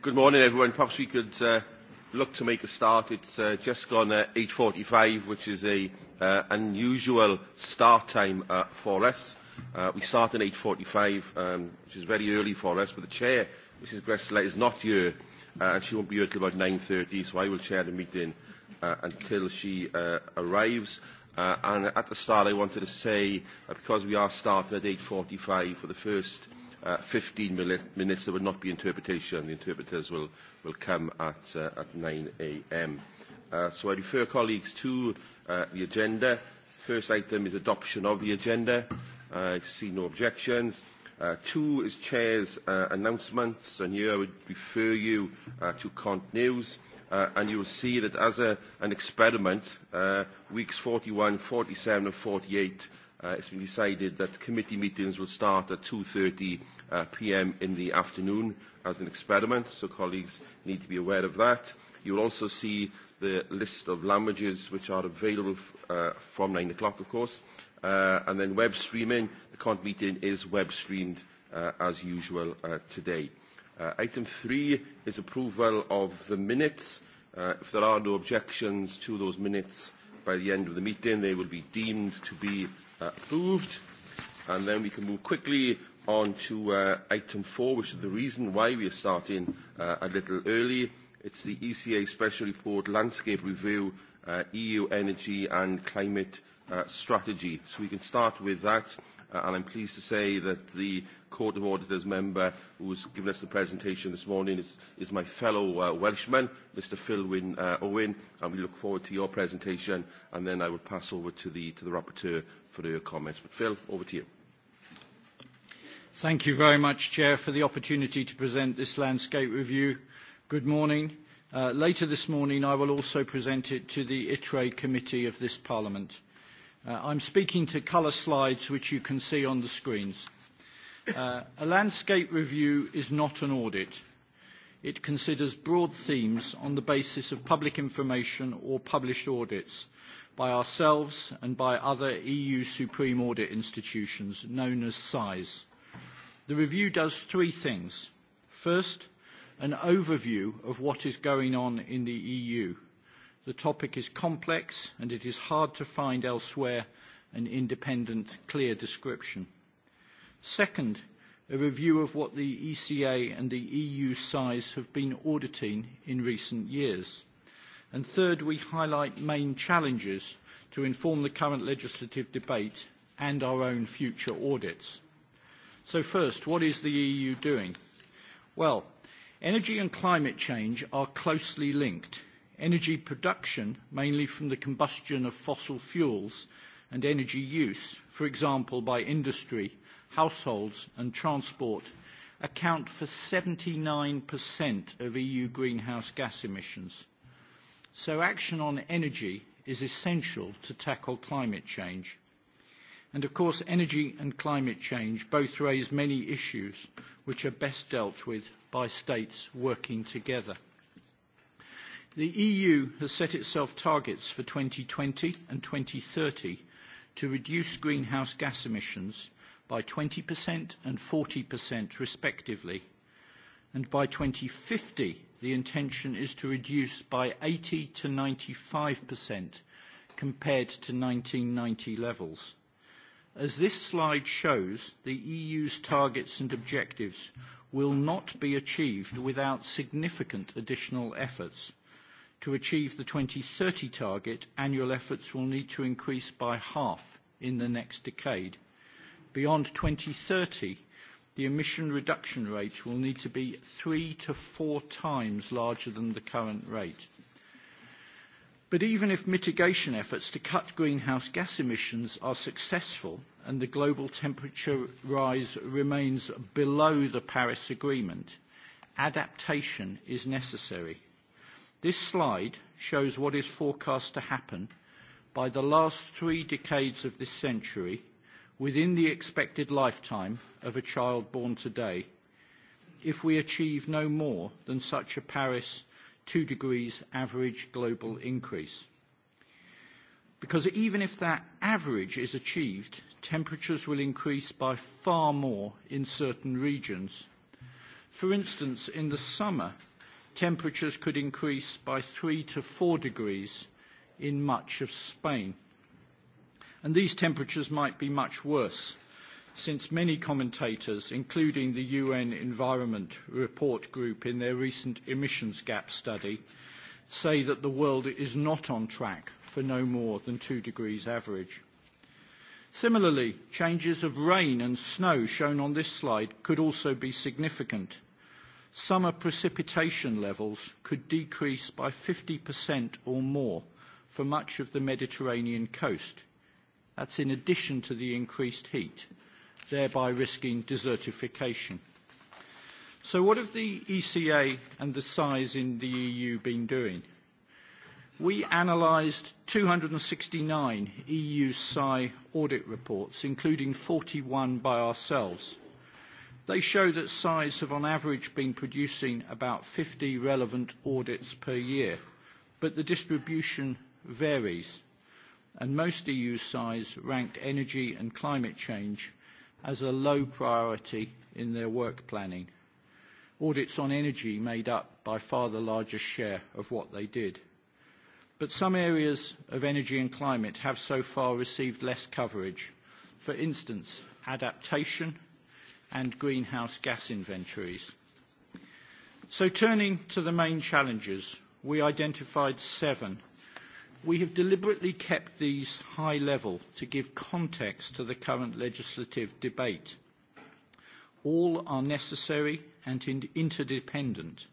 Good morning, everyone. Perhaps we could uh, look to make a start. It's uh, just gone uh, 8.45, which is an uh, unusual start time uh, for us. Uh, we start at 8.45, um, which is very early for us, but the chair, Mrs Gressler, is not here, uh, and she won't be here till about 9.30, so I will chair the meeting uh, until she uh, arrives. Uh, and at the start, I wanted to say, uh, because we are starting at 8.45 for the first uh, 15 minutes. There will not be interpretation. The interpreters will, will come at, uh, at 9 a.m. Uh, so I refer colleagues to uh, the agenda. First item is adoption of the agenda. Uh, I see no objections. Uh, two is chair's uh, announcements, and here I would refer you uh, to Cont News. Uh, and you will see that as a, an experiment, uh, weeks 41, 47 and 48 Uh, it's been decided that committee meetings will start at 2.30 uh, p.m. in the afternoon as an experiment, so colleagues need to be aware of that. You will also see the list of languages which are available uh, from 9 o'clock, of course. Uh, and then web streaming, the CONT meeting is web streamed uh, as usual uh, today. Uh, item three is approval of the minutes. Uh, if there are no objections to those minutes by the end of the meeting, they will be deemed to be approved. And then we can move quickly on to uh, item four, which is the reason why we are starting uh, a little early. It's the ECA Special Report Landscape Review, uh, EU Energy and Climate uh, Strategy. So we can start with that. Uh, and I'm pleased to say that the Court of Auditors member who has given us the presentation this morning is, is my fellow uh, Welshman, Mr Philwyn uh, Owen, and we look forward to your presentation, and then I will pass over to the, to the rapporteur for your comments. But Phil, over to you. Thank you very much, Chair, for the opportunity to present this landscape review. Good morning. Uh, later this morning, I will also present it to the ITRE committee of this Parliament. Uh, I'm speaking to colour slides, which you can see on the screens. Uh, a landscape review is not an audit. It considers broad themes on the basis of public information or published audits – by ourselves and by other EU Supreme Audit institutions known as SAIs, The review does three things. First, an overview of what is going on in the EU. The topic is complex, and it is hard to find elsewhere an independent, clear description. Second, a review of what the ECA and the EU size have been auditing in recent years. And third, we highlight main challenges to inform the current legislative debate and our own future audits. So first, what is the EU doing? Well, energy and climate change are closely linked. Energy production, mainly from the combustion of fossil fuels, and energy use, for example by industry, households and transport, account for 79% of EU greenhouse gas emissions. So action on energy is essential to tackle climate change. And of course, energy and climate change both raise many issues which are best dealt with by states working together. The EU has set itself targets for 2020 and 2030 to reduce greenhouse gas emissions by 20% and 40% respectively, and by 2050 the intention is to reduce by 80 to 95% compared to 1990 levels. As this slide shows, the EU's targets and objectives will not be achieved without significant additional efforts. To achieve the 2030 target, annual efforts will need to increase by half in the next decade. Beyond 2030, the emission reduction rates will need to be three to four times larger than the current rate. But even if mitigation efforts to cut greenhouse gas emissions are successful and the global temperature rise remains below the Paris Agreement, adaptation is necessary. This slide shows what is forecast to happen by the last three decades of this century – within the expected lifetime of a child born today if we achieve no more than such a Paris two degrees average global increase. Because even if that average is achieved, temperatures will increase by far more in certain regions. For instance, in the summer, temperatures could increase by three to four degrees in much of Spain and these temperatures might be much worse, since many commentators, including the UN Environment Report Group in their recent emissions gap study, say that the world is not on track for no more than two degrees average. Similarly, changes of rain and snow shown on this slide could also be significant. Summer precipitation levels could decrease by 50% or more for much of the Mediterranean coast That's in addition to the increased heat, thereby risking desertification. So what have the ECA and the size in the EU been doing? We analysed 269 EU SAI audit reports, including 41 by ourselves. They show that SAIs have on average been producing about 50 relevant audits per year, but the distribution varies and most EU sides ranked energy and climate change as a low priority in their work planning. Audits on energy made up by far the largest share of what they did. But some areas of energy and climate have so far received less coverage. For instance, adaptation and greenhouse gas inventories. So turning to the main challenges, we identified seven We have deliberately kept these high level to give context to the current legislative debate. All are necessary and interdependent.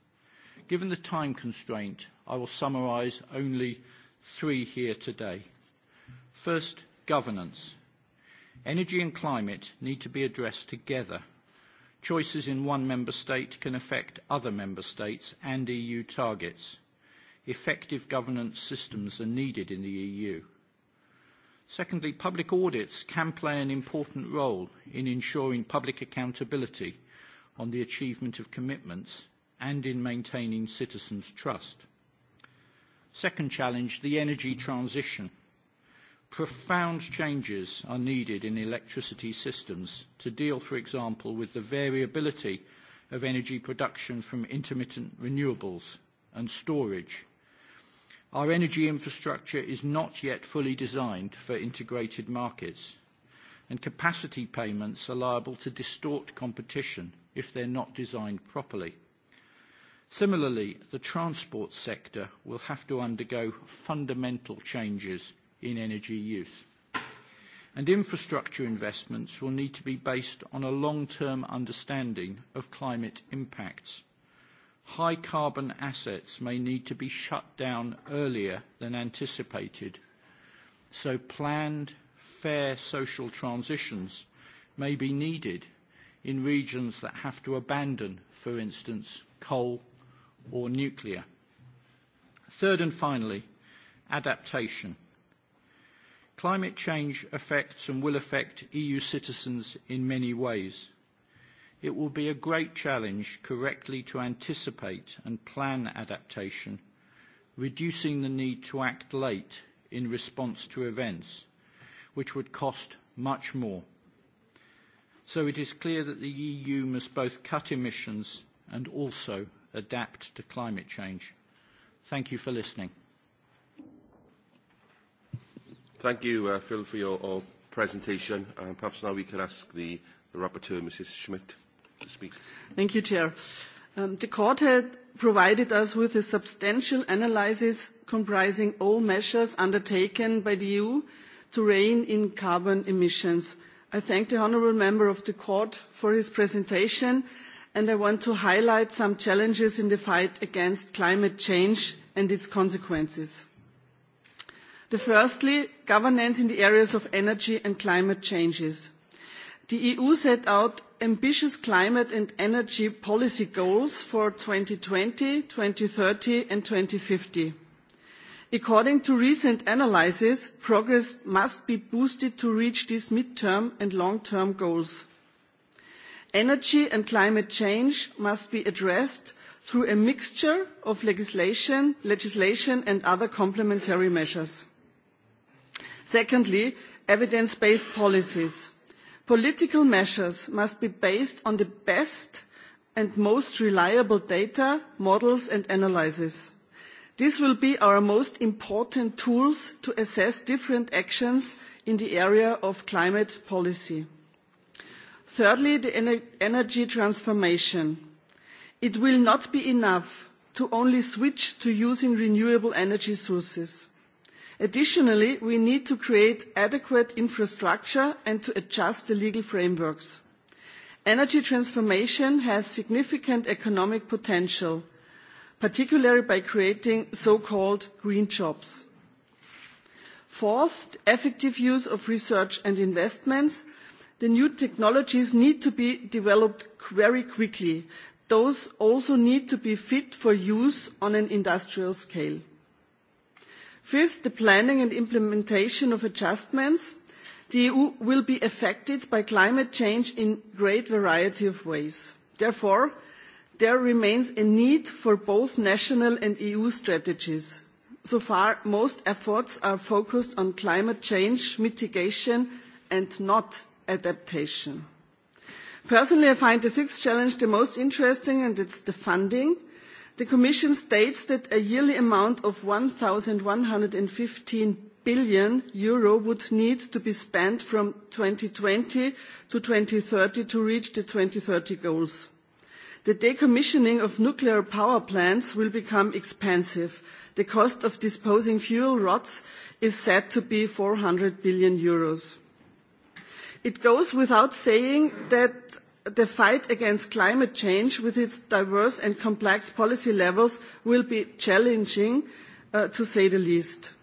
Given the time constraint, I will summarize only three here today. First, governance. Energy and climate need to be addressed together. Choices in one member state can affect other member states and EU targets effective governance systems are needed in the EU. Secondly, public audits can play an important role in ensuring public accountability on the achievement of commitments and in maintaining citizens' trust. Second challenge, the energy transition. Profound changes are needed in electricity systems to deal, for example, with the variability of energy production from intermittent renewables and storage, Our energy infrastructure is not yet fully designed for integrated markets, and capacity payments are liable to distort competition if they're not designed properly. Similarly, the transport sector will have to undergo fundamental changes in energy use, and infrastructure investments will need to be based on a long-term understanding of climate impacts high carbon assets may need to be shut down earlier than anticipated, so planned fair social transitions may be needed in regions that have to abandon, for instance, coal or nuclear. Third and finally, adaptation. Climate change affects and will affect EU citizens in many ways. It will be a great challenge correctly to anticipate and plan adaptation, reducing the need to act late in response to events, which would cost much more. So it is clear that the EU must both cut emissions and also adapt to climate change. Thank you for listening. Thank you, uh, Phil, for your, uh, presentation. Uh, perhaps now we can ask the rapporteur, Mrs. Schmidt to speak. Thank you, Chair. Um, the court had provided us with a substantial analysis comprising all measures undertaken by the EU to rein in carbon emissions. I thank the honourable member of the court for his presentation and I want to highlight some challenges in the fight against climate change and its consequences. The firstly, governance in the areas of energy and climate changes. The EU set out ambitious climate and energy policy goals for two thousand and twenty two two thousand thousand and and and thirty fifty According to recent analyses, progress must be boosted to reach these mid-term and long-term goals. Energy and climate change must be addressed through a mixture of legislation, legislation and other complementary measures. Secondly, evidence-based policies. Political measures must be based on the best and most reliable data, models and analyses. These will be our most important tools to assess different actions in the area of climate policy. Thirdly, the energy transformation. It will not be enough to only switch to using renewable energy sources. Additionally, we need to create adequate infrastructure and to adjust the legal frameworks. Energy transformation has significant economic potential, particularly by creating so-called green jobs. Fourth, effective use of research and investments. The new technologies need to be developed very quickly. Those also need to be fit for use on an industrial scale. Fifth, the planning and implementation of adjustments. The EU will be affected by climate change in great variety of ways. Therefore, there remains a need for both national and EU strategies. So far, most efforts are focused on climate change mitigation and not adaptation. Personally, I find the sixth challenge the most interesting, and it's the funding – The Commission states that a yearly amount of one one hundred and fifteen billion euro would need to be spent from 2020 to thirty to reach the thirty goals. The decommissioning of nuclear power plants will become expensive. The cost of disposing fuel rods is said to be four hundred billion euros. It goes without saying that the fight against climate change with its diverse and complex policy levels will be challenging, uh, to say the least.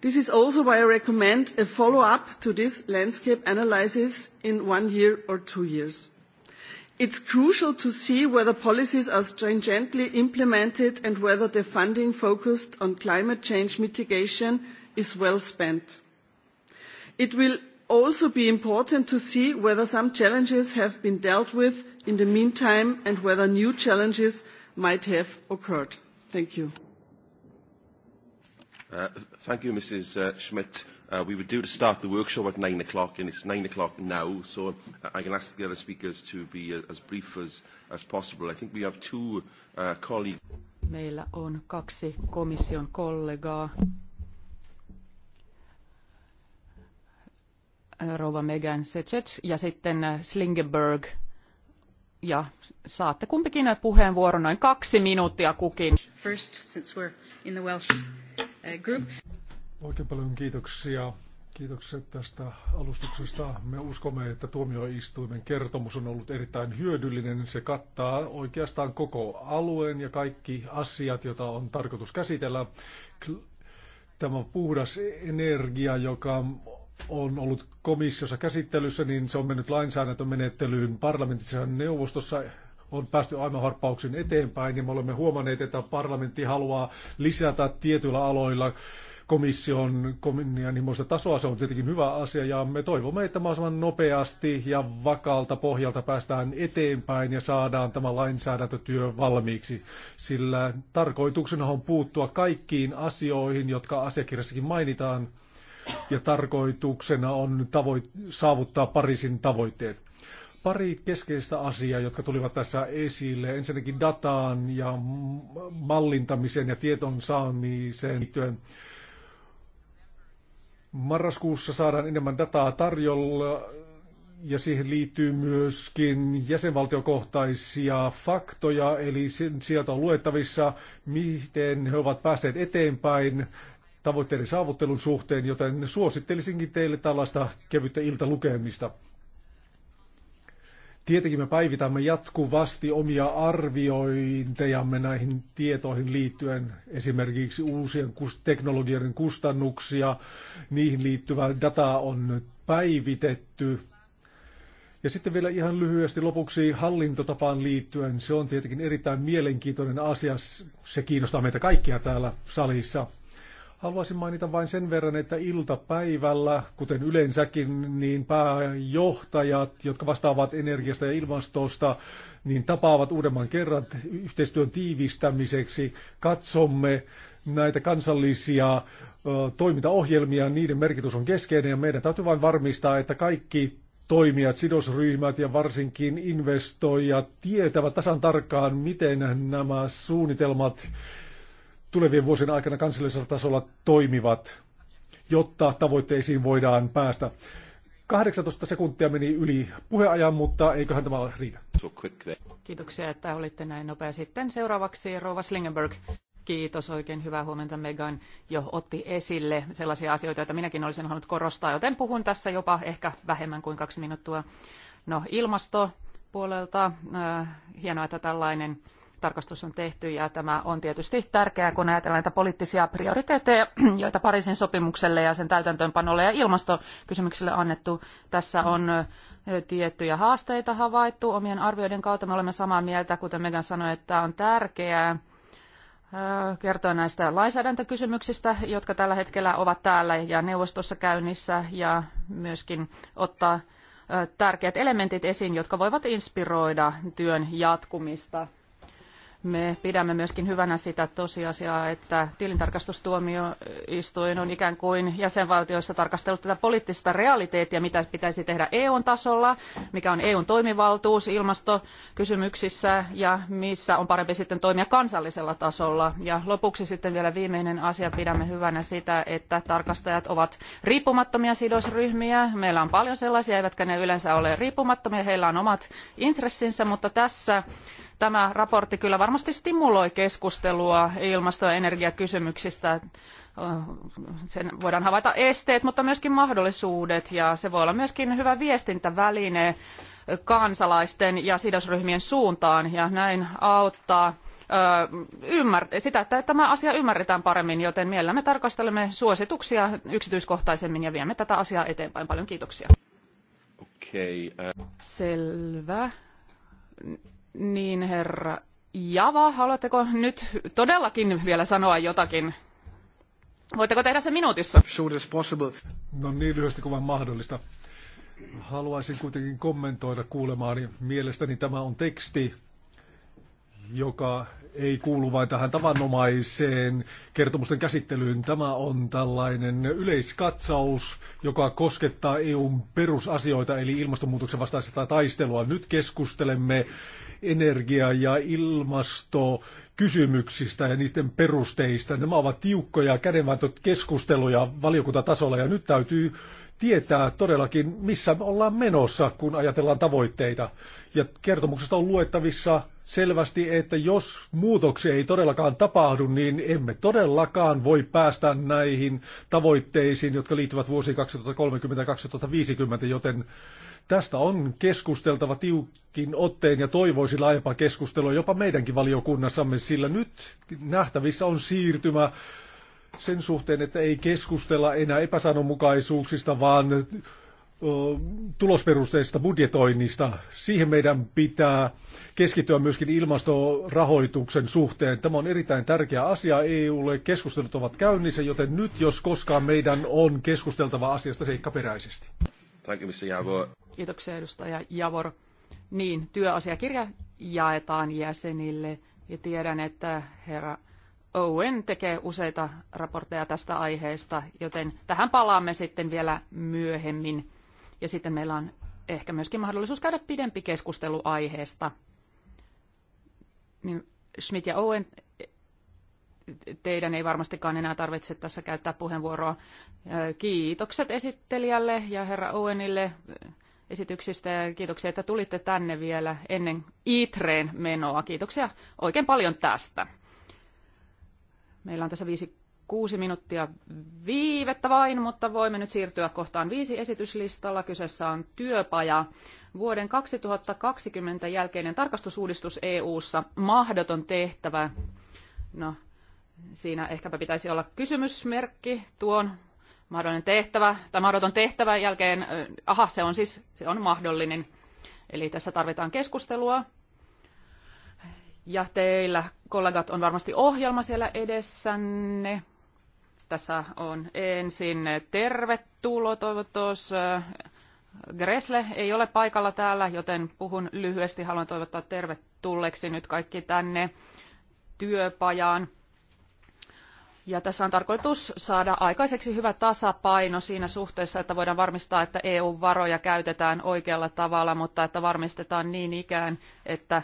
This is also why I recommend a follow-up to this landscape analysis in one year or two years. It's crucial to see whether policies are stringently implemented and whether the funding focused on climate change mitigation is well spent. It will also be important to see whether some challenges have been dealt with in the meantime and whether new challenges might have occurred. Thank you. Uh, thank you, Mrs. Uh, Schmidt. Uh, we were due to start the workshop at 9 o'clock, and it's 9 o'clock now, so I can ask the other speakers to be uh, as brief as, as possible. I think we have two uh, colleagues. Meillä on kaksi komission kollegaa rouva Megan Secec ja sitten äh, Slingeberg. Ja saatte kumpikin äh, puheenvuoron noin kaksi minuuttia kukin. First, since we're in the Welsh uh, group. Oikein paljon kiitoksia. Kiitokset tästä alustuksesta. Me uskomme, että tuomioistuimen kertomus on ollut erittäin hyödyllinen. Se kattaa oikeastaan koko alueen ja kaikki asiat, joita on tarkoitus käsitellä. Tämä puhdas energia, joka on ollut komissiossa käsittelyssä, niin se on mennyt lainsäädäntömenettelyyn parlamentissa ja neuvostossa on päästy aina harppauksin eteenpäin ja me olemme huomanneet, että parlamentti haluaa lisätä tietyillä aloilla komission kunnianhimoista tasoa. Se on tietenkin hyvä asia ja me toivomme, että mahdollisimman nopeasti ja vakaalta pohjalta päästään eteenpäin ja saadaan tämä lainsäädäntötyö valmiiksi. Sillä tarkoituksena on puuttua kaikkiin asioihin, jotka asiakirjassakin mainitaan – ja tarkoituksena on tavoit- saavuttaa Pariisin tavoitteet. Pari keskeistä asiaa, jotka tulivat tässä esille. Ensinnäkin dataan ja mallintamiseen ja tieton saamiseen liittyen. Marraskuussa saadaan enemmän dataa tarjolla ja siihen liittyy myöskin jäsenvaltiokohtaisia faktoja, eli sieltä on luettavissa, miten he ovat päässeet eteenpäin tavoitteiden saavuttelun suhteen, joten suosittelisinkin teille tällaista kevyttä iltalukemista. Tietenkin me päivitämme jatkuvasti omia arviointejamme näihin tietoihin liittyen, esimerkiksi uusien teknologioiden kustannuksia, niihin liittyvää dataa on päivitetty. Ja sitten vielä ihan lyhyesti lopuksi hallintotapaan liittyen. Se on tietenkin erittäin mielenkiintoinen asia. Se kiinnostaa meitä kaikkia täällä salissa. Haluaisin mainita vain sen verran, että iltapäivällä, kuten yleensäkin, niin pääjohtajat, jotka vastaavat energiasta ja ilmastosta, niin tapaavat uudemman kerran yhteistyön tiivistämiseksi. Katsomme näitä kansallisia toimintaohjelmia, niiden merkitys on keskeinen ja meidän täytyy vain varmistaa, että kaikki toimijat, sidosryhmät ja varsinkin investoijat tietävät tasan tarkkaan, miten nämä suunnitelmat tulevien vuosien aikana kansallisella tasolla toimivat, jotta tavoitteisiin voidaan päästä. 18 sekuntia meni yli puheajan, mutta eiköhän tämä riitä. Kiitoksia, että olitte näin nopea. Sitten seuraavaksi Rova Slingenberg. Kiitos, oikein hyvää huomenta. Megan jo otti esille sellaisia asioita, joita minäkin olisin halunnut korostaa, joten puhun tässä jopa ehkä vähemmän kuin kaksi minuuttia. No, ilmasto puolelta. Äh, hienoa, että tällainen tarkastus on tehty ja tämä on tietysti tärkeää, kun ajatellaan näitä poliittisia prioriteetteja, joita Pariisin sopimukselle ja sen täytäntöönpanolle ja ilmastokysymyksille annettu. Tässä on tiettyjä haasteita havaittu omien arvioiden kautta. Me olemme samaa mieltä, kuten Megan sanoi, että on tärkeää kertoa näistä lainsäädäntökysymyksistä, jotka tällä hetkellä ovat täällä ja neuvostossa käynnissä ja myöskin ottaa tärkeät elementit esiin, jotka voivat inspiroida työn jatkumista me pidämme myöskin hyvänä sitä tosiasiaa, että tilintarkastustuomioistuin on ikään kuin jäsenvaltioissa tarkastellut tätä poliittista realiteettia, mitä pitäisi tehdä EU-tasolla, mikä on EUn toimivaltuus ilmastokysymyksissä ja missä on parempi sitten toimia kansallisella tasolla. Ja lopuksi sitten vielä viimeinen asia, pidämme hyvänä sitä, että tarkastajat ovat riippumattomia sidosryhmiä. Meillä on paljon sellaisia, eivätkä ne yleensä ole riippumattomia, heillä on omat intressinsä, mutta tässä Tämä raportti kyllä varmasti stimuloi keskustelua ilmasto- ja energiakysymyksistä. Sen voidaan havaita esteet, mutta myöskin mahdollisuudet ja se voi olla myöskin hyvä viestintäväline kansalaisten ja sidosryhmien suuntaan ja näin auttaa ymmär- sitä, että tämä asia ymmärretään paremmin, joten mielellämme tarkastelemme suosituksia yksityiskohtaisemmin ja viemme tätä asiaa eteenpäin. Paljon kiitoksia. Okay, uh... Selvä. Niin herra Java, haluatteko nyt todellakin vielä sanoa jotakin? Voitteko tehdä se minuutissa? Short as possible. No niin lyhyesti kuin mahdollista. Haluaisin kuitenkin kommentoida kuulemaani. Mielestäni tämä on teksti, joka ei kuulu vain tähän tavanomaiseen kertomusten käsittelyyn. Tämä on tällainen yleiskatsaus, joka koskettaa EUn perusasioita, eli ilmastonmuutoksen vastaista taistelua. Nyt keskustelemme energia- ja ilmastokysymyksistä ja niiden perusteista. Nämä ovat tiukkoja kädenvääntöt keskusteluja valiokuntatasolla ja nyt täytyy tietää todellakin, missä me ollaan menossa, kun ajatellaan tavoitteita. Ja kertomuksesta on luettavissa selvästi, että jos muutoksia ei todellakaan tapahdu, niin emme todellakaan voi päästä näihin tavoitteisiin, jotka liittyvät vuosiin 2030-2050, joten Tästä on keskusteltava tiukin otteen ja toivoisi laajempaa keskustelua jopa meidänkin valiokunnassamme, sillä nyt nähtävissä on siirtymä sen suhteen, että ei keskustella enää epäsanomukaisuuksista, vaan tulosperusteista budjetoinnista. Siihen meidän pitää keskittyä myöskin ilmastorahoituksen suhteen. Tämä on erittäin tärkeä asia EUlle. Keskustelut ovat käynnissä, joten nyt jos koskaan meidän on keskusteltava asiasta seikkaperäisesti. Kiitoksia edustaja Javor. Niin, työasiakirja jaetaan jäsenille ja tiedän, että herra Owen tekee useita raportteja tästä aiheesta, joten tähän palaamme sitten vielä myöhemmin. Ja sitten meillä on ehkä myöskin mahdollisuus käydä pidempi keskustelu aiheesta. Niin Schmidt ja Owen, teidän ei varmastikaan enää tarvitse tässä käyttää puheenvuoroa. Kiitokset esittelijälle ja herra Owenille esityksistä ja kiitoksia, että tulitte tänne vielä ennen ITREen menoa. Kiitoksia oikein paljon tästä. Meillä on tässä viisi kuusi minuuttia viivettä vain, mutta voimme nyt siirtyä kohtaan viisi esityslistalla. Kyseessä on työpaja. Vuoden 2020 jälkeinen tarkastusuudistus EU-ssa mahdoton tehtävä. No, siinä ehkäpä pitäisi olla kysymysmerkki tuon mahdollinen tehtävä tai mahdoton tehtävä jälkeen, aha, se on siis se on mahdollinen. Eli tässä tarvitaan keskustelua. Ja teillä, kollegat, on varmasti ohjelma siellä edessänne. Tässä on ensin tervetulo toivotus. Gresle ei ole paikalla täällä, joten puhun lyhyesti. Haluan toivottaa tervetulleeksi nyt kaikki tänne työpajaan. Ja tässä on tarkoitus saada aikaiseksi hyvä tasapaino siinä suhteessa, että voidaan varmistaa, että EU-varoja käytetään oikealla tavalla, mutta että varmistetaan niin ikään, että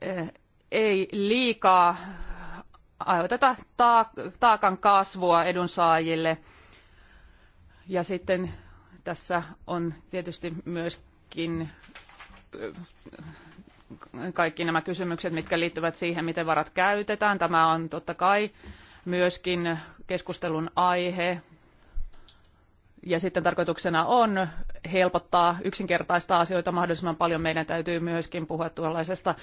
eh, ei liikaa aiheuteta taakan kasvua edunsaajille. Ja sitten tässä on tietysti myöskin eh, kaikki nämä kysymykset, mitkä liittyvät siihen, miten varat käytetään. Tämä on totta kai myöskin keskustelun aihe. Ja sitten tarkoituksena on helpottaa, yksinkertaista asioita mahdollisimman paljon. Meidän täytyy myöskin puhua tuollaisesta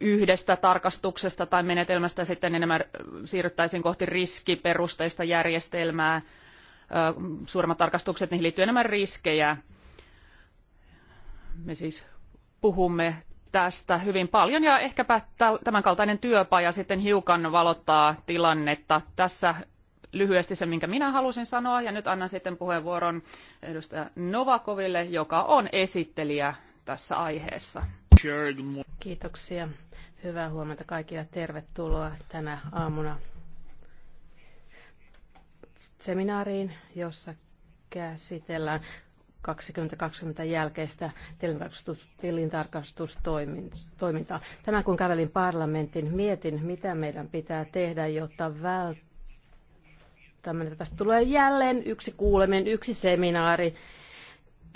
yhdestä tarkastuksesta tai menetelmästä sitten enemmän siirryttäisiin kohti riskiperusteista järjestelmää. Suuremmat tarkastukset, niihin liittyy enemmän riskejä. Me siis puhumme tästä hyvin paljon ja ehkäpä tämän kaltainen työpaja sitten hiukan valottaa tilannetta. Tässä lyhyesti se, minkä minä halusin sanoa ja nyt annan sitten puheenvuoron edustaja Novakoville, joka on esittelijä tässä aiheessa. Kiitoksia. Hyvää huomenta kaikille. Tervetuloa tänä aamuna seminaariin, jossa käsitellään 2020 jälkeistä tilintarkastustoimintaa. Tänään kun kävelin parlamentin, mietin, mitä meidän pitää tehdä, jotta välttämättä että tästä tulee jälleen yksi kuuleminen, yksi seminaari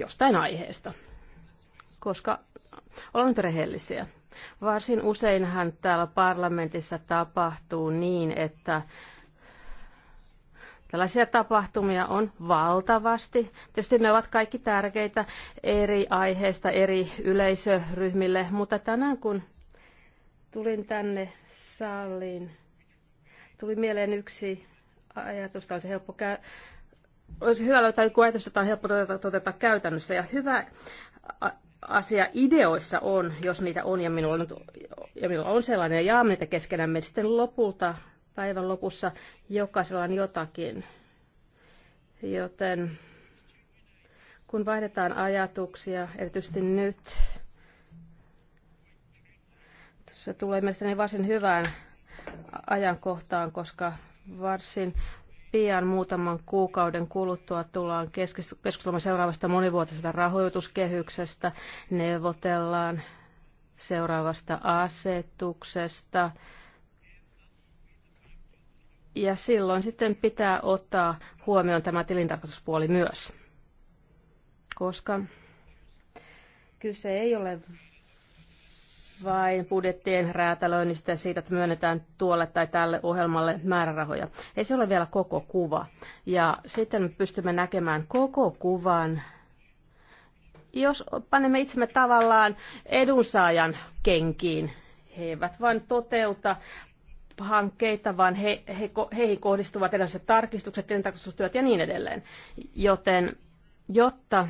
jostain aiheesta. Koska olen nyt rehellisiä. Varsin useinhan täällä parlamentissa tapahtuu niin, että Tällaisia tapahtumia on valtavasti. Tietysti ne ovat kaikki tärkeitä eri aiheista eri yleisöryhmille, mutta tänään kun tulin tänne saliin, tuli mieleen yksi ajatus, olisi helppo kä- olisi hyvä löytää joku ajatus, jota on helppo toteuttaa, toteuttaa käytännössä. Ja hyvä asia ideoissa on, jos niitä on, ja minulla, nyt, ja minulla on sellainen, ja jaamme niitä keskenämme. Sitten lopulta päivän lopussa jokaisella on jotakin. Joten kun vaihdetaan ajatuksia, erityisesti nyt, se tulee mielestäni varsin hyvään ajankohtaan, koska varsin pian muutaman kuukauden kuluttua tullaan keskustelemaan seuraavasta monivuotisesta rahoituskehyksestä, neuvotellaan seuraavasta asetuksesta, ja silloin sitten pitää ottaa huomioon tämä tilintarkastuspuoli myös, koska kyse ei ole vain budjettien räätälöinnistä ja siitä, että myönnetään tuolle tai tälle ohjelmalle määrärahoja. Ei se ole vielä koko kuva. Ja sitten me pystymme näkemään koko kuvan, jos panemme itsemme tavallaan edunsaajan kenkiin. He eivät vain toteuta hankkeita, vaan he, he, heihin kohdistuvat erilaiset tarkistukset, tilintarkastustyöt ja niin edelleen. Joten jotta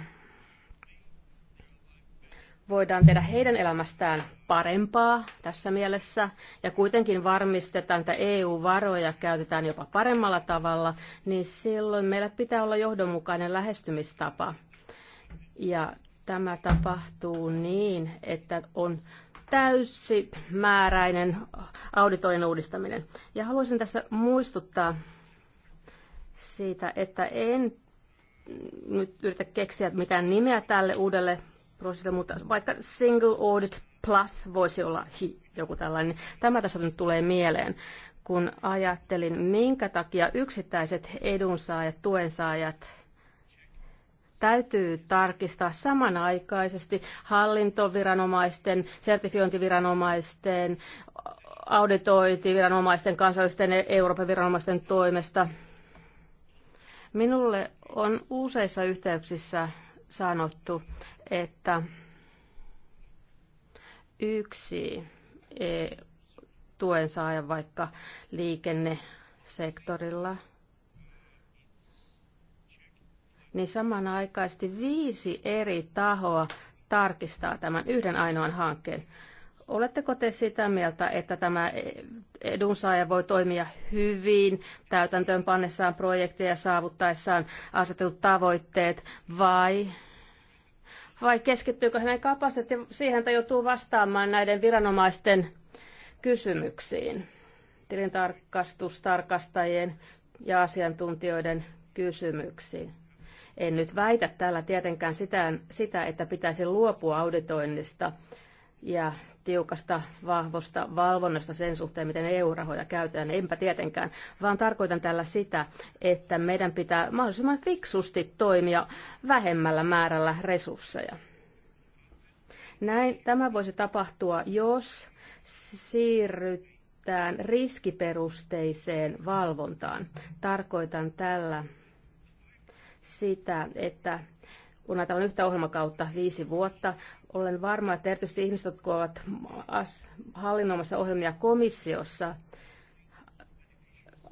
voidaan tehdä heidän elämästään parempaa tässä mielessä ja kuitenkin varmistetaan, että EU-varoja käytetään jopa paremmalla tavalla, niin silloin meillä pitää olla johdonmukainen lähestymistapa. Ja tämä tapahtuu niin, että on täysimääräinen auditoinnin uudistaminen. Ja haluaisin tässä muistuttaa siitä, että en nyt yritä keksiä mitään nimeä tälle uudelle prosessille, mutta vaikka Single Audit Plus voisi olla hi, joku tällainen. Tämä tässä nyt tulee mieleen, kun ajattelin, minkä takia yksittäiset edunsaajat, tuensaajat täytyy tarkistaa samanaikaisesti hallintoviranomaisten, sertifiointiviranomaisten, auditointiviranomaisten, kansallisten Euroopan viranomaisten toimesta. Minulle on useissa yhteyksissä sanottu, että yksi tuen saaja vaikka liikennesektorilla – niin samanaikaisesti viisi eri tahoa tarkistaa tämän yhden ainoan hankkeen. Oletteko te sitä mieltä, että tämä edunsaaja voi toimia hyvin täytäntöön pannessaan projekteja saavuttaessaan asetetut tavoitteet vai vai keskittyykö hänen kapasiteetti siihen, että joutuu vastaamaan näiden viranomaisten kysymyksiin, tilintarkastustarkastajien ja asiantuntijoiden kysymyksiin? En nyt väitä täällä tietenkään sitä, sitä että pitäisi luopua auditoinnista ja tiukasta, vahvosta valvonnasta sen suhteen, miten EU-rahoja käytetään. Enpä tietenkään, vaan tarkoitan tällä sitä, että meidän pitää mahdollisimman fiksusti toimia vähemmällä määrällä resursseja. Näin tämä voisi tapahtua, jos siirrytään riskiperusteiseen valvontaan. Tarkoitan tällä sitä, että kun ajatellaan yhtä ohjelmakautta viisi vuotta, olen varma, että erityisesti ihmiset, jotka ovat hallinnoimassa ohjelmia komissiossa,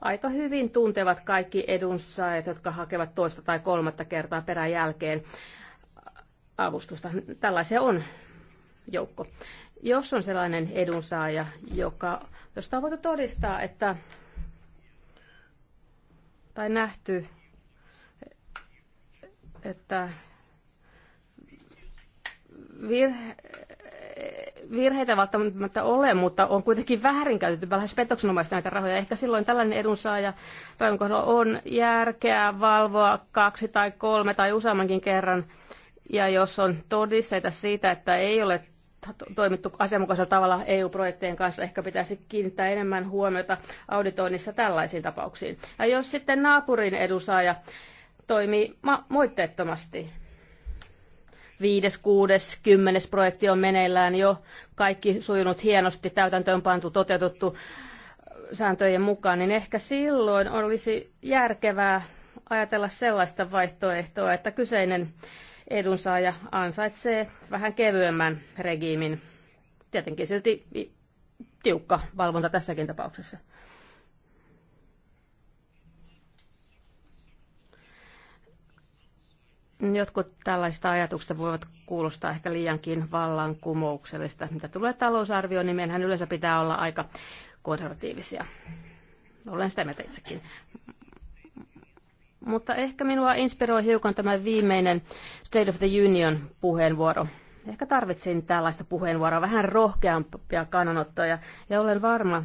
aika hyvin tuntevat kaikki edunsaajat, jotka hakevat toista tai kolmatta kertaa perän jälkeen avustusta. Tällaisia on joukko. Jos on sellainen edunsaaja, joka, josta on voitu todistaa, että tai nähty, että virhe, virheitä välttämättä ole, mutta on kuitenkin väärinkäytetty lähes petoksenomaisesti näitä rahoja. Ehkä silloin tällainen edunsaaja rajan kohdalla on järkeä valvoa kaksi tai kolme tai useammankin kerran. Ja jos on todisteita siitä, että ei ole toimittu asianmukaisella tavalla EU-projektien kanssa, ehkä pitäisi kiinnittää enemmän huomiota auditoinnissa tällaisiin tapauksiin. Ja jos sitten naapurin edunsaaja toimii moitteettomasti. Viides, kuudes, kymmenes projekti on meneillään jo. Kaikki sujunut hienosti, täytäntöön pantu, toteutettu sääntöjen mukaan, niin ehkä silloin olisi järkevää ajatella sellaista vaihtoehtoa, että kyseinen edunsaaja ansaitsee vähän kevyemmän regiimin. Tietenkin silti tiukka valvonta tässäkin tapauksessa. Jotkut tällaisista ajatuksista voivat kuulostaa ehkä liiankin vallankumouksellista. Mitä tulee talousarvioon, niin meidän yleensä pitää olla aika konservatiivisia. Olen sitä mieltä itsekin. Mutta ehkä minua inspiroi hiukan tämä viimeinen State of the Union puheenvuoro. Ehkä tarvitsin tällaista puheenvuoroa, vähän rohkeampia kannanottoja. Ja olen varma,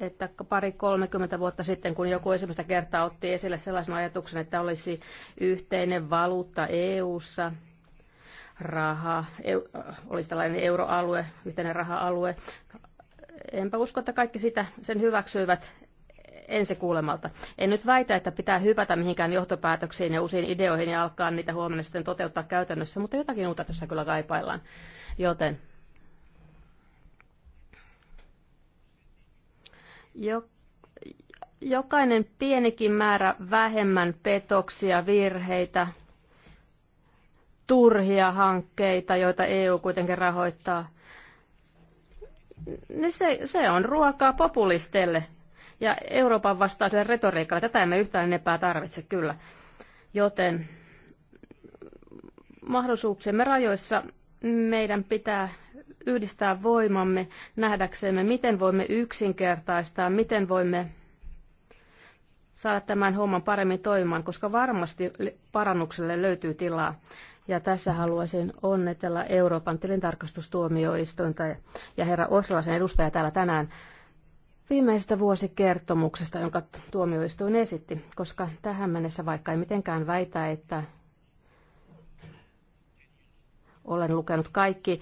että pari 30 vuotta sitten, kun joku ensimmäistä kertaa otti esille sellaisen ajatuksen, että olisi yhteinen valuutta EU-ssa, raha, eu, äh, olisi tällainen euroalue, yhteinen raha-alue. Enpä usko, että kaikki sitä sen hyväksyivät ensi kuulemalta. En nyt väitä, että pitää hypätä mihinkään johtopäätöksiin ja uusiin ideoihin ja alkaa niitä huomenna sitten toteuttaa käytännössä, mutta jotakin uutta tässä kyllä kaipaillaan. Joten jokainen pienikin määrä vähemmän petoksia, virheitä, turhia hankkeita, joita EU kuitenkin rahoittaa, niin se, se on ruokaa populisteille ja Euroopan vastaiselle retoriikalle. Tätä emme yhtään enempää tarvitse kyllä. Joten mahdollisuuksiemme rajoissa meidän pitää yhdistää voimamme nähdäksemme, miten voimme yksinkertaistaa, miten voimme saada tämän homman paremmin toimimaan, koska varmasti parannukselle löytyy tilaa. Ja tässä haluaisin onnetella Euroopan tilintarkastustuomioistuinta ja herra Oslasen edustaja täällä tänään viimeisestä vuosikertomuksesta, jonka tuomioistuin esitti, koska tähän mennessä, vaikka ei mitenkään väitä, että olen lukenut kaikki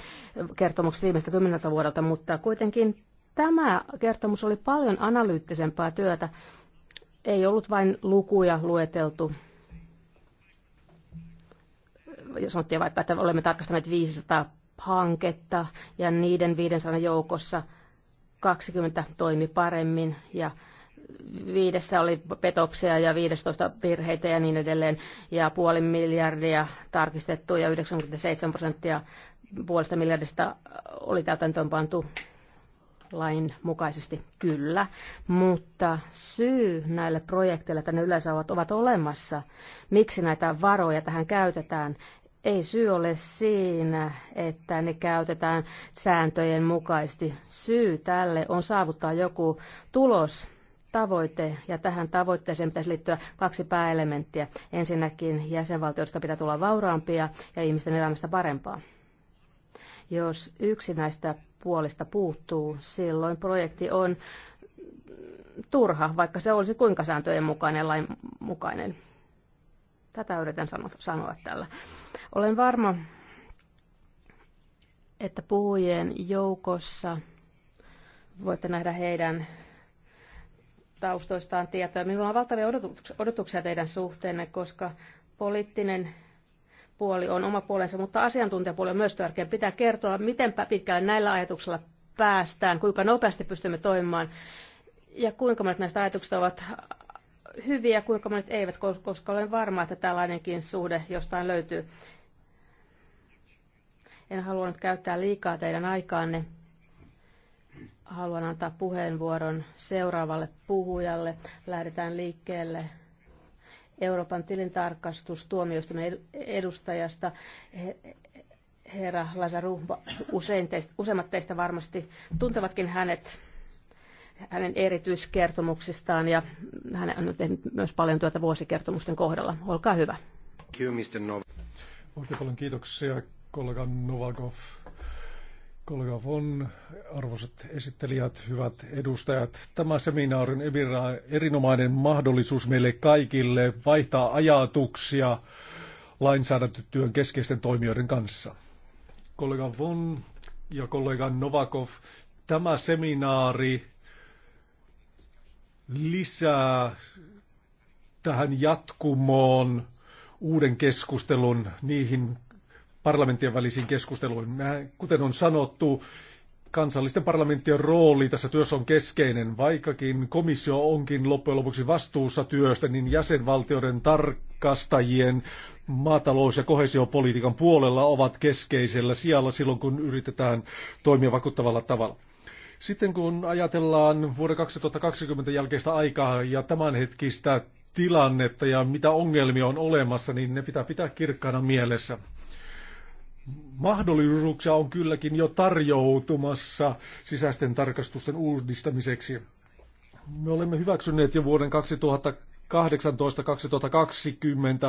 kertomukset viimeistä kymmeneltä vuodelta, mutta kuitenkin tämä kertomus oli paljon analyyttisempaa työtä. Ei ollut vain lukuja lueteltu. Sanottiin vaikka, että olemme tarkastaneet 500 hanketta ja niiden 500 joukossa 20 toimi paremmin ja viidessä oli petoksia ja 15 virheitä ja niin edelleen, ja puoli miljardia tarkistettu ja 97 prosenttia puolesta miljardista oli täytäntöön pantu lain mukaisesti kyllä, mutta syy näille projekteille, että ne yleensä ovat, ovat olemassa, miksi näitä varoja tähän käytetään, ei syy ole siinä, että ne käytetään sääntöjen mukaisesti. Syy tälle on saavuttaa joku tulos, tavoite, ja tähän tavoitteeseen pitäisi liittyä kaksi pääelementtiä. Ensinnäkin jäsenvaltioista pitää tulla vauraampia ja ihmisten elämästä parempaa. Jos yksi näistä puolista puuttuu, silloin projekti on turha, vaikka se olisi kuinka sääntöjen mukainen lain mukainen. Tätä yritän sanoa tällä. Olen varma, että puhujien joukossa voitte nähdä heidän taustoistaan tietoa. Minulla on valtavia odotuksia teidän suhteenne, koska poliittinen puoli on oma puolensa, mutta asiantuntijapuoli on myös tärkeä. Pitää kertoa, miten pitkälle näillä ajatuksilla päästään, kuinka nopeasti pystymme toimimaan ja kuinka monet näistä ajatuksista ovat hyviä, kuinka monet eivät, koska olen varma, että tällainenkin suhde jostain löytyy. En halua nyt käyttää liikaa teidän aikaanne haluan antaa puheenvuoron seuraavalle puhujalle. Lähdetään liikkeelle Euroopan tilintarkastustuomioistuimen edustajasta herra Lazaru. Usein teistä, useimmat teistä varmasti tuntevatkin hänet hänen erityiskertomuksistaan ja hän on tehnyt myös paljon työtä vuosikertomusten kohdalla. Olkaa hyvä. Oikein paljon kiitoksia kollega Novakov Kollega von, arvoisat esittelijät, hyvät edustajat. Tämä seminaari on erinomainen mahdollisuus meille kaikille vaihtaa ajatuksia lainsäädäntötyön keskeisten toimijoiden kanssa. Kollega von ja kollega Novakov, tämä seminaari lisää tähän jatkumoon uuden keskustelun niihin parlamenttien välisiin keskusteluihin. Kuten on sanottu, kansallisten parlamenttien rooli tässä työssä on keskeinen. Vaikkakin komissio onkin loppujen lopuksi vastuussa työstä, niin jäsenvaltioiden tarkastajien maatalous- ja kohesiopolitiikan puolella ovat keskeisellä sijalla silloin, kun yritetään toimia vakuuttavalla tavalla. Sitten kun ajatellaan vuoden 2020 jälkeistä aikaa ja tämänhetkistä tilannetta ja mitä ongelmia on olemassa, niin ne pitää pitää kirkkaana mielessä mahdollisuuksia on kylläkin jo tarjoutumassa sisäisten tarkastusten uudistamiseksi. Me olemme hyväksyneet jo vuoden 2018-2020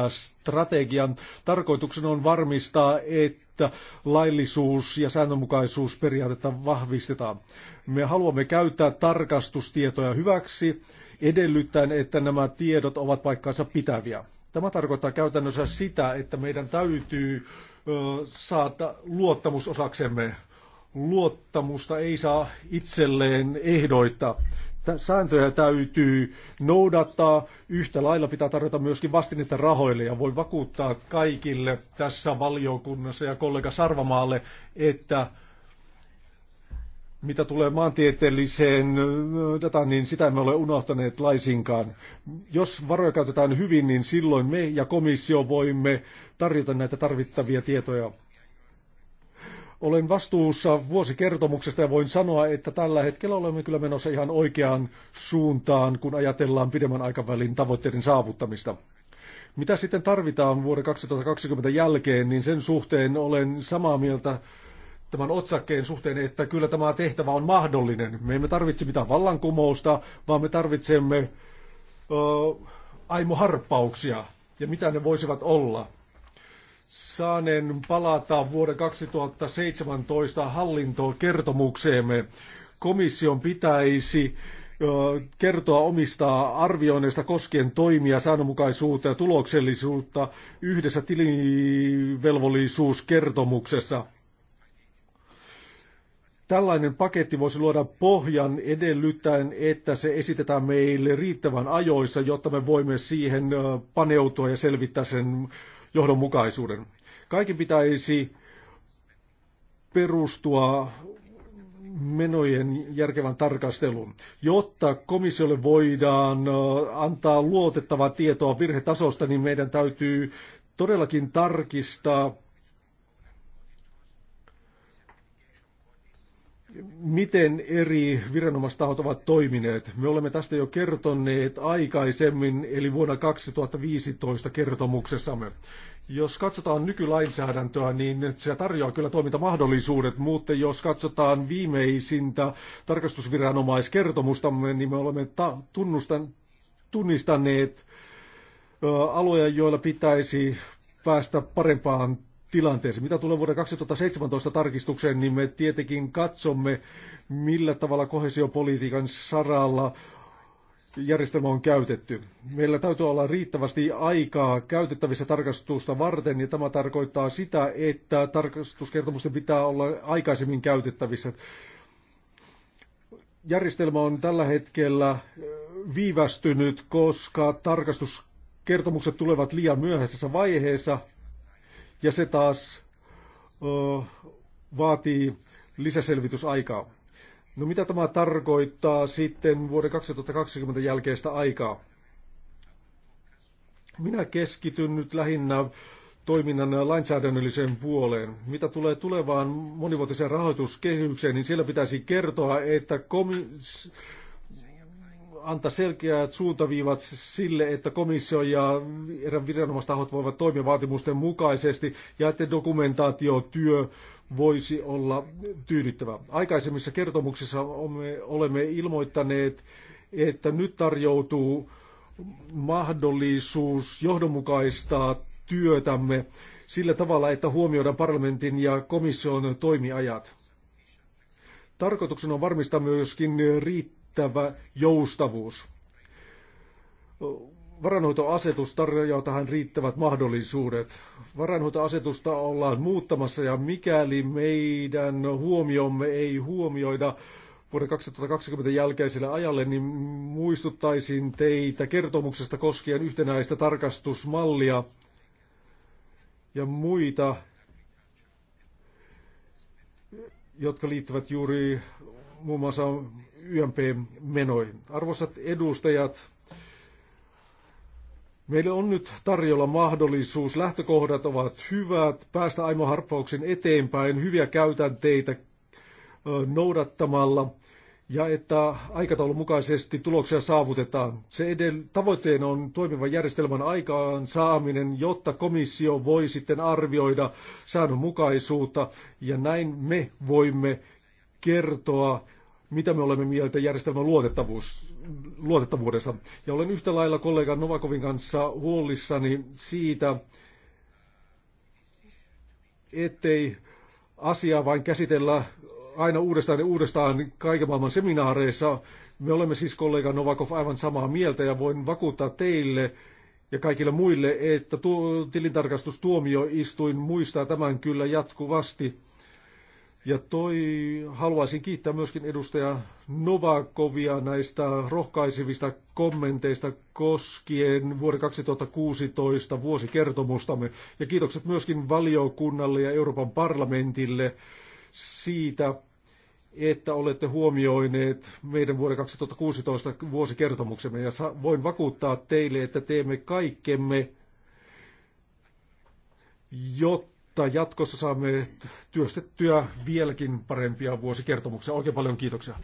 strategian. Tarkoituksena on varmistaa, että laillisuus- ja säännönmukaisuusperiaatetta vahvistetaan. Me haluamme käyttää tarkastustietoja hyväksi edellyttäen, että nämä tiedot ovat paikkaansa pitäviä. Tämä tarkoittaa käytännössä sitä, että meidän täytyy saada luottamus osaksemme. Luottamusta ei saa itselleen ehdoita. Sääntöjä täytyy noudattaa. Yhtä lailla pitää tarjota myöskin vastinetta rahoille ja voi vakuuttaa kaikille tässä valiokunnassa ja kollega Sarvamaalle, että mitä tulee maantieteelliseen dataan, niin sitä emme ole unohtaneet laisinkaan. Jos varoja käytetään hyvin, niin silloin me ja komissio voimme tarjota näitä tarvittavia tietoja. Olen vastuussa vuosikertomuksesta ja voin sanoa, että tällä hetkellä olemme kyllä menossa ihan oikeaan suuntaan, kun ajatellaan pidemmän aikavälin tavoitteiden saavuttamista. Mitä sitten tarvitaan vuoden 2020 jälkeen, niin sen suhteen olen samaa mieltä tämän otsakkeen suhteen, että kyllä tämä tehtävä on mahdollinen. Me emme tarvitse mitään vallankumousta, vaan me tarvitsemme ö, aimoharppauksia ja mitä ne voisivat olla. Saanen palata vuoden 2017 hallintokertomukseemme. Komission pitäisi kertoa omista arvioinneista koskien toimia, säännönmukaisuutta ja tuloksellisuutta yhdessä tilivelvollisuuskertomuksessa – Tällainen paketti voisi luoda pohjan edellyttäen, että se esitetään meille riittävän ajoissa, jotta me voimme siihen paneutua ja selvittää sen johdonmukaisuuden. Kaikki pitäisi perustua menojen järkevän tarkastelun, jotta komissiolle voidaan antaa luotettavaa tietoa virhetasosta, niin meidän täytyy todellakin tarkistaa miten eri viranomaistahot ovat toimineet. Me olemme tästä jo kertoneet aikaisemmin, eli vuonna 2015 kertomuksessamme. Jos katsotaan nykylainsäädäntöä, niin se tarjoaa kyllä toimintamahdollisuudet, mutta jos katsotaan viimeisintä tarkastusviranomaiskertomustamme, niin me olemme ta- tunnustan, tunnistaneet ö, aloja, joilla pitäisi päästä parempaan tilanteeseen. Mitä tulee vuoden 2017 tarkistukseen, niin me tietenkin katsomme, millä tavalla kohesiopolitiikan saralla järjestelmä on käytetty. Meillä täytyy olla riittävästi aikaa käytettävissä tarkastusta varten, ja tämä tarkoittaa sitä, että tarkastuskertomusten pitää olla aikaisemmin käytettävissä. Järjestelmä on tällä hetkellä äh, viivästynyt, koska tarkastuskertomukset tulevat liian myöhäisessä vaiheessa, ja se taas ö, vaatii lisäselvitysaikaa. No mitä tämä tarkoittaa sitten vuoden 2020 jälkeistä aikaa? Minä keskityn nyt lähinnä toiminnan lainsäädännölliseen puoleen. Mitä tulee tulevaan monivuotiseen rahoituskehykseen, niin siellä pitäisi kertoa, että komis- antaa selkeät suuntaviivat sille, että komissio ja viranomaistahot voivat toimia vaatimusten mukaisesti ja että dokumentaatiotyö voisi olla tyydyttävä. Aikaisemmissa kertomuksissa olemme ilmoittaneet, että nyt tarjoutuu mahdollisuus johdonmukaistaa työtämme sillä tavalla, että huomioidaan parlamentin ja komission toimiajat. Tarkoituksena on varmistaa myöskin riittävä riittävä joustavuus. Varanhoitoasetus tarjoaa tähän riittävät mahdollisuudet. Varanhoitoasetusta ollaan muuttamassa ja mikäli meidän huomiomme ei huomioida vuoden 2020 jälkeiselle ajalle, niin muistuttaisin teitä kertomuksesta koskien yhtenäistä tarkastusmallia ja muita, jotka liittyvät juuri muun muassa YMP-menoihin. Arvoisat edustajat, Meillä on nyt tarjolla mahdollisuus, lähtökohdat ovat hyvät, päästä Aimo Harppauksen eteenpäin, hyviä käytänteitä noudattamalla ja että aikataulun mukaisesti tuloksia saavutetaan. Se tavoitteena on toimivan järjestelmän aikaan saaminen, jotta komissio voi sitten arvioida säännönmukaisuutta ja näin me voimme kertoa mitä me olemme mieltä järjestelmän luotettavuus, luotettavuudesta. Ja olen yhtä lailla kollega Novakovin kanssa huolissani siitä, ettei asiaa vain käsitellä aina uudestaan ja uudestaan kaiken maailman seminaareissa. Me olemme siis kollega Novakov aivan samaa mieltä ja voin vakuuttaa teille ja kaikille muille, että tuo tilintarkastustuomioistuin muistaa tämän kyllä jatkuvasti ja toi, haluaisin kiittää myöskin edustaja Novakovia näistä rohkaisevista kommenteista koskien vuoden 2016 vuosikertomustamme. Ja kiitokset myöskin valiokunnalle ja Euroopan parlamentille siitä, että olette huomioineet meidän vuoden 2016 vuosikertomuksemme. Ja voin vakuuttaa teille, että teemme kaikkemme, jotta jotta jatkossa saamme työstettyä vieläkin parempia vuosikertomuksia. Oikein paljon kiitoksia.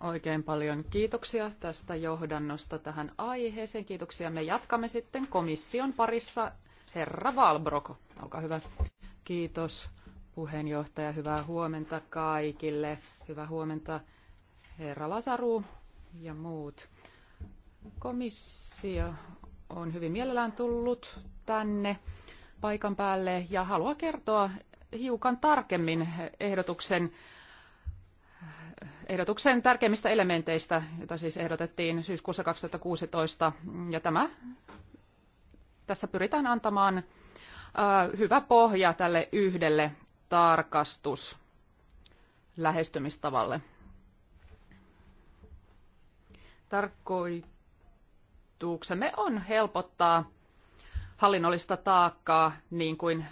Oikein paljon kiitoksia tästä johdannosta tähän aiheeseen. Kiitoksia. Me jatkamme sitten komission parissa. Herra Valbroko, olkaa hyvä. Kiitos puheenjohtaja. Hyvää huomenta kaikille. Hyvää huomenta herra Lasaru ja muut. Komissio on hyvin mielellään tullut tänne paikan päälle ja haluaa kertoa hiukan tarkemmin ehdotuksen, ehdotuksen tärkeimmistä elementeistä, jota siis ehdotettiin syyskuussa 2016. Ja tämä, tässä pyritään antamaan hyvä pohja tälle yhdelle tarkastus lähestymistavalle. Tarkoituksemme on helpottaa hallinnollista taakkaa, niin kuin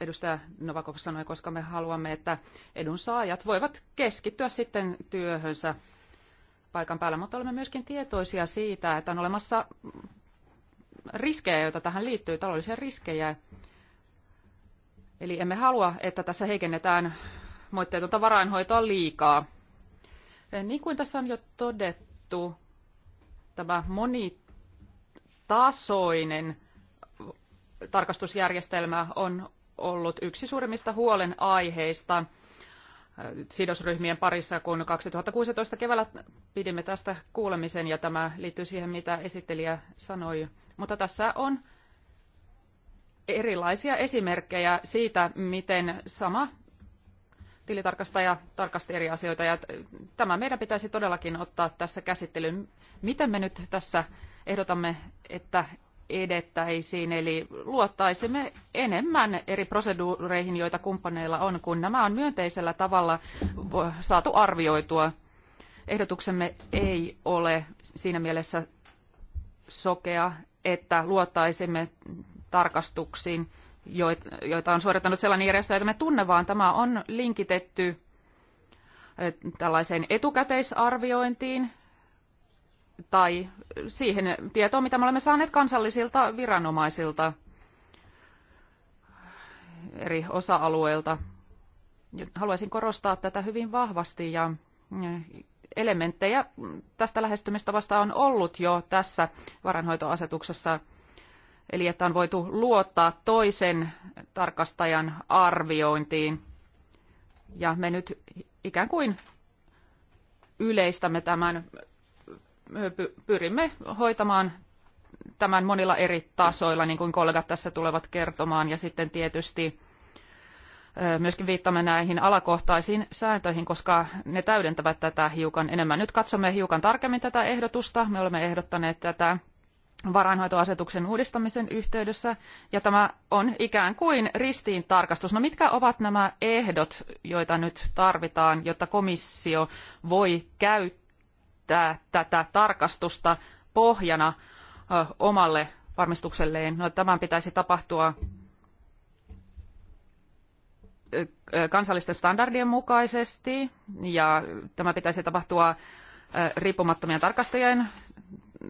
edustaja Novakov sanoi, koska me haluamme, että edunsaajat voivat keskittyä sitten työhönsä paikan päällä, mutta olemme myöskin tietoisia siitä, että on olemassa riskejä, joita tähän liittyy, taloudellisia riskejä. Eli emme halua, että tässä heikennetään moitteetonta varainhoitoa liikaa. Niin kuin tässä on jo todettu, tämä monitasoinen tarkastusjärjestelmä on ollut yksi suurimmista huolenaiheista äh, sidosryhmien parissa, kun 2016 keväällä pidimme tästä kuulemisen ja tämä liittyy siihen, mitä esittelijä sanoi. Mutta tässä on erilaisia esimerkkejä siitä, miten sama tilitarkastaja tarkasti eri asioita. Ja tämä meidän pitäisi todellakin ottaa tässä käsittelyyn. Miten me nyt tässä ehdotamme, että edettäisiin, eli luottaisimme enemmän eri proseduureihin, joita kumppaneilla on, kun nämä on myönteisellä tavalla saatu arvioitua. Ehdotuksemme ei ole siinä mielessä sokea, että luottaisimme tarkastuksiin, joita on suorittanut sellainen järjestö, jota me tunne, vaan tämä on linkitetty eh, tällaiseen etukäteisarviointiin, tai siihen tietoon, mitä me olemme saaneet kansallisilta viranomaisilta eri osa-alueilta. Haluaisin korostaa tätä hyvin vahvasti ja mm, elementtejä tästä lähestymistavasta on ollut jo tässä varanhoitoasetuksessa, eli että on voitu luottaa toisen tarkastajan arviointiin. Ja me nyt ikään kuin yleistämme tämän pyrimme hoitamaan tämän monilla eri tasoilla, niin kuin kollegat tässä tulevat kertomaan, ja sitten tietysti myöskin viittamme näihin alakohtaisiin sääntöihin, koska ne täydentävät tätä hiukan enemmän. Nyt katsomme hiukan tarkemmin tätä ehdotusta. Me olemme ehdottaneet tätä varainhoitoasetuksen uudistamisen yhteydessä, ja tämä on ikään kuin ristiin tarkastus. No mitkä ovat nämä ehdot, joita nyt tarvitaan, jotta komissio voi käyttää käyttää tätä tarkastusta pohjana omalle varmistukselleen. No, tämän pitäisi tapahtua kansallisten standardien mukaisesti ja tämä pitäisi tapahtua riippumattomien tarkastajien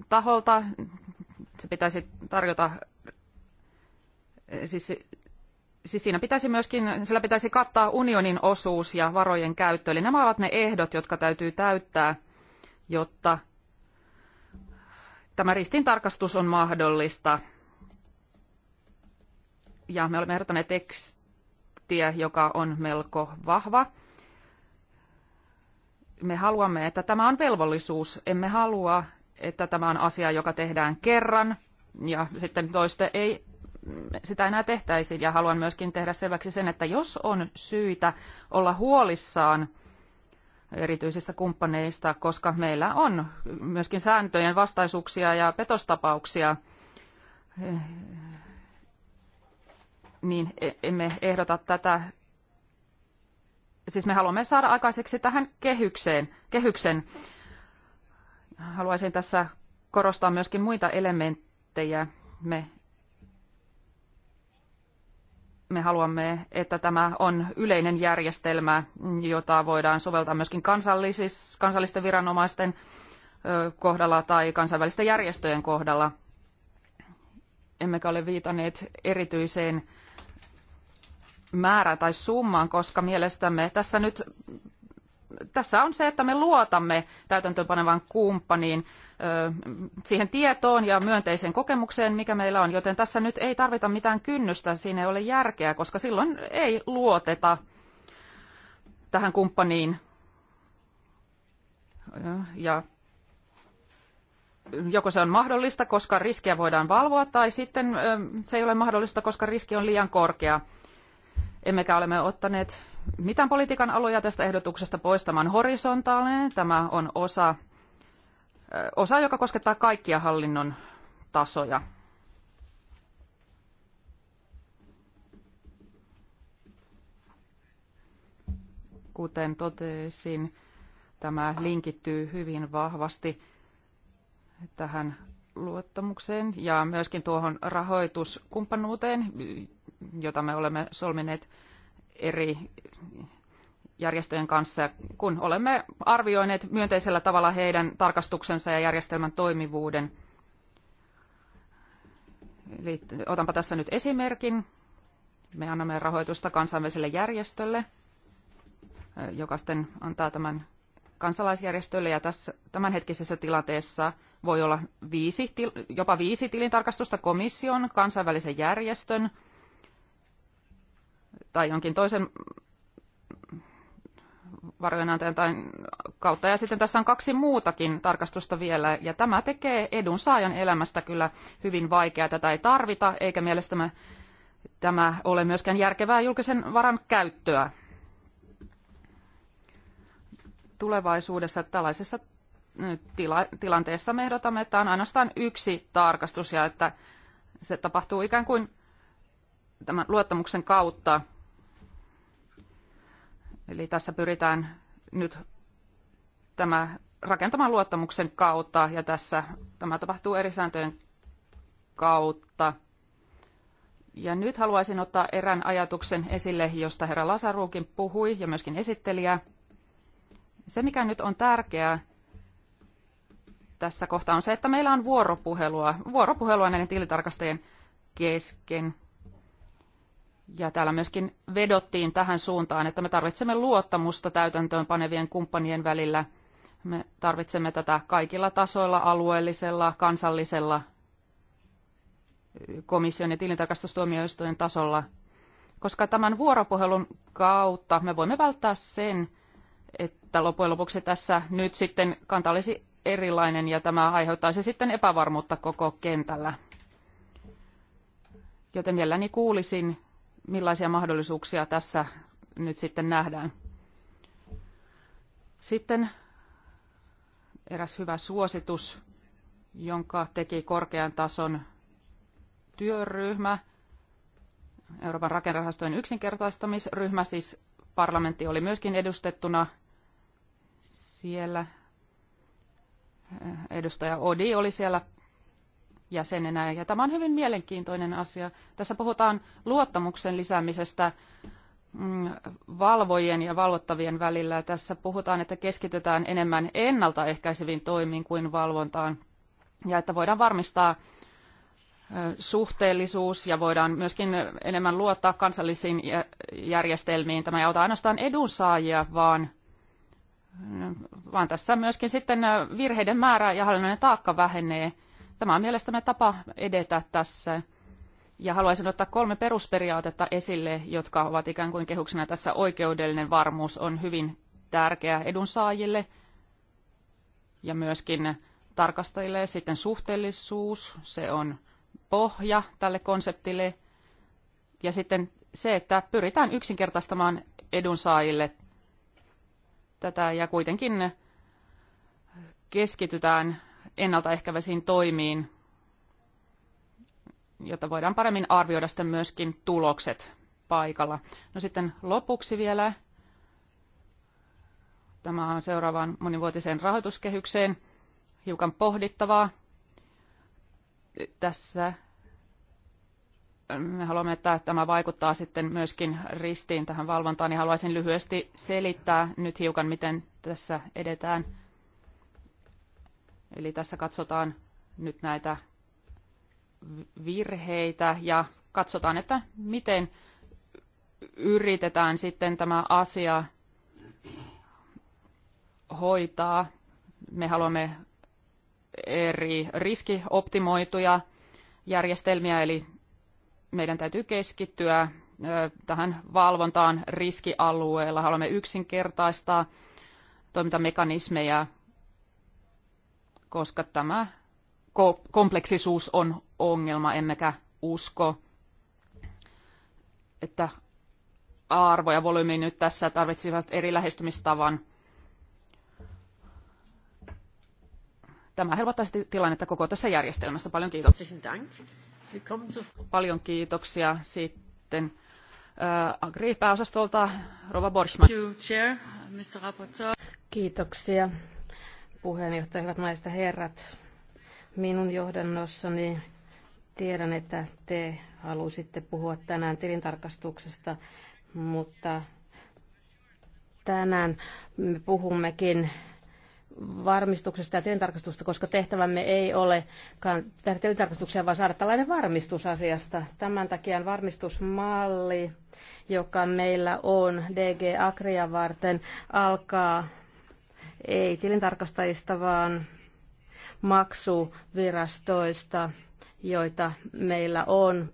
taholta. Se pitäisi tarjota, siis, siis siinä pitäisi myöskin, sillä pitäisi kattaa unionin osuus ja varojen käyttö. Eli nämä ovat ne ehdot, jotka täytyy täyttää – jotta tämä ristintarkastus on mahdollista. Ja me olemme ehdottaneet tekstiä, joka on melko vahva. Me haluamme, että tämä on velvollisuus. Emme halua, että tämä on asia, joka tehdään kerran ja sitten toista ei sitä enää tehtäisi. Ja haluan myöskin tehdä selväksi sen, että jos on syitä olla huolissaan – erityisistä kumppaneista, koska meillä on myöskin sääntöjen vastaisuuksia ja petostapauksia. Niin e, emme ehdota tätä. Siis me haluamme saada aikaiseksi tähän kehykseen, kehyksen. Haluaisin tässä korostaa myöskin muita elementtejä. Me me haluamme, että tämä on yleinen järjestelmä, jota voidaan soveltaa myöskin kansallisten viranomaisten kohdalla tai kansainvälisten järjestöjen kohdalla. Emmekä ole viitanneet erityiseen määrään tai summaan, koska mielestämme tässä nyt tässä on se, että me luotamme täytäntöönpanevan kumppaniin, siihen tietoon ja myönteiseen kokemukseen, mikä meillä on. Joten tässä nyt ei tarvita mitään kynnystä, siinä ei ole järkeä, koska silloin ei luoteta tähän kumppaniin. Ja joko se on mahdollista, koska riskiä voidaan valvoa, tai sitten se ei ole mahdollista, koska riski on liian korkea emmekä olemme ottaneet mitään politiikan aloja tästä ehdotuksesta poistamaan horisontaalinen. Tämä on osa, osa joka koskettaa kaikkia hallinnon tasoja. Kuten totesin, tämä linkittyy hyvin vahvasti tähän luottamukseen ja myöskin tuohon rahoituskumppanuuteen, jota me olemme solmineet eri järjestöjen kanssa, kun olemme arvioineet myönteisellä tavalla heidän tarkastuksensa ja järjestelmän toimivuuden. Eli otanpa tässä nyt esimerkin. Me annamme rahoitusta kansainväliselle järjestölle, joka sitten antaa tämän kansalaisjärjestölle Ja tässä tämänhetkisessä tilanteessa voi olla viisi, jopa viisi tilintarkastusta komission, kansainvälisen järjestön, tai jonkin toisen varojenantajan tai kautta. Ja sitten tässä on kaksi muutakin tarkastusta vielä, ja tämä tekee edun saajan elämästä kyllä hyvin vaikeaa. Tätä ei tarvita, eikä mielestäni tämä ole myöskään järkevää julkisen varan käyttöä. Tulevaisuudessa tällaisessa tila- tilanteessa me ehdotamme, että on ainoastaan yksi tarkastus ja että se tapahtuu ikään kuin tämän luottamuksen kautta. Eli tässä pyritään nyt tämä rakentamaan luottamuksen kautta ja tässä tämä tapahtuu eri sääntöjen kautta. Ja nyt haluaisin ottaa erään ajatuksen esille, josta herra Lasaruukin puhui ja myöskin esittelijä. Se, mikä nyt on tärkeää tässä kohtaa, on se, että meillä on vuoropuhelua, vuoropuhelua näiden tilitarkastajien kesken. Ja täällä myöskin vedottiin tähän suuntaan, että me tarvitsemme luottamusta täytäntöön panevien kumppanien välillä. Me tarvitsemme tätä kaikilla tasoilla, alueellisella, kansallisella, komission ja tilintarkastustuomioistuimen tasolla, koska tämän vuoropuhelun kautta me voimme välttää sen, että loppujen lopuksi tässä nyt sitten kanta olisi erilainen ja tämä aiheuttaisi sitten epävarmuutta koko kentällä. Joten mielelläni kuulisin millaisia mahdollisuuksia tässä nyt sitten nähdään. Sitten eräs hyvä suositus, jonka teki korkean tason työryhmä, Euroopan rakennerahastojen yksinkertaistamisryhmä, siis parlamentti oli myöskin edustettuna siellä. Edustaja Odi oli siellä jäsenenä. Ja tämä on hyvin mielenkiintoinen asia. Tässä puhutaan luottamuksen lisäämisestä mm, valvojien ja valvottavien välillä. Tässä puhutaan, että keskitytään enemmän ennaltaehkäiseviin toimiin kuin valvontaan ja että voidaan varmistaa suhteellisuus ja voidaan myöskin enemmän luottaa kansallisiin järjestelmiin. Tämä ei auta ainoastaan edunsaajia, vaan, mm, vaan tässä myöskin sitten virheiden määrä ja hallinnollinen taakka vähenee – Tämä on mielestäni tapa edetä tässä. Ja haluaisin ottaa kolme perusperiaatetta esille, jotka ovat ikään kuin kehuksena tässä. Oikeudellinen varmuus on hyvin tärkeä edunsaajille ja myöskin tarkastajille. Sitten suhteellisuus, se on pohja tälle konseptille. Ja sitten se, että pyritään yksinkertaistamaan edunsaajille tätä ja kuitenkin keskitytään ennaltaehkäisiin toimiin, jotta voidaan paremmin arvioida sitten myöskin tulokset paikalla. No sitten lopuksi vielä tämä on seuraavaan monivuotiseen rahoituskehykseen hiukan pohdittavaa. Tässä me haluamme, että tämä vaikuttaa sitten myöskin ristiin tähän valvontaan, niin haluaisin lyhyesti selittää nyt hiukan, miten tässä edetään. Eli tässä katsotaan nyt näitä virheitä ja katsotaan, että miten yritetään sitten tämä asia hoitaa. Me haluamme eri riskioptimoituja järjestelmiä, eli meidän täytyy keskittyä tähän valvontaan riskialueella. Haluamme yksinkertaistaa toimintamekanismeja koska tämä kompleksisuus on ongelma, emmekä usko, että arvo ja volyymi nyt tässä tarvitsisivat eri lähestymistavan. Tämä helpottaisi tilannetta koko tässä järjestelmässä. Paljon kiitoksia. Paljon kiitoksia sitten äh, Agri-pääosastolta Rova Borchman. Kiitoksia puheenjohtaja, hyvät naiset ja herrat. Minun johdannossani tiedän, että te halusitte puhua tänään tilintarkastuksesta, mutta tänään me puhummekin varmistuksesta ja tilintarkastusta, koska tehtävämme ei ole tehdä tilintarkastuksia, vaan saada tällainen varmistusasiasta. Tämän takia on varmistusmalli, joka meillä on DG Agria varten, alkaa ei tilintarkastajista, vaan maksuvirastoista, joita meillä on.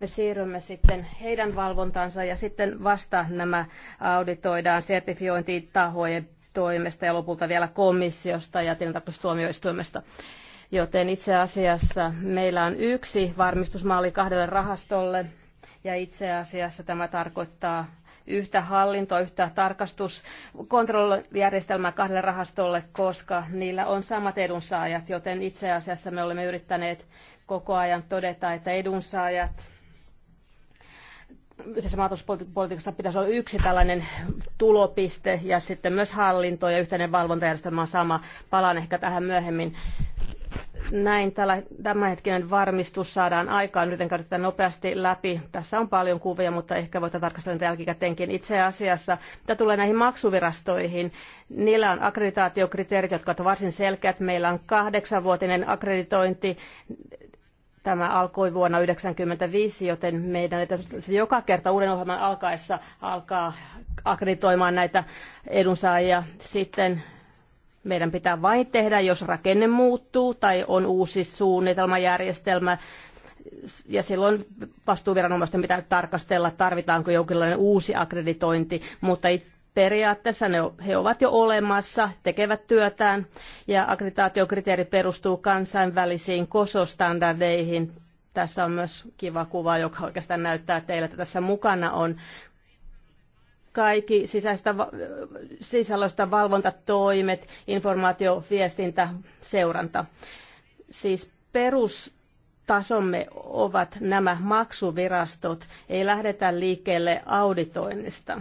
Me siirrymme sitten heidän valvontansa ja sitten vasta nämä auditoidaan sertifiointiin tahojen toimesta ja lopulta vielä komissiosta ja tilintarkastustuomioistuimesta. Joten itse asiassa meillä on yksi varmistusmalli kahdelle rahastolle ja itse asiassa tämä tarkoittaa yhtä hallinto- yhtä tarkastuskontrollijärjestelmää kahdelle rahastolle, koska niillä on samat edunsaajat, joten itse asiassa me olemme yrittäneet koko ajan todeta, että edunsaajat yhdessä maatalouspolitiikassa pitäisi olla yksi tällainen tulopiste ja sitten myös hallinto ja yhteinen valvontajärjestelmä on sama. Palaan ehkä tähän myöhemmin näin tällä, tämänhetkinen varmistus saadaan aikaan. Yritän käydä tätä nopeasti läpi. Tässä on paljon kuvia, mutta ehkä voitte tarkastella niitä jälkikäteenkin. Itse asiassa, mitä tulee näihin maksuvirastoihin, niillä on akkreditaatiokriteerit, jotka ovat varsin selkeät. Meillä on kahdeksanvuotinen akkreditointi. Tämä alkoi vuonna 1995, joten meidän joka kerta uuden ohjelman alkaessa alkaa akkreditoimaan näitä edunsaajia. Sitten meidän pitää vain tehdä, jos rakenne muuttuu tai on uusi suunnitelmajärjestelmä, ja silloin vastuuviranomaisten pitää tarkastella, tarvitaanko jonkinlainen uusi akkreditointi, mutta periaatteessa ne, he ovat jo olemassa, tekevät työtään, ja akkreditaatiokriteeri perustuu kansainvälisiin kosos-standardeihin. Tässä on myös kiva kuva, joka oikeastaan näyttää teille, että tässä mukana on kaikki sisäistä, sisällöstä valvontatoimet, informaatio, viestintä, seuranta. Siis perustasomme ovat nämä maksuvirastot, ei lähdetä liikkeelle auditoinnista.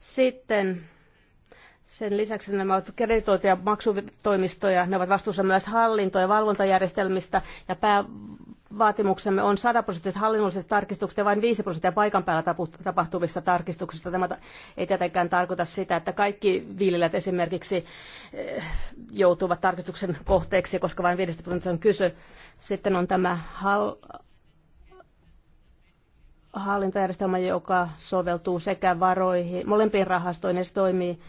Sitten sen lisäksi nämä ovat kreditoituja maksutoimistoja, ne ovat vastuussa myös hallinto- ja valvontajärjestelmistä ja pää, vaatimuksemme on 100 prosenttiset hallinnolliset tarkistukset ja vain 5 prosenttia paikan päällä tapahtuvista tarkistuksista. Tämä ei tietenkään tarkoita sitä, että kaikki viljelijät esimerkiksi eh, joutuvat tarkistuksen kohteeksi, koska vain 5 prosenttia on kyse. Sitten on tämä hal- hallintajärjestelmä, joka soveltuu sekä varoihin, molempiin rahastoihin ja se toimii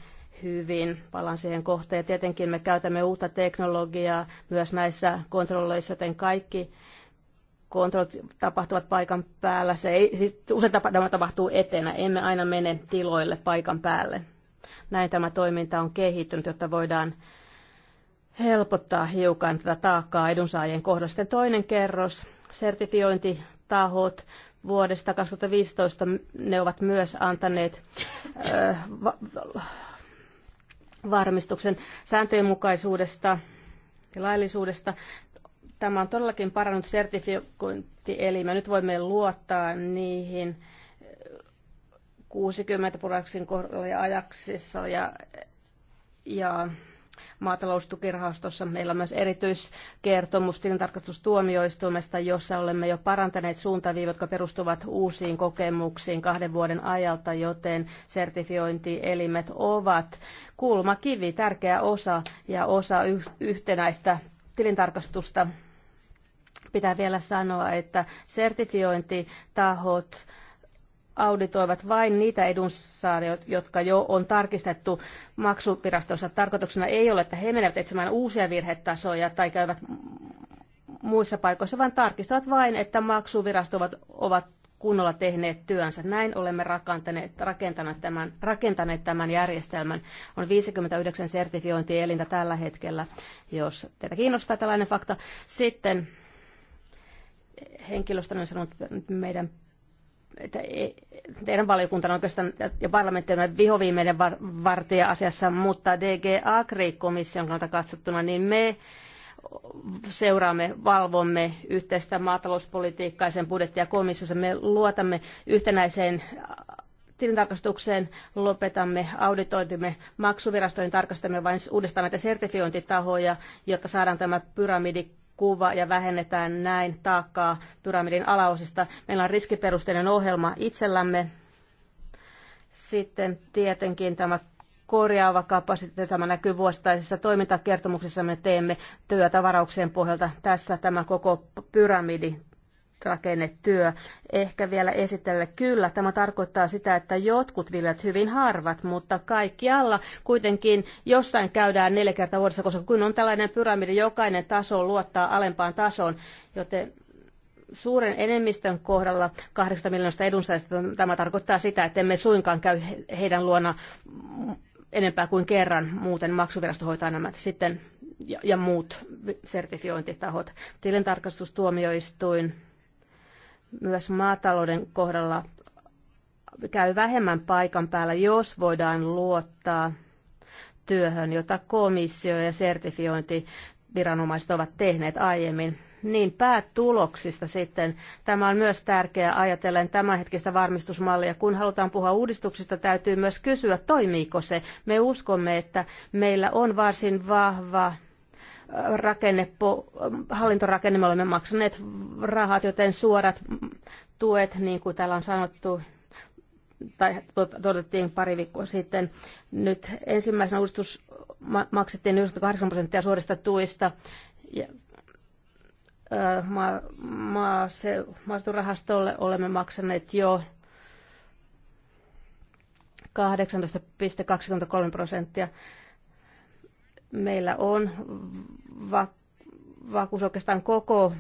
hyvin. Palaan siihen kohteen. Tietenkin me käytämme uutta teknologiaa myös näissä kontrolloissa, joten kaikki kontrollit tapahtuvat paikan päällä. Se ei, siis usein tapa, tämä tapahtuu etenä, emme aina mene tiloille paikan päälle. Näin tämä toiminta on kehittynyt, jotta voidaan helpottaa hiukan tätä taakkaa edunsaajien kohdalla. Sitten toinen kerros, sertifiointitahot vuodesta 2015, ne ovat myös antaneet va- varmistuksen sääntöjen mukaisuudesta ja laillisuudesta. Tämä on todellakin parannut me Nyt voimme luottaa niihin 60 prosenttin kohdalla ja ajaksissa ja, ja maataloustukirahastossa. Meillä on myös erityiskertomus tilintarkastustuomioistuimesta, jossa olemme jo parantaneet suuntaviivat, jotka perustuvat uusiin kokemuksiin kahden vuoden ajalta, joten sertifiointielimet ovat kulmakivi, tärkeä osa ja osa yhtenäistä tilintarkastusta Pitää vielä sanoa, että sertifiointitahot auditoivat vain niitä edunsaajia, jotka jo on tarkistettu maksuvirastossa. Tarkoituksena ei ole, että he menevät etsimään uusia virhetasoja tai käyvät muissa paikoissa, vaan tarkistavat vain, että maksuvirastot ovat, ovat kunnolla tehneet työnsä. Näin olemme rakentaneet, rakentaneet, tämän, rakentaneet tämän järjestelmän. On 59 sertifiointielintä tällä hetkellä, jos teitä kiinnostaa tällainen fakta. Sitten henkilöstön on niin sanonut, että meidän että e, teidän on oikeastaan ja parlamentti on vihoviimeinen vartija asiassa, mutta DG Agri-komission kannalta katsottuna, niin me seuraamme, valvomme yhteistä maatalouspolitiikkaa ja sen budjettia komissiossa. Me luotamme yhtenäiseen tilintarkastukseen, lopetamme auditoitimme maksuvirastojen tarkastamme vain uudestaan näitä sertifiointitahoja, jotta saadaan tämä pyramidi kuva ja vähennetään näin taakkaa pyramidin alaosista. Meillä on riskiperusteinen ohjelma itsellämme. Sitten tietenkin tämä korjaava kapasiteetti, tämä näkyy vuosittaisissa toimintakertomuksissa, me teemme työtä varaukseen pohjalta. Tässä tämä koko pyramidi rakennetyö. Ehkä vielä esitellä, kyllä, tämä tarkoittaa sitä, että jotkut viljat hyvin harvat, mutta kaikkialla kuitenkin jossain käydään neljä kertaa vuodessa, koska kun on tällainen pyramidi, jokainen taso luottaa alempaan tasoon, joten suuren enemmistön kohdalla kahdesta miljoonasta edunsaajasta tämä tarkoittaa sitä, että emme suinkaan käy heidän luona enempää kuin kerran, muuten maksuvirasto hoitaa nämä sitten ja, ja muut sertifiointitahot. Tilintarkastustuomioistuin myös maatalouden kohdalla käy vähemmän paikan päällä, jos voidaan luottaa työhön, jota komissio ja sertifiointi viranomaiset ovat tehneet aiemmin. Niin päätuloksista sitten. Tämä on myös tärkeää ajatellen tämänhetkistä varmistusmallia. Kun halutaan puhua uudistuksista, täytyy myös kysyä, toimiiko se. Me uskomme, että meillä on varsin vahva rakenne, hallintorakenne, me olemme maksaneet rahat, joten suorat tuet, niin kuin täällä on sanottu, tai todettiin pari viikkoa sitten, nyt ensimmäisenä uudistus maksettiin 98 prosenttia suorista tuista, ja maa, maa, se, olemme maksaneet jo 18,23 prosenttia. Meillä on va- vakuus oikeastaan koko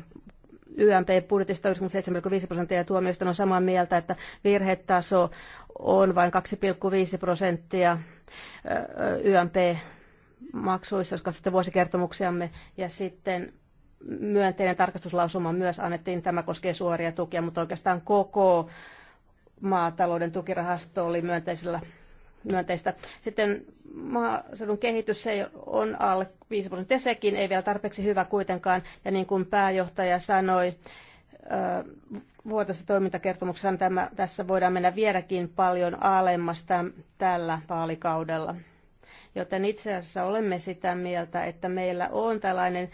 YMP-budjetista 97,5 prosenttia ja tuomioista on samaa mieltä, että virhetaso on vain 2,5 prosenttia YMP-maksuissa, jos katsotte vuosikertomuksiamme. Ja sitten myönteinen tarkastuslausuma myös annettiin, tämä koskee suoria tukia, mutta oikeastaan koko maatalouden tukirahasto oli myönteisellä myönteistä. Sitten maaseudun kehitys se on alle 5 prosenttia sekin, ei vielä tarpeeksi hyvä kuitenkaan. Ja niin kuin pääjohtaja sanoi, vuotoisessa toimintakertomuksessa tämä, tässä voidaan mennä vieläkin paljon alemmas tämän, tällä vaalikaudella. Joten itse asiassa olemme sitä mieltä, että meillä on tällainen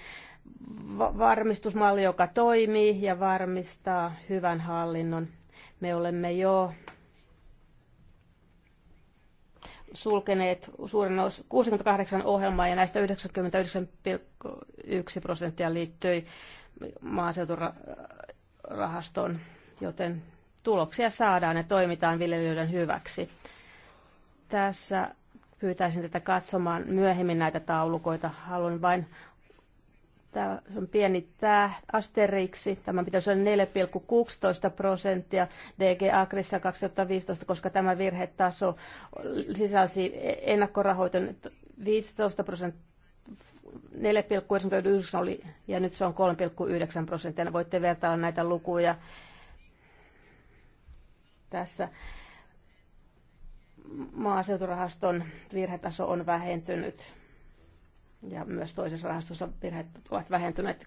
varmistusmalli, joka toimii ja varmistaa hyvän hallinnon. Me olemme jo sulkeneet suurin osa, 68 ohjelmaa ja näistä 99,1 prosenttia liittyi maaseuturahastoon, joten tuloksia saadaan ja toimitaan viljelijöiden hyväksi. Tässä pyytäisin tätä katsomaan myöhemmin näitä taulukoita. Haluan vain Täällä on pieni tämä asteriksi. Tämä pitäisi olla 4,16 prosenttia DG Agrissa 2015, koska tämä virhetaso sisälsi ennakkorahoitun 15 prosenttia 4,99 oli, ja nyt se on 3,9 prosenttia. Voitte vertailla näitä lukuja tässä. Maaseuturahaston virhetaso on vähentynyt ja myös toisessa rahastossa virheet ovat vähentyneet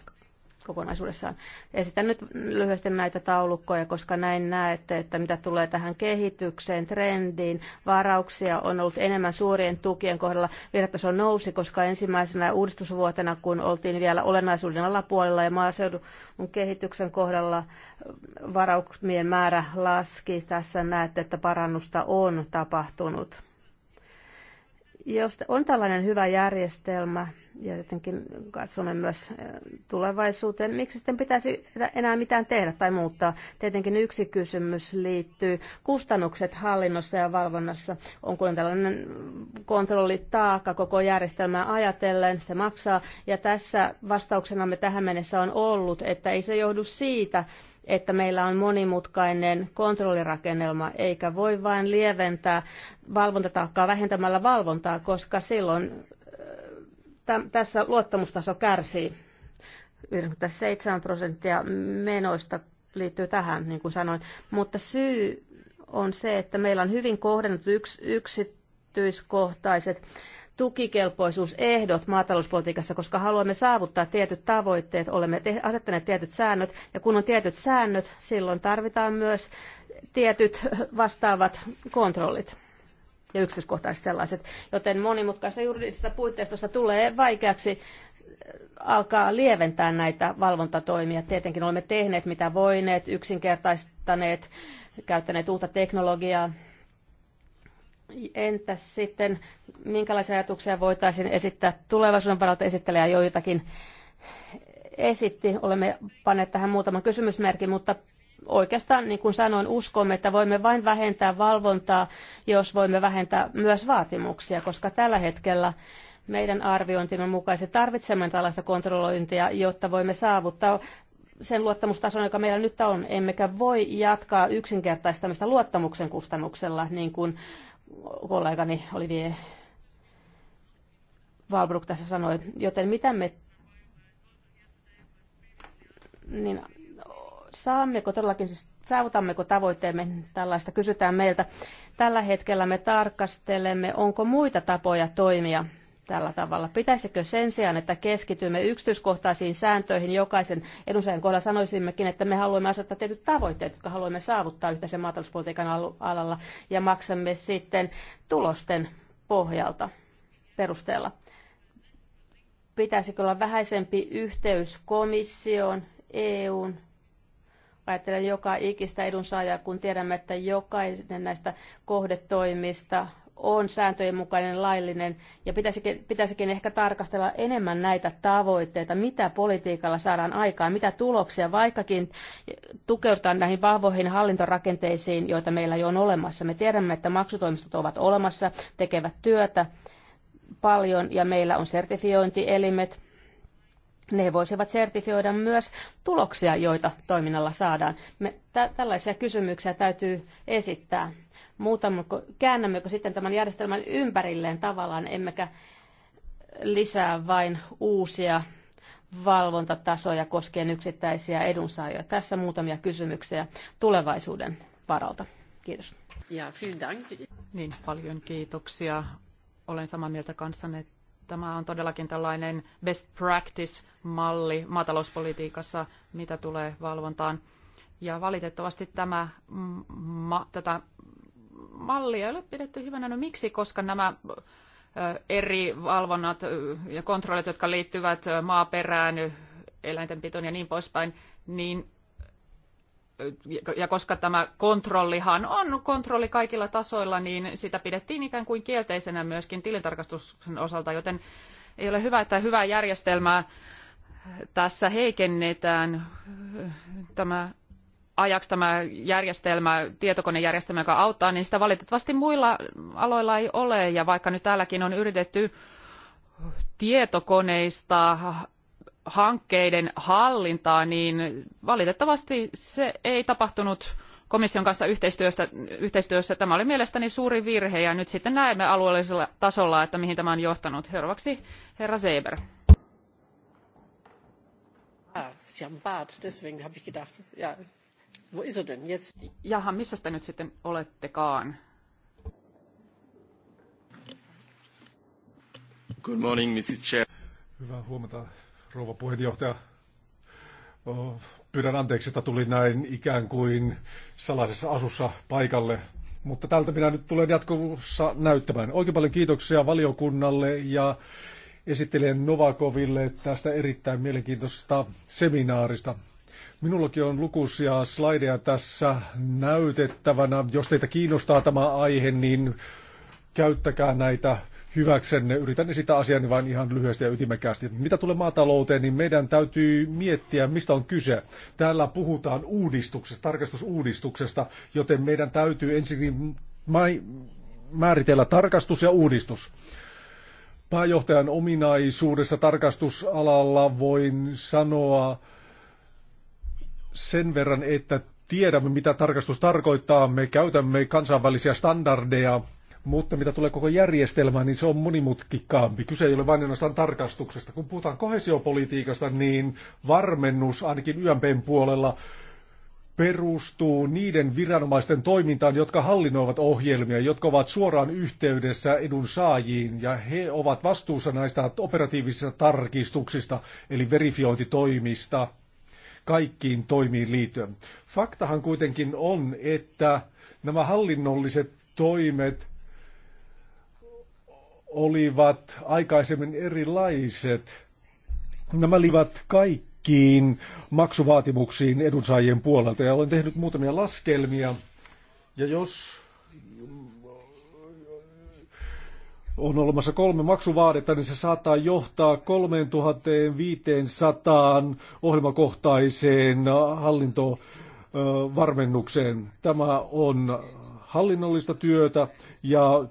kokonaisuudessaan. Esitän nyt lyhyesti näitä taulukkoja, koska näin näette, että mitä tulee tähän kehitykseen, trendiin, varauksia on ollut enemmän suurien tukien kohdalla. Virhetaso nousi, koska ensimmäisenä uudistusvuotena, kun oltiin vielä olennaisuuden alapuolella ja maaseudun kehityksen kohdalla varauksien määrä laski. Tässä näette, että parannusta on tapahtunut jos on tällainen hyvä järjestelmä, ja jotenkin katsomme myös eh, tulevaisuuteen, miksi sitten pitäisi enää mitään tehdä tai muuttaa? Tietenkin yksi kysymys liittyy kustannukset hallinnossa ja valvonnassa. On kuin tällainen kontrollitaakka koko järjestelmää ajatellen, se maksaa. Ja tässä vastauksenamme tähän mennessä on ollut, että ei se johdu siitä, että meillä on monimutkainen kontrollirakennelma, eikä voi vain lieventää valvontataakkaa vähentämällä valvontaa, koska silloin äh, tässä luottamustaso kärsii. 97 prosenttia menoista liittyy tähän, niin kuin sanoin. Mutta syy on se, että meillä on hyvin kohdennut yks, yksityiskohtaiset tukikelpoisuusehdot maatalouspolitiikassa, koska haluamme saavuttaa tietyt tavoitteet, olemme te- asettaneet tietyt säännöt, ja kun on tietyt säännöt, silloin tarvitaan myös tietyt vastaavat kontrollit ja yksityiskohtaiset sellaiset. Joten monimutkaisessa juridisessa puitteistossa tulee vaikeaksi äh, alkaa lieventää näitä valvontatoimia. Tietenkin olemme tehneet mitä voineet, yksinkertaistaneet, käyttäneet uutta teknologiaa, Entäs sitten, minkälaisia ajatuksia voitaisiin esittää tulevaisuuden varalta esittelejä joitakin esitti. Olemme panneet tähän muutaman kysymysmerkin, mutta oikeastaan, niin kuin sanoin, uskomme, että voimme vain vähentää valvontaa, jos voimme vähentää myös vaatimuksia, koska tällä hetkellä meidän arviointimme mukaisesti tarvitsemme tällaista kontrollointia, jotta voimme saavuttaa sen luottamustason, joka meillä nyt on, emmekä voi jatkaa yksinkertaistamista luottamuksen kustannuksella, niin kuin kollegani Olivier Valbruk tässä sanoi. Joten mitä me niin saammeko todellakin, siis saavutammeko tavoitteemme, tällaista kysytään meiltä. Tällä hetkellä me tarkastelemme, onko muita tapoja toimia tällä tavalla. Pitäisikö sen sijaan, että keskitymme yksityiskohtaisiin sääntöihin jokaisen edunsaajan kohdalla, sanoisimmekin, että me haluamme asettaa tietyt tavoitteet, jotka haluamme saavuttaa yhteisen maatalouspolitiikan alalla ja maksamme sitten tulosten pohjalta perusteella. Pitäisikö olla vähäisempi yhteys komissioon, EUn ajattelen joka ikistä edunsaajaa, kun tiedämme, että jokainen näistä kohdetoimista on sääntöjen mukainen laillinen ja pitäisikin, pitäisikin ehkä tarkastella enemmän näitä tavoitteita, mitä politiikalla saadaan aikaan, mitä tuloksia, vaikkakin tukeudutaan näihin vahvoihin hallintorakenteisiin, joita meillä jo on olemassa. Me tiedämme, että maksutoimistot ovat olemassa, tekevät työtä paljon ja meillä on sertifiointielimet, ne voisivat sertifioida myös tuloksia, joita toiminnalla saadaan. Me, tä, tällaisia kysymyksiä täytyy esittää muutammeko, käännämmekö sitten tämän järjestelmän ympärilleen tavallaan, emmekä lisää vain uusia valvontatasoja koskien yksittäisiä edunsaajia. Tässä muutamia kysymyksiä tulevaisuuden varalta. Kiitos. Ja, vielen dank. Niin, paljon kiitoksia. Olen samaa mieltä kanssanne. Tämä on todellakin tällainen best practice-malli maatalouspolitiikassa, mitä tulee valvontaan. Ja valitettavasti tämä, ma, tätä mallia ei ole pidetty hyvänä. No miksi? Koska nämä eri valvonnat ja kontrollit, jotka liittyvät maaperään, eläintenpitoon ja niin poispäin, niin ja koska tämä kontrollihan on kontrolli kaikilla tasoilla, niin sitä pidettiin ikään kuin kielteisenä myöskin tilintarkastuksen osalta, joten ei ole hyvä, että hyvää järjestelmää tässä heikennetään. Tämä ajaksi tämä järjestelmä, tietokonejärjestelmä, joka auttaa, niin sitä valitettavasti muilla aloilla ei ole. Ja vaikka nyt täälläkin on yritetty tietokoneista hankkeiden hallintaa, niin valitettavasti se ei tapahtunut komission kanssa yhteistyössä. Tämä oli mielestäni suuri virhe ja nyt sitten näemme alueellisella tasolla, että mihin tämä on johtanut. Seuraavaksi herra Seber. Ah, Sie haben Bart, deswegen habe ich gedacht, ja, Wo ist er denn jetzt? Jaha, missä sitä nyt sitten olettekaan? Good morning, Mrs. Chair. Hyvää huomenta, rouva puheenjohtaja. Pyydän anteeksi, että tulin näin ikään kuin salaisessa asussa paikalle, mutta tältä minä nyt tulen jatkossa näyttämään. Oikein paljon kiitoksia valiokunnalle ja esittelijän Novakoville tästä erittäin mielenkiintoisesta seminaarista. Minullakin on lukuisia slaideja tässä näytettävänä. Jos teitä kiinnostaa tämä aihe, niin käyttäkää näitä hyväksenne. Yritän esittää asiani vain ihan lyhyesti ja ytimekkäästi. Mitä tulee maatalouteen, niin meidän täytyy miettiä, mistä on kyse. Täällä puhutaan uudistuksesta, tarkastusuudistuksesta, joten meidän täytyy ensin määritellä tarkastus ja uudistus. Pääjohtajan ominaisuudessa tarkastusalalla voin sanoa, sen verran, että tiedämme, mitä tarkastus tarkoittaa. Me käytämme kansainvälisiä standardeja, mutta mitä tulee koko järjestelmään, niin se on monimutkikkaampi. Kyse ei ole vain ainoastaan tarkastuksesta. Kun puhutaan kohesiopolitiikasta, niin varmennus ainakin YMPn puolella perustuu niiden viranomaisten toimintaan, jotka hallinnoivat ohjelmia, jotka ovat suoraan yhteydessä edun saajiin, ja he ovat vastuussa näistä operatiivisista tarkistuksista, eli verifiointitoimista kaikkiin toimiin liittyen. Faktahan kuitenkin on, että nämä hallinnolliset toimet olivat aikaisemmin erilaiset. Nämä liivät kaikkiin maksuvaatimuksiin edunsaajien puolelta ja olen tehnyt muutamia laskelmia. Ja jos on olemassa kolme maksuvaadetta, niin se saattaa johtaa 3500 ohjelmakohtaiseen hallintovarmennukseen. Tämä on hallinnollista työtä ja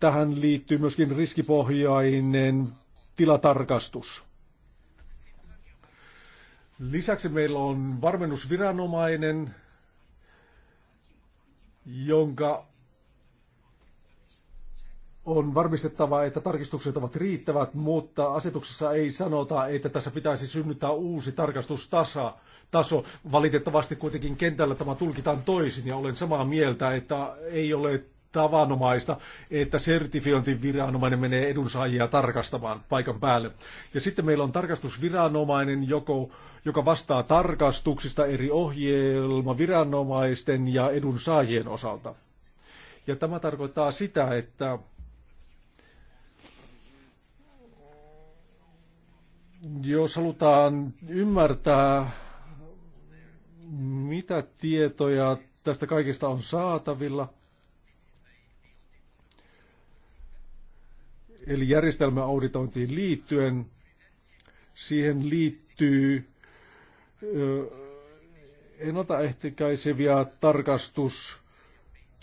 tähän liittyy myöskin riskipohjainen tilatarkastus. Lisäksi meillä on varmennusviranomainen, jonka on varmistettava, että tarkistukset ovat riittävät, mutta asetuksessa ei sanota, että tässä pitäisi synnyttää uusi tarkastustaso. Valitettavasti kuitenkin kentällä tämä tulkitaan toisin ja olen samaa mieltä, että ei ole tavanomaista, että sertifiointiviranomainen menee edunsaajia tarkastamaan paikan päälle. Ja sitten meillä on tarkastusviranomainen, joko, joka vastaa tarkastuksista eri viranomaisten ja edunsaajien osalta. Ja tämä tarkoittaa sitä, että Jos halutaan ymmärtää, mitä tietoja tästä kaikista on saatavilla, eli järjestelmäauditointiin liittyen, siihen liittyy ennaltaehkäiseviä tarkastus-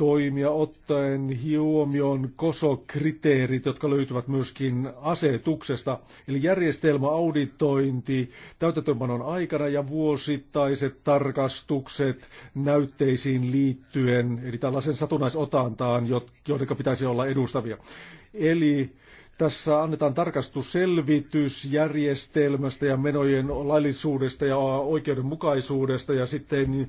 toimia ottaen huomioon kosokriteerit, kriteerit jotka löytyvät myöskin asetuksesta. Eli auditointi, täytäntöönpanon aikana ja vuosittaiset tarkastukset näytteisiin liittyen, eli tällaisen satunnaisotantaan, joiden pitäisi olla edustavia. Eli tässä annetaan tarkastusselvitys järjestelmästä ja menojen laillisuudesta ja oikeudenmukaisuudesta ja sitten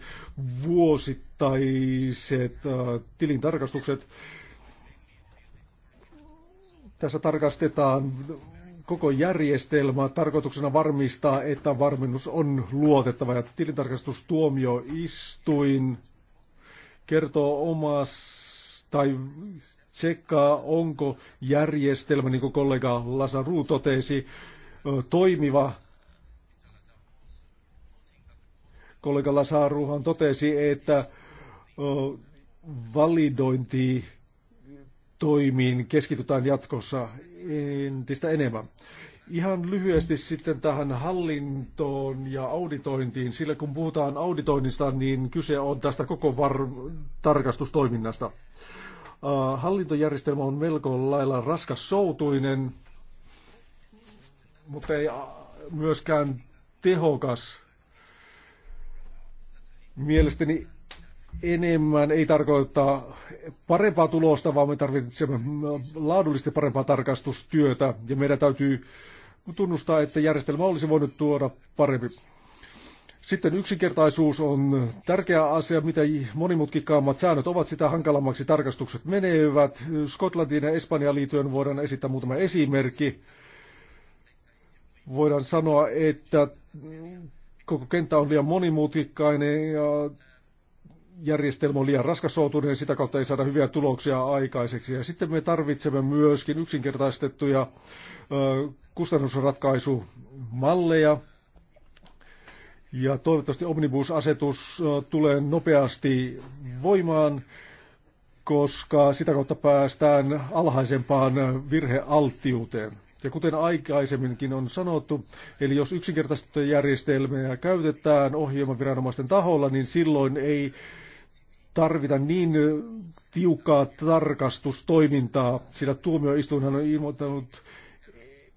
vuosittaiset äh, tilintarkastukset. Tässä tarkastetaan koko järjestelmä tarkoituksena varmistaa, että varmennus on luotettava. Ja tilintarkastustuomioistuin kertoo omas tai tsekkaa, onko järjestelmä, niin kuin kollega Lasaru totesi, toimiva. Kollega Lasaruhan totesi, että validointi toimiin keskitytään jatkossa entistä enemmän. Ihan lyhyesti sitten tähän hallintoon ja auditointiin. Sillä kun puhutaan auditoinnista, niin kyse on tästä koko var- tarkastustoiminnasta hallintojärjestelmä on melko lailla raskas soutuinen, mutta ei myöskään tehokas. Mielestäni enemmän ei tarkoittaa parempaa tulosta, vaan me tarvitsemme laadullisesti parempaa tarkastustyötä ja meidän täytyy tunnustaa, että järjestelmä olisi voinut tuoda parempi sitten yksinkertaisuus on tärkeä asia. Mitä monimutkikkaammat säännöt ovat, sitä hankalammaksi tarkastukset menevät. Skotlantiin ja Espanjaan liittyen voidaan esittää muutama esimerkki. Voidaan sanoa, että koko kenttä on liian monimutkikkainen ja järjestelmä on liian raskasoutunut ja sitä kautta ei saada hyviä tuloksia aikaiseksi. Ja sitten me tarvitsemme myöskin yksinkertaistettuja kustannusratkaisumalleja ja toivottavasti omnibus-asetus tulee nopeasti voimaan, koska sitä kautta päästään alhaisempaan virhealttiuteen. Ja kuten aikaisemminkin on sanottu, eli jos yksinkertaistettuja järjestelmiä käytetään ohjelmaviranomaisten taholla, niin silloin ei tarvita niin tiukkaa tarkastustoimintaa, sillä tuomioistuinhan on ilmoittanut,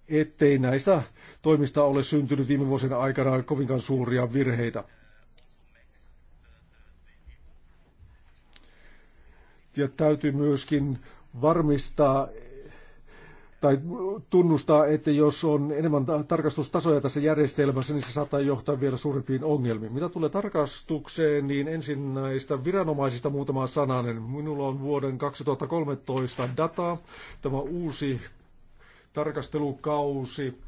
ettei näistä toimista ole syntynyt viime vuosina aikana kovinkaan suuria virheitä. Ja täytyy myöskin varmistaa, tai tunnustaa, että jos on enemmän tarkastustasoja tässä järjestelmässä, niin se saattaa johtaa vielä suurimpiin ongelmiin. Mitä tulee tarkastukseen, niin ensin näistä viranomaisista muutama sananen. Minulla on vuoden 2013 dataa, tämä uusi tarkastelukausi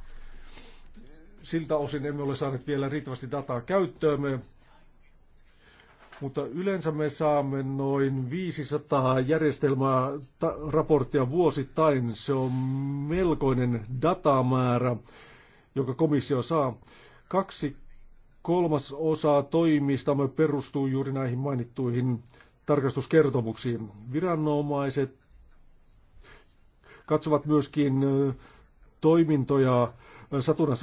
siltä osin emme ole saaneet vielä riittävästi dataa käyttöömme, mutta yleensä me saamme noin 500 järjestelmää raporttia vuosittain. Se on melkoinen datamäärä, joka komissio saa. Kaksi kolmas osa toimistamme perustuu juuri näihin mainittuihin tarkastuskertomuksiin. Viranomaiset katsovat myöskin toimintoja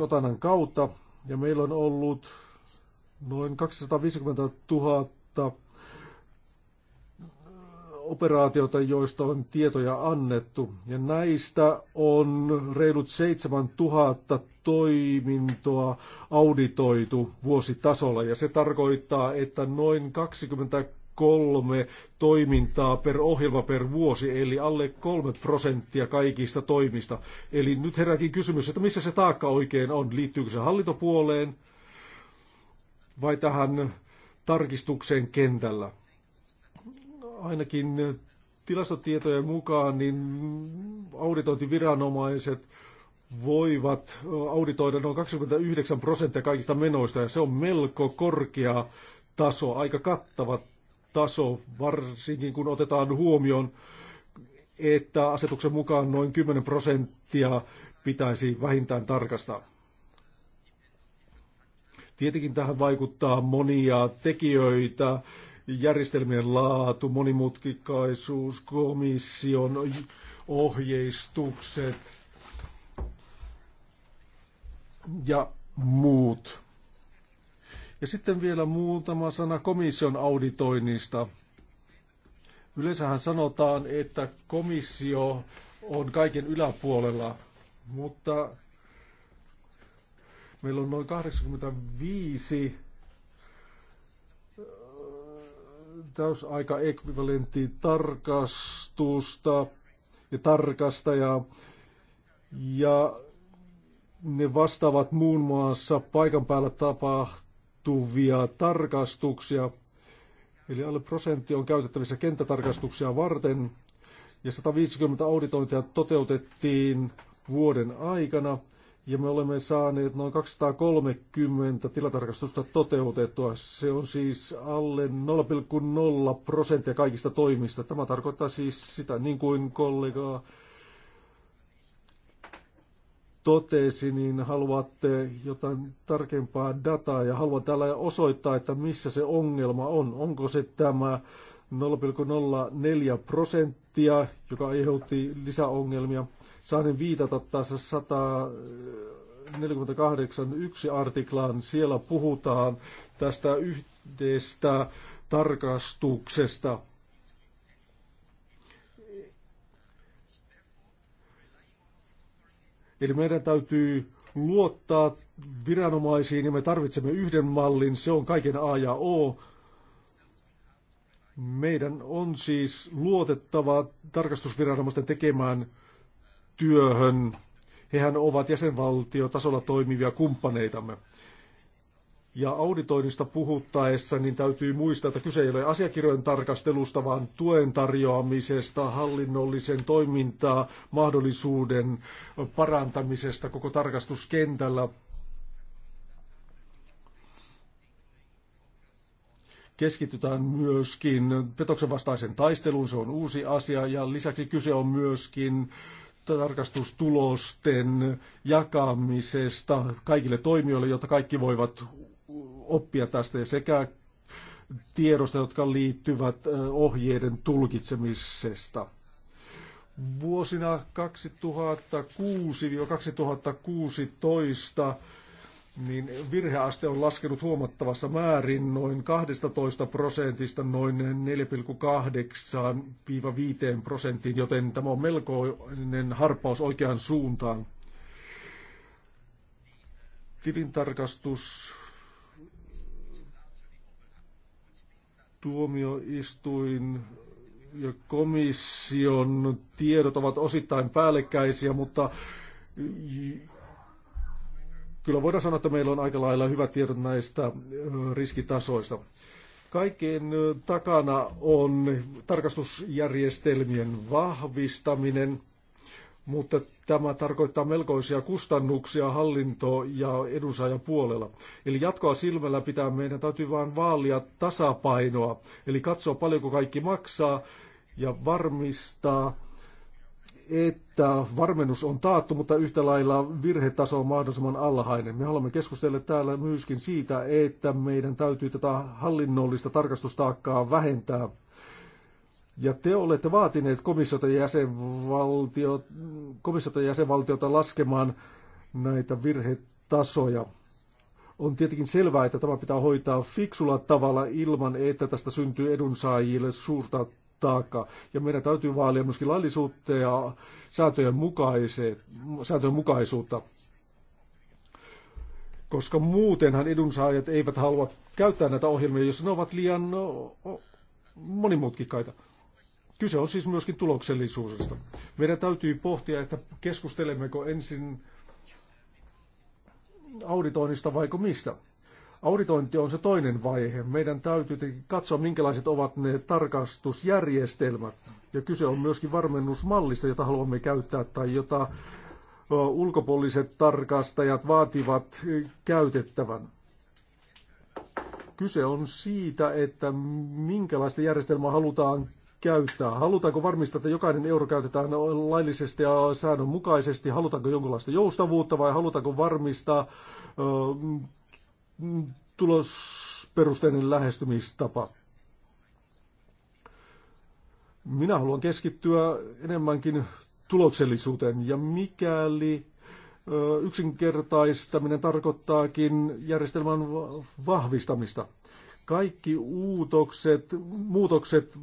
Otanan kautta. Ja meillä on ollut noin 250 000 äh, operaatiota, joista on tietoja annettu. Ja näistä on reilut 7000 toimintoa auditoitu vuositasolla. Ja se tarkoittaa, että noin 20 kolme toimintaa per ohjelma per vuosi, eli alle kolme prosenttia kaikista toimista. Eli nyt herääkin kysymys, että missä se taakka oikein on? Liittyykö se hallintopuoleen vai tähän tarkistukseen kentällä? Ainakin tilastotietojen mukaan niin auditointiviranomaiset voivat auditoida noin 29 prosenttia kaikista menoista, ja se on melko korkea taso, aika kattava taso, varsinkin kun otetaan huomioon, että asetuksen mukaan noin 10 prosenttia pitäisi vähintään tarkastaa. Tietenkin tähän vaikuttaa monia tekijöitä, järjestelmien laatu, monimutkikaisuus, komission ohjeistukset ja muut. Ja sitten vielä muutama sana komission auditoinnista. Yleensähän sanotaan, että komissio on kaiken yläpuolella, mutta meillä on noin 85 äh, täysaika ekvivalentti tarkastusta ja tarkastajaa. Ja ne vastaavat muun muassa paikan päällä tapahtumista tapahtuvia tarkastuksia. Eli alle prosentti on käytettävissä kenttätarkastuksia varten ja 150 auditointia toteutettiin vuoden aikana ja me olemme saaneet noin 230 tilatarkastusta toteutettua. Se on siis alle 0,0 prosenttia kaikista toimista. Tämä tarkoittaa siis sitä, niin kuin kollega totesi, niin haluatte jotain tarkempaa dataa ja haluan täällä osoittaa, että missä se ongelma on. Onko se tämä 0,04 prosenttia, joka aiheutti lisäongelmia. Saan viitata taas 148.1 artiklaan. Siellä puhutaan tästä yhdestä tarkastuksesta – Eli meidän täytyy luottaa viranomaisiin ja me tarvitsemme yhden mallin, se on kaiken A ja O. Meidän on siis luotettava tarkastusviranomaisten tekemään työhön. Hehän ovat jäsenvaltiotasolla toimivia kumppaneitamme. Ja auditoinnista puhuttaessa niin täytyy muistaa, että kyse ei ole asiakirjojen tarkastelusta, vaan tuen tarjoamisesta, hallinnollisen toimintaa, mahdollisuuden parantamisesta koko tarkastuskentällä. Keskitytään myöskin petoksen vastaisen taisteluun, se on uusi asia, ja lisäksi kyse on myöskin tarkastustulosten jakamisesta kaikille toimijoille, jotta kaikki voivat oppia tästä sekä tiedosta, jotka liittyvät ohjeiden tulkitsemisesta. Vuosina 2006-2016 niin virheaste on laskenut huomattavassa määrin noin 12 prosentista noin 4,8-5 prosenttiin, joten tämä on melkoinen harppaus oikeaan suuntaan. Tilintarkastus Tuomioistuin ja komission tiedot ovat osittain päällekkäisiä, mutta kyllä voidaan sanoa, että meillä on aika lailla hyvät tiedot näistä riskitasoista. Kaikkien takana on tarkastusjärjestelmien vahvistaminen – mutta tämä tarkoittaa melkoisia kustannuksia hallinto- ja edunsaajan puolella. Eli jatkoa silmällä pitää meidän täytyy vain vaalia tasapainoa, eli katsoa paljonko kaikki maksaa ja varmistaa, että varmennus on taattu, mutta yhtä lailla virhetaso on mahdollisimman alhainen. Me haluamme keskustella täällä myöskin siitä, että meidän täytyy tätä hallinnollista tarkastustaakkaa vähentää ja te olette vaatineet komissiota jäsenvaltio, komissiota jäsenvaltiota laskemaan näitä virhetasoja. On tietenkin selvää, että tämä pitää hoitaa fiksulla tavalla ilman, että tästä syntyy edunsaajille suurta taakkaa. Ja meidän täytyy vaalia myöskin laillisuutta ja säätöjen, mukaisuutta. Koska muutenhan edunsaajat eivät halua käyttää näitä ohjelmia, jos ne ovat liian no, monimutkikkaita. Kyse on siis myöskin tuloksellisuudesta. Meidän täytyy pohtia, että keskustelemmeko ensin auditoinnista vaiko mistä. Auditointi on se toinen vaihe. Meidän täytyy katsoa, minkälaiset ovat ne tarkastusjärjestelmät. Ja kyse on myöskin varmennusmallista, jota haluamme käyttää tai jota ulkopuoliset tarkastajat vaativat käytettävän. Kyse on siitä, että minkälaista järjestelmää halutaan käyttää. Halutaanko varmistaa, että jokainen euro käytetään laillisesti ja säännönmukaisesti? Halutaanko jonkinlaista joustavuutta vai halutaanko varmistaa ö, mm, tulosperusteinen lähestymistapa? Minä haluan keskittyä enemmänkin tuloksellisuuteen ja mikäli yksinkertaistaminen tarkoittaakin järjestelmän vahvistamista. Kaikki uutokset, muutokset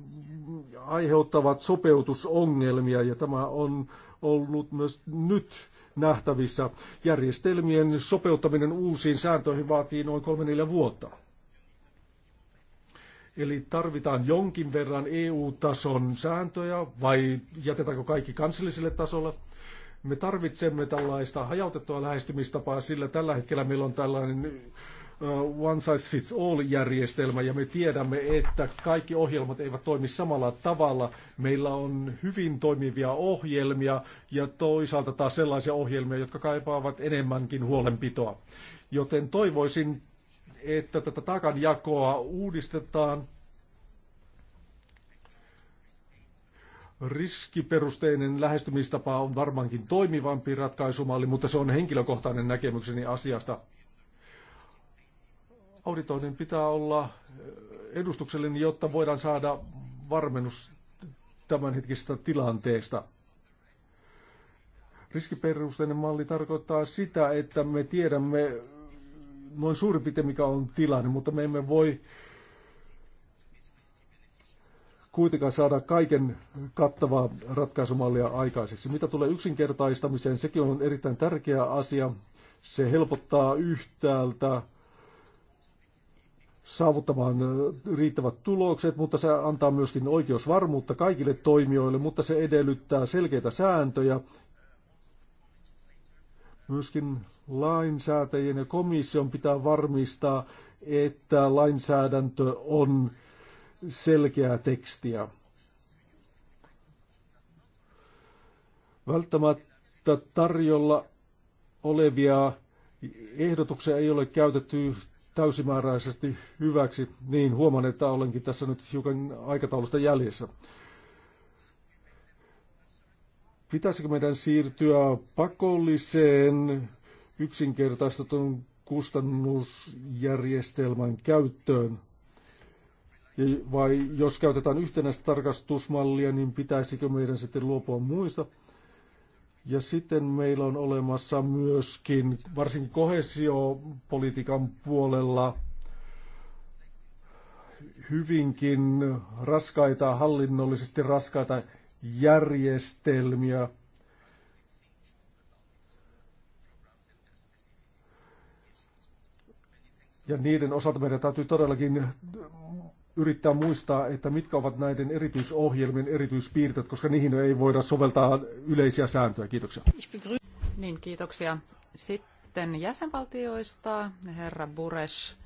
aiheuttavat sopeutusongelmia ja tämä on ollut myös nyt nähtävissä. Järjestelmien sopeuttaminen uusiin sääntöihin vaatii noin 3-4 vuotta. Eli tarvitaan jonkin verran EU-tason sääntöjä vai jätetäänkö kaikki kansalliselle tasolle? Me tarvitsemme tällaista hajautettua lähestymistapaa, sillä tällä hetkellä meillä on tällainen one size fits all järjestelmä ja me tiedämme, että kaikki ohjelmat eivät toimi samalla tavalla. Meillä on hyvin toimivia ohjelmia ja toisaalta taas sellaisia ohjelmia, jotka kaipaavat enemmänkin huolenpitoa. Joten toivoisin, että tätä takanjakoa uudistetaan riskiperusteinen lähestymistapa on varmaankin toimivampi ratkaisumalli, mutta se on henkilökohtainen näkemykseni asiasta auditoinnin pitää olla eh, edustuksellinen, jotta voidaan saada varmennus tämänhetkisestä tilanteesta. Riskiperusteinen malli tarkoittaa sitä, että me tiedämme noin suurin piirtein mikä on tilanne, mutta me emme voi kuitenkaan saada kaiken kattavaa ratkaisumallia aikaiseksi. Mitä tulee yksinkertaistamiseen, sekin on erittäin tärkeä asia. Se helpottaa yhtäältä saavuttamaan riittävät tulokset, mutta se antaa myöskin oikeusvarmuutta kaikille toimijoille, mutta se edellyttää selkeitä sääntöjä. Myöskin lainsäätäjien ja komission pitää varmistaa, että lainsäädäntö on selkeää tekstiä. Välttämättä tarjolla olevia ehdotuksia ei ole käytetty täysimääräisesti hyväksi, niin huomaan, että olenkin tässä nyt hiukan aikataulusta jäljessä. Pitäisikö meidän siirtyä pakolliseen yksinkertaistetun kustannusjärjestelmän käyttöön? Vai jos käytetään yhtenäistä tarkastusmallia, niin pitäisikö meidän sitten luopua muista? Ja sitten meillä on olemassa myöskin, varsin kohesiopolitiikan puolella, hyvinkin raskaita, hallinnollisesti raskaita järjestelmiä. Ja niiden osalta meidän täytyy todellakin yrittää muistaa, että mitkä ovat näiden erityisohjelmien erityispiirteet, koska niihin ei voida soveltaa yleisiä sääntöjä. Kiitoksia. Niin, kiitoksia. Sitten jäsenvaltioista herra Bures.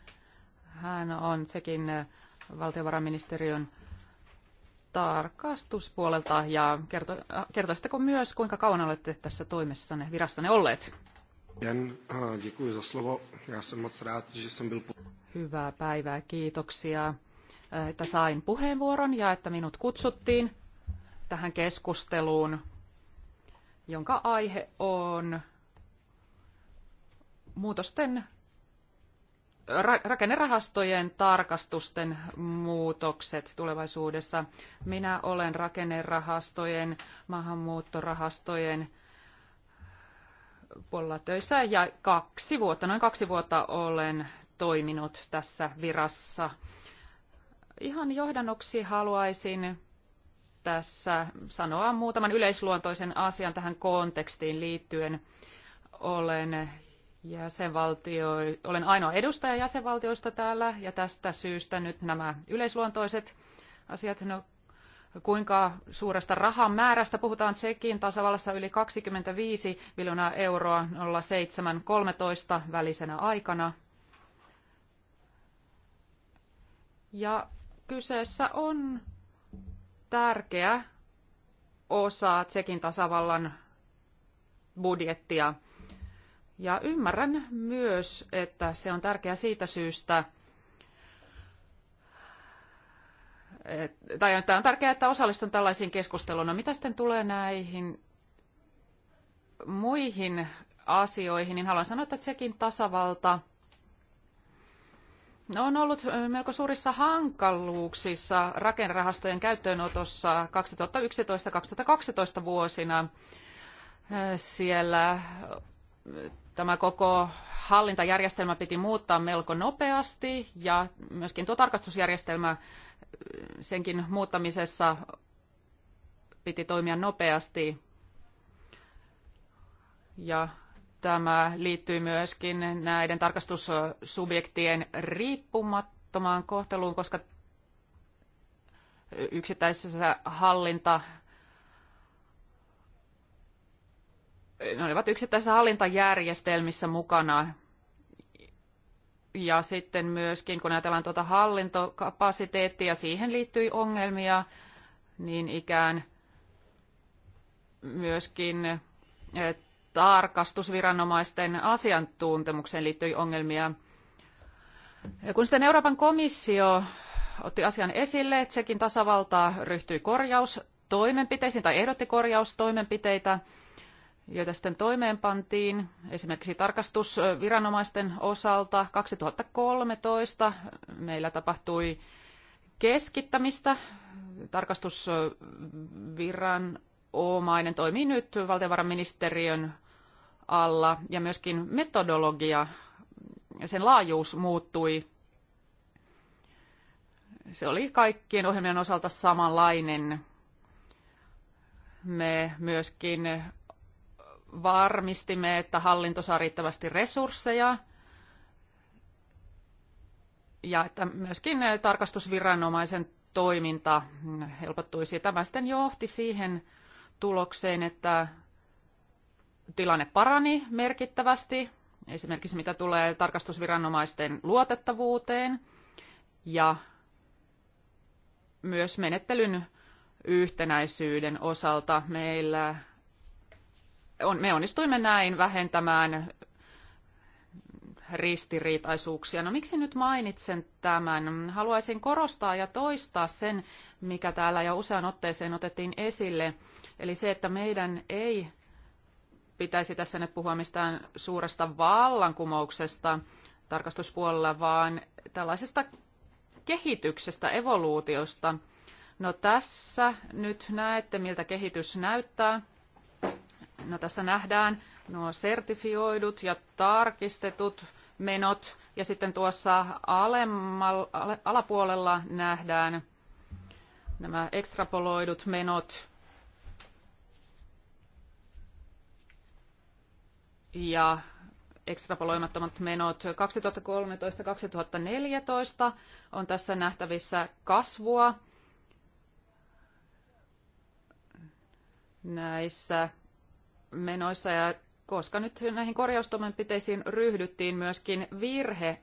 Hän on sekin valtiovarainministeriön tarkastuspuolelta ja kerto, äh, kertoisitteko myös, kuinka kauan olette tässä toimessanne, virassanne olleet? Hyvää päivää, kiitoksia että sain puheenvuoron ja että minut kutsuttiin tähän keskusteluun, jonka aihe on muutosten rakennerahastojen tarkastusten muutokset tulevaisuudessa. Minä olen rakennerahastojen, maahanmuuttorahastojen puolella töissä ja kaksi vuotta, noin kaksi vuotta olen toiminut tässä virassa Ihan johdannoksi haluaisin tässä sanoa muutaman yleisluontoisen asian tähän kontekstiin liittyen. Olen jäsenvaltio, olen ainoa edustaja jäsenvaltioista täällä ja tästä syystä nyt nämä yleisluontoiset asiat, no, kuinka suuresta rahan määrästä puhutaan Tsekin tasavallassa yli 25 miljoonaa euroa 0713 välisenä aikana. Ja kyseessä on tärkeä osa Tsekin tasavallan budjettia. Ja ymmärrän myös, että se on tärkeä siitä syystä, tai että on tärkeää, että osallistun tällaisiin keskusteluun. No mitä sitten tulee näihin muihin asioihin, niin haluan sanoa, että Tsekin tasavalta – No, on ollut melko suurissa hankaluuksissa rakennerahastojen käyttöönotossa 2011-2012 vuosina. Siellä tämä koko hallintajärjestelmä piti muuttaa melko nopeasti ja myöskin tuo tarkastusjärjestelmä senkin muuttamisessa piti toimia nopeasti. Ja Tämä liittyy myöskin näiden tarkastussubjektien riippumattomaan kohteluun, koska yksittäisessä hallinta ne olivat yksittäisissä hallintajärjestelmissä mukana. Ja sitten myöskin, kun ajatellaan tuota hallintokapasiteettia, siihen liittyi ongelmia, niin ikään myöskin tarkastusviranomaisten asiantuntemukseen liittyi ongelmia. Ja kun sitten Euroopan komissio otti asian esille, sekin tasavalta ryhtyi korjaustoimenpiteisiin tai ehdotti korjaustoimenpiteitä, joita sitten toimeenpantiin esimerkiksi tarkastusviranomaisten osalta 2013. Meillä tapahtui keskittämistä. Tarkastusviran omainen toimii nyt valtiovarainministeriön alla ja myöskin metodologia, sen laajuus muuttui. Se oli kaikkien ohjelmien osalta samanlainen. Me myöskin varmistimme, että hallinto saa riittävästi resursseja ja että myöskin tarkastusviranomaisen toiminta helpottuisi. Tämä sitten johti siihen tulokseen, että tilanne parani merkittävästi, esimerkiksi mitä tulee tarkastusviranomaisten luotettavuuteen ja myös menettelyn yhtenäisyyden osalta meillä on, me onnistuimme näin vähentämään ristiriitaisuuksia. No miksi nyt mainitsen tämän? Haluaisin korostaa ja toistaa sen, mikä täällä jo usean otteeseen otettiin esille, eli se, että meidän ei pitäisi tässä nyt puhua mistään suuresta vallankumouksesta tarkastuspuolella, vaan tällaisesta kehityksestä, evoluutiosta. No tässä nyt näette, miltä kehitys näyttää. No tässä nähdään nuo sertifioidut ja tarkistetut menot ja sitten tuossa alemmalla, alapuolella nähdään nämä ekstrapoloidut menot ja ekstrapoloimattomat menot 2013-2014 on tässä nähtävissä kasvua näissä menoissa ja koska nyt näihin korjaustoimenpiteisiin ryhdyttiin myöskin virhe,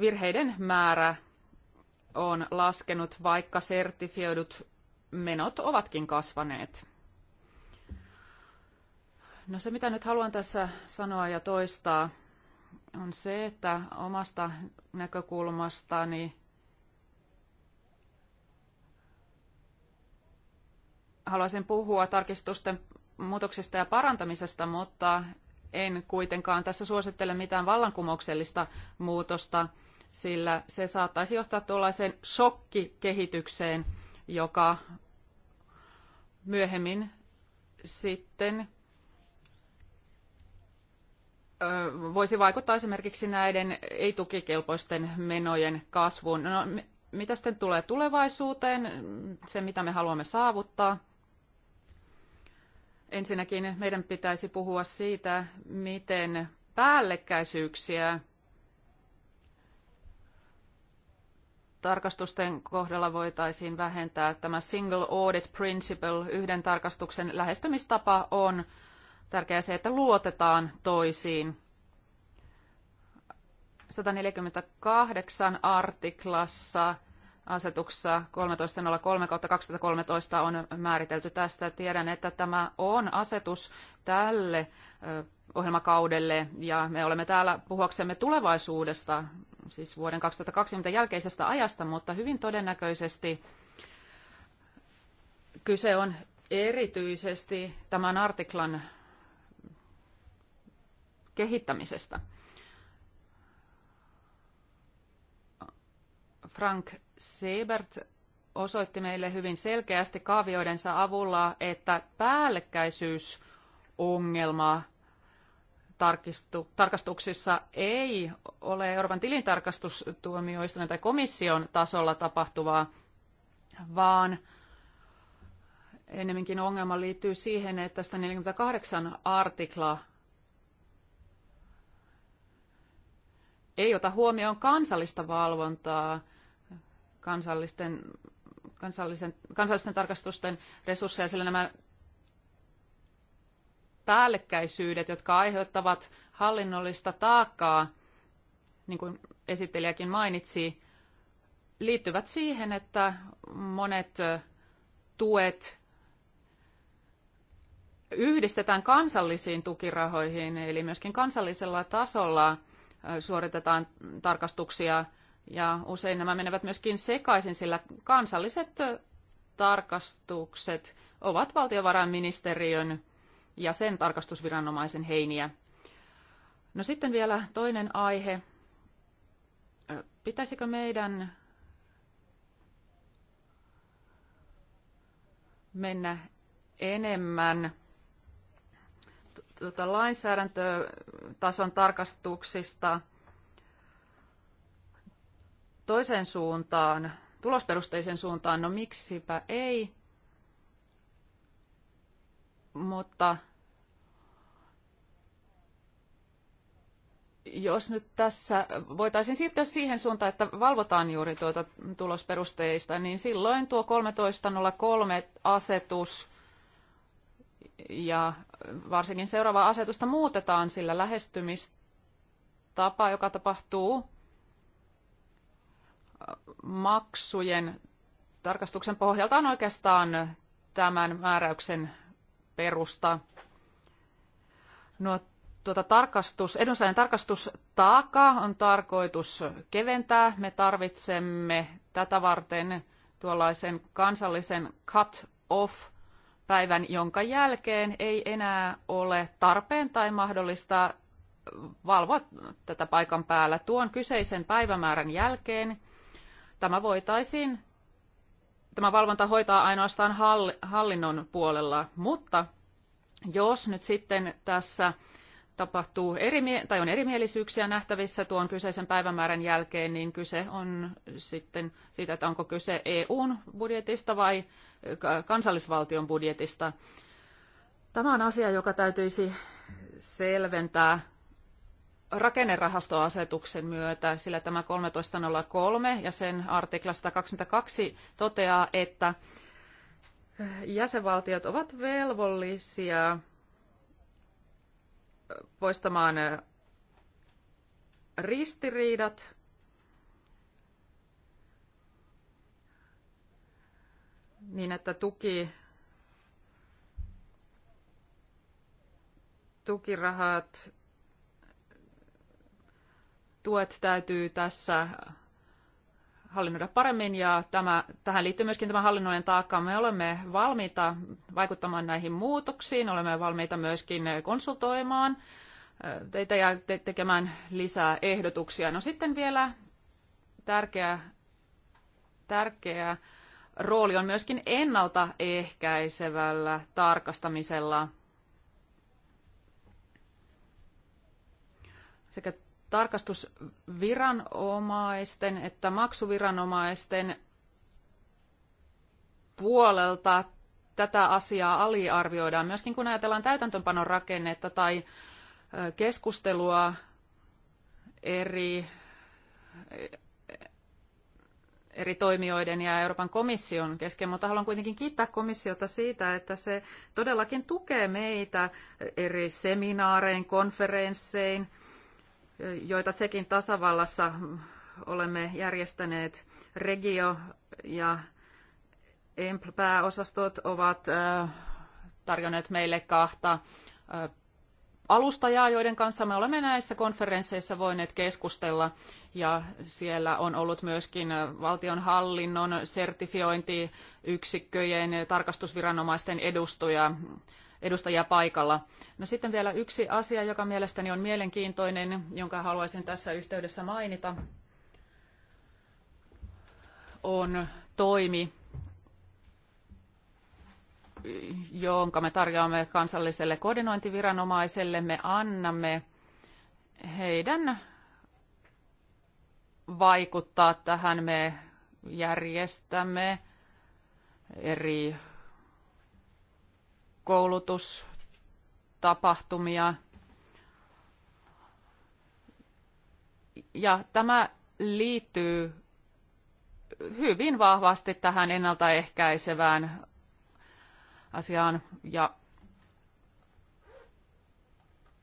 virheiden määrä on laskenut, vaikka sertifioidut menot ovatkin kasvaneet. No se, mitä nyt haluan tässä sanoa ja toistaa, on se, että omasta näkökulmastani haluaisin puhua tarkistusten muutoksista ja parantamisesta, mutta en kuitenkaan tässä suosittele mitään vallankumouksellista muutosta, sillä se saattaisi johtaa tuollaiseen shokkikehitykseen, joka myöhemmin sitten voisi vaikuttaa esimerkiksi näiden ei-tukikelpoisten menojen kasvuun. No, mitä sitten tulee tulevaisuuteen, se mitä me haluamme saavuttaa? Ensinnäkin meidän pitäisi puhua siitä, miten päällekkäisyyksiä tarkastusten kohdalla voitaisiin vähentää. Tämä single audit principle, yhden tarkastuksen lähestymistapa on tärkeää se, että luotetaan toisiin. 148 artiklassa asetuksessa 1303-2013 on määritelty tästä. Tiedän, että tämä on asetus tälle ohjelmakaudelle ja me olemme täällä puhuaksemme tulevaisuudesta, siis vuoden 2020 jälkeisestä ajasta, mutta hyvin todennäköisesti kyse on erityisesti tämän artiklan kehittämisestä. Frank Siebert osoitti meille hyvin selkeästi kaavioidensa avulla, että päällekkäisyysongelma tarkistu, tarkastuksissa ei ole Euroopan tilintarkastustuomioistuimen tai komission tasolla tapahtuvaa, vaan enemminkin ongelma liittyy siihen, että 148 artikla ei ota huomioon kansallista valvontaa, kansallisten, kansallisen, kansallisten tarkastusten resursseja, sillä nämä päällekkäisyydet, jotka aiheuttavat hallinnollista taakkaa, niin kuin esittelijäkin mainitsi, liittyvät siihen, että monet tuet yhdistetään kansallisiin tukirahoihin, eli myöskin kansallisella tasolla – suoritetaan tarkastuksia ja usein nämä menevät myöskin sekaisin, sillä kansalliset tarkastukset ovat valtiovarainministeriön ja sen tarkastusviranomaisen heiniä. No sitten vielä toinen aihe. Pitäisikö meidän mennä enemmän tuota, lainsäädäntötason tarkastuksista toiseen suuntaan, tulosperusteiseen suuntaan, no miksipä ei, mutta jos nyt tässä voitaisiin siirtyä siihen suuntaan, että valvotaan juuri tuota tulosperusteista, niin silloin tuo 13.03 asetus ja varsinkin seuraavaa asetusta muutetaan, sillä lähestymistapa, joka tapahtuu maksujen tarkastuksen pohjalta, on oikeastaan tämän määräyksen perusta. No, tuota tarkastus, edunsaajan tarkastustaakaa on tarkoitus keventää. Me tarvitsemme tätä varten tuollaisen kansallisen cut-off päivän, jonka jälkeen ei enää ole tarpeen tai mahdollista valvoa tätä paikan päällä. Tuon kyseisen päivämäärän jälkeen tämä voitaisiin tämä valvonta hoitaa ainoastaan hallinnon puolella, mutta jos nyt sitten tässä tapahtuu eri tai on erimielisyyksiä nähtävissä tuon kyseisen päivämäärän jälkeen, niin kyse on sitten siitä, että onko kyse EUn budjetista vai kansallisvaltion budjetista. Tämä on asia, joka täytyisi selventää rakennerahastoasetuksen myötä, sillä tämä 13.03 ja sen artikla 122 toteaa, että jäsenvaltiot ovat velvollisia poistamaan ristiriidat. Niin, että tuki, tukirahat, tuet täytyy tässä hallinnoida paremmin ja tämä, tähän liittyy myöskin tämä hallinnollinen taakka. Me olemme valmiita vaikuttamaan näihin muutoksiin, olemme valmiita myöskin konsultoimaan teitä ja te- tekemään lisää ehdotuksia. No sitten vielä tärkeä, tärkeä rooli on myöskin ennaltaehkäisevällä tarkastamisella sekä tarkastusviranomaisten että maksuviranomaisten puolelta tätä asiaa aliarvioidaan. Myöskin kun ajatellaan täytäntöönpanon rakennetta tai keskustelua eri, eri toimijoiden ja Euroopan komission kesken, mutta haluan kuitenkin kiittää komissiota siitä, että se todellakin tukee meitä eri seminaarein, konferenssein, joita Tsekin tasavallassa olemme järjestäneet. Regio ja EMP-pääosastot ovat tarjonneet meille kahta alustajaa, joiden kanssa me olemme näissä konferensseissa voineet keskustella. Ja siellä on ollut myöskin valtionhallinnon sertifiointiyksikköjen tarkastusviranomaisten edustuja edustajia paikalla. No sitten vielä yksi asia, joka mielestäni on mielenkiintoinen, jonka haluaisin tässä yhteydessä mainita, on toimi, jonka me tarjoamme kansalliselle koordinointiviranomaiselle. Me annamme heidän vaikuttaa tähän. Me järjestämme eri koulutustapahtumia. Ja tämä liittyy hyvin vahvasti tähän ennaltaehkäisevään asiaan ja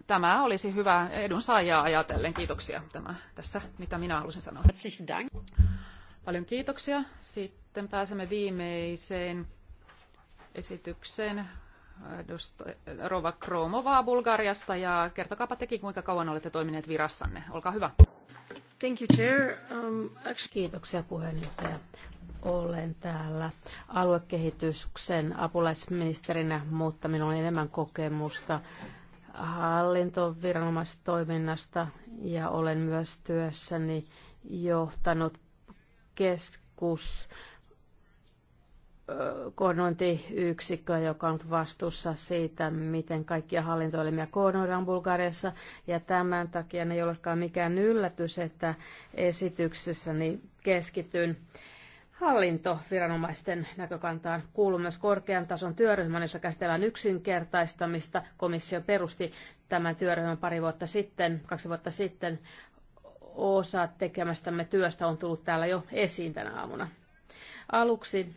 tämä olisi hyvä edunsaajaa ajatellen. Kiitoksia tämä tässä, mitä minä halusin sanoa. Paljon kiitoksia. Sitten pääsemme viimeiseen esitykseen. Rova Kromovaa Bulgariasta ja kertokaapa tekin, kuinka kauan olette toimineet virassanne. Olkaa hyvä. Thank you, Chair. Um, actually... Kiitoksia puheenjohtaja. Olen täällä aluekehityksen apulaisministerinä, mutta minulla on enemmän kokemusta hallintoviranomaistoiminnasta ja olen myös työssäni johtanut keskus koordinointiyksikkö, joka on vastuussa siitä, miten kaikkia hallintoelimiä koordinoidaan Bulgariassa. Ja tämän takia ei olekaan mikään yllätys, että esityksessäni keskityn hallintoviranomaisten näkökantaan. Kuuluu myös korkean tason työryhmän, jossa käsitellään yksinkertaistamista. Komissio perusti tämän työryhmän pari vuotta sitten, kaksi vuotta sitten. Osa tekemästämme työstä on tullut täällä jo esiin tänä aamuna. Aluksi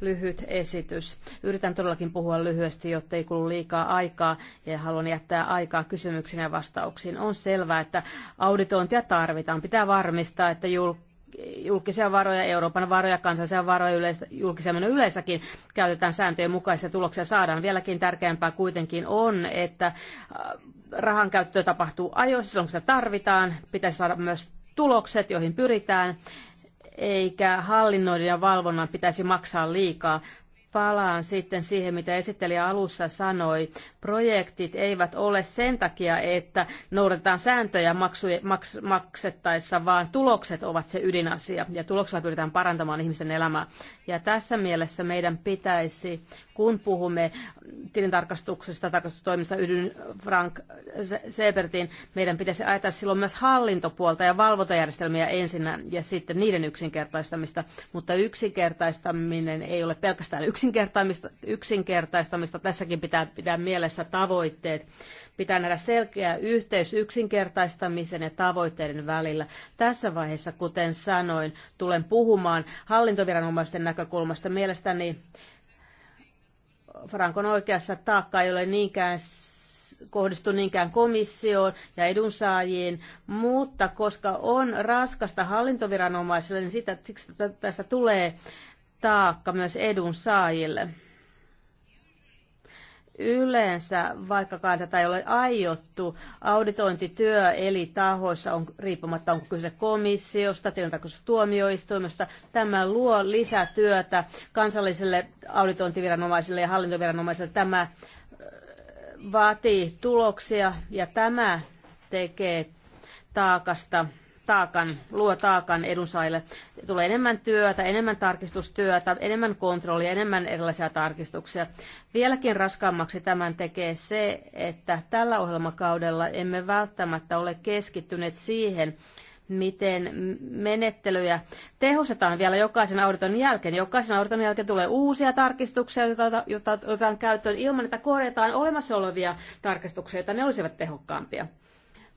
lyhyt esitys. Yritän todellakin puhua lyhyesti, jotta ei kulu liikaa aikaa ja haluan jättää aikaa kysymyksiin ja vastauksiin. On selvää, että auditointia tarvitaan. Pitää varmistaa, että julkisia varoja, Euroopan varoja, kansallisia varoja, yleistä, julkisia menoja yleensäkin käytetään sääntöjen mukaisia tuloksia saadaan. Vieläkin tärkeämpää kuitenkin on, että äh, rahan käyttö tapahtuu ajoissa, silloin kun sitä tarvitaan. Pitäisi saada myös tulokset, joihin pyritään eikä hallinnoida ja valvonnan pitäisi maksaa liikaa. Palaan sitten siihen, mitä esittelijä alussa sanoi projektit eivät ole sen takia, että noudatetaan sääntöjä maksuja, maks, maksettaessa, vaan tulokset ovat se ydinasia ja tuloksella pyritään parantamaan ihmisten elämää. Ja tässä mielessä meidän pitäisi, kun puhumme tilintarkastuksesta, tarkastustoimista ydin Frank Sebertin, meidän pitäisi ajatella silloin myös hallintopuolta ja valvontajärjestelmiä ensin ja sitten niiden yksinkertaistamista, mutta yksinkertaistaminen ei ole pelkästään yksinkertaistamista, yksinkertaistamista. tässäkin pitää pitää mielessä laissa tavoitteet. Pitää nähdä selkeä yhteys yksinkertaistamisen ja tavoitteiden välillä. Tässä vaiheessa, kuten sanoin, tulen puhumaan hallintoviranomaisten näkökulmasta. Mielestäni Frankon oikeassa taakka ei ole niinkään kohdistu niinkään komissioon ja edunsaajiin, mutta koska on raskasta hallintoviranomaisille, niin sitä, siksi tästä tulee taakka myös edunsaajille yleensä, vaikkakaan tätä ei ole aiottu, auditointityö eli tahoissa on riippumatta onko kyse komissiosta, tilintarkastus tuomioistuimesta. Tämä luo lisätyötä kansalliselle auditointiviranomaisille ja hallintoviranomaisille. Tämä vaatii tuloksia ja tämä tekee taakasta taakan, luo taakan edunsaajille. Tulee enemmän työtä, enemmän tarkistustyötä, enemmän kontrollia, enemmän erilaisia tarkistuksia. Vieläkin raskaammaksi tämän tekee se, että tällä ohjelmakaudella emme välttämättä ole keskittyneet siihen, miten menettelyjä tehostetaan vielä jokaisen auditon jälkeen. Jokaisen auditon jälkeen tulee uusia tarkistuksia, joita otetaan käyttöön ilman, että korjataan olemassa olevia tarkistuksia, että ne olisivat tehokkaampia.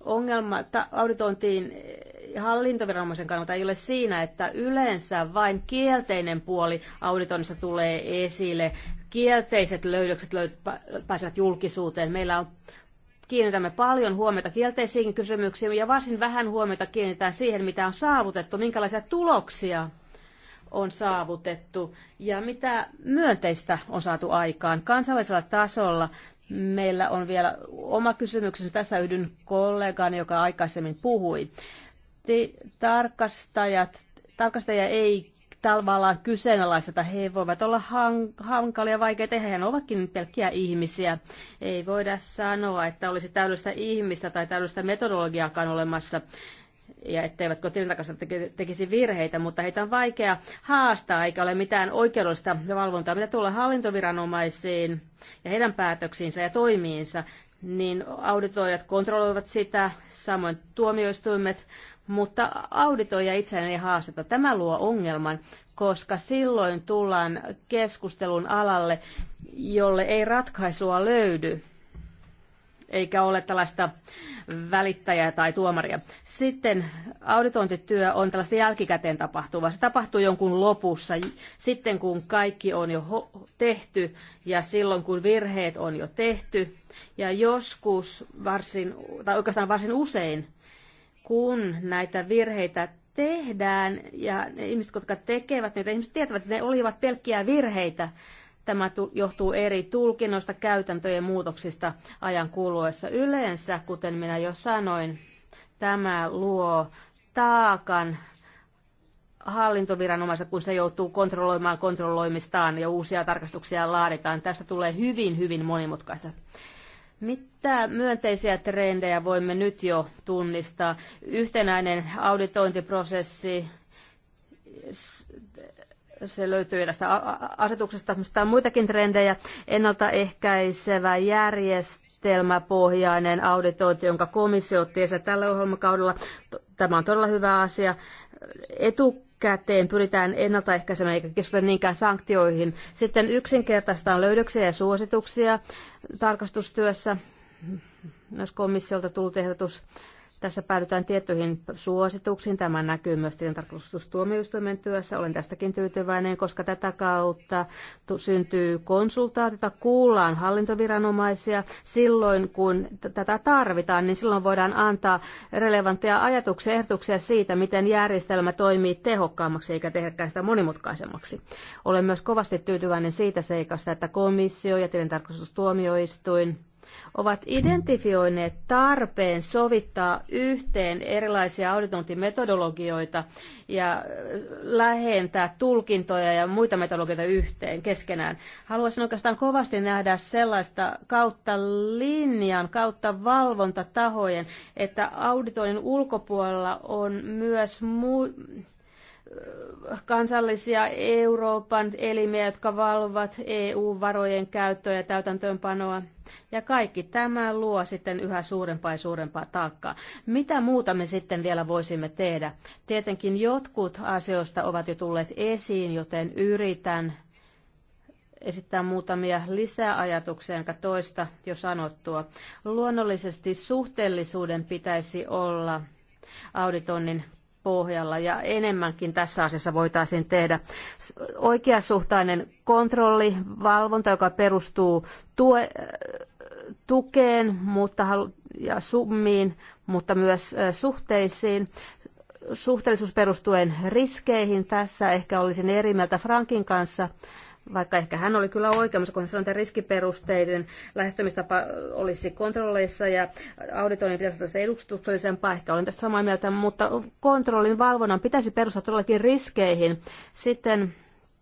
Ongelma auditointiin eh, hallintoviranomaisen kannalta ei ole siinä, että yleensä vain kielteinen puoli auditoinnista tulee esille. Kielteiset löydökset löy- pääsevät julkisuuteen. Meillä on kiinnitämme paljon huomiota kielteisiin kysymyksiin ja varsin vähän huomiota kiinnitetään siihen, mitä on saavutettu, minkälaisia tuloksia on saavutettu ja mitä myönteistä on saatu aikaan. Kansallisella tasolla Meillä on vielä oma kysymyksensä. Tässä yhdyn kollegaan, joka aikaisemmin puhui. Tarkastajat, tarkastajia ei tavallaan kyseenalaisteta. He voivat olla hankalia, vaikeita. Hehän ovatkin pelkkiä ihmisiä. Ei voida sanoa, että olisi täydellistä ihmistä tai täydellistä metodologiaakaan olemassa ja etteivätkö tilintarkastajat tekisi virheitä, mutta heitä on vaikea haastaa, eikä ole mitään oikeudellista valvontaa, mitä tulee hallintoviranomaisiin ja heidän päätöksiinsä ja toimiinsa, niin auditoijat kontrolloivat sitä, samoin tuomioistuimet, mutta auditoija itseään ei haasteta. Tämä luo ongelman, koska silloin tullaan keskustelun alalle, jolle ei ratkaisua löydy eikä ole tällaista välittäjää tai tuomaria. Sitten auditointityö on tällaista jälkikäteen tapahtuvaa. Se tapahtuu jonkun lopussa, sitten kun kaikki on jo tehty ja silloin kun virheet on jo tehty. Ja joskus, varsin, tai oikeastaan varsin usein, kun näitä virheitä tehdään ja ne ihmiset, jotka tekevät niitä, ihmiset tietävät, että ne olivat pelkkiä virheitä, Tämä johtuu eri tulkinnoista, käytäntöjen muutoksista ajan kuluessa. Yleensä, kuten minä jo sanoin, tämä luo taakan hallintoviranomaisen, kun se joutuu kontrolloimaan kontrolloimistaan ja uusia tarkastuksia laaditaan. Tästä tulee hyvin, hyvin monimutkaista. Mitä myönteisiä trendejä voimme nyt jo tunnistaa? Yhtenäinen auditointiprosessi, se löytyy tästä asetuksesta, mistä on muitakin trendejä. Ennaltaehkäisevä järjestelmäpohjainen auditointi, jonka komissio otti esille tällä ohjelmakaudella. Tämä on todella hyvä asia. Etu käteen pyritään ennaltaehkäisemään eikä keskitytä niinkään sanktioihin. Sitten yksinkertaistaan löydöksiä ja suosituksia tarkastustyössä. Myös komissiolta tullut ehdotus tässä päädytään tiettyihin suosituksiin. Tämä näkyy myös tilintarkastustuomioistuimen työssä. Olen tästäkin tyytyväinen, koska tätä kautta syntyy konsultaatiota, kuullaan hallintoviranomaisia. Silloin kun tätä tarvitaan, niin silloin voidaan antaa relevantteja ajatuksia ja ehdotuksia siitä, miten järjestelmä toimii tehokkaammaksi eikä tehdäkään sitä monimutkaisemmaksi. Olen myös kovasti tyytyväinen siitä seikasta, että komissio ja tilintarkastustuomioistuin ovat identifioineet tarpeen sovittaa yhteen erilaisia auditointimetodologioita ja lähentää tulkintoja ja muita metodologioita yhteen keskenään. Haluaisin oikeastaan kovasti nähdä sellaista kautta linjan, kautta valvontatahojen, että auditoinnin ulkopuolella on myös mu- kansallisia Euroopan elimiä, jotka valvovat EU-varojen käyttöä ja täytäntöönpanoa. Ja kaikki tämä luo sitten yhä suurempaa ja suurempaa taakkaa. Mitä muuta me sitten vielä voisimme tehdä? Tietenkin jotkut asioista ovat jo tulleet esiin, joten yritän esittää muutamia lisäajatuksia, enkä toista jo sanottua. Luonnollisesti suhteellisuuden pitäisi olla auditoinnin pohjalla ja enemmänkin tässä asiassa voitaisiin tehdä. Oikeasuhtainen kontrolli, valvonta, joka perustuu tue, tukeen mutta, ja summiin, mutta myös suhteisiin. Suhteellisuus perustuen riskeihin. Tässä ehkä olisin eri mieltä Frankin kanssa vaikka ehkä hän oli kyllä oikeassa, kun hän sanoi, että riskiperusteiden lähestymistapa olisi kontrolleissa ja auditoinnin pitäisi olla edustuksellisempaa. Ehkä olen tästä samaa mieltä, mutta kontrollin valvonnan pitäisi perustua todellakin riskeihin. Sitten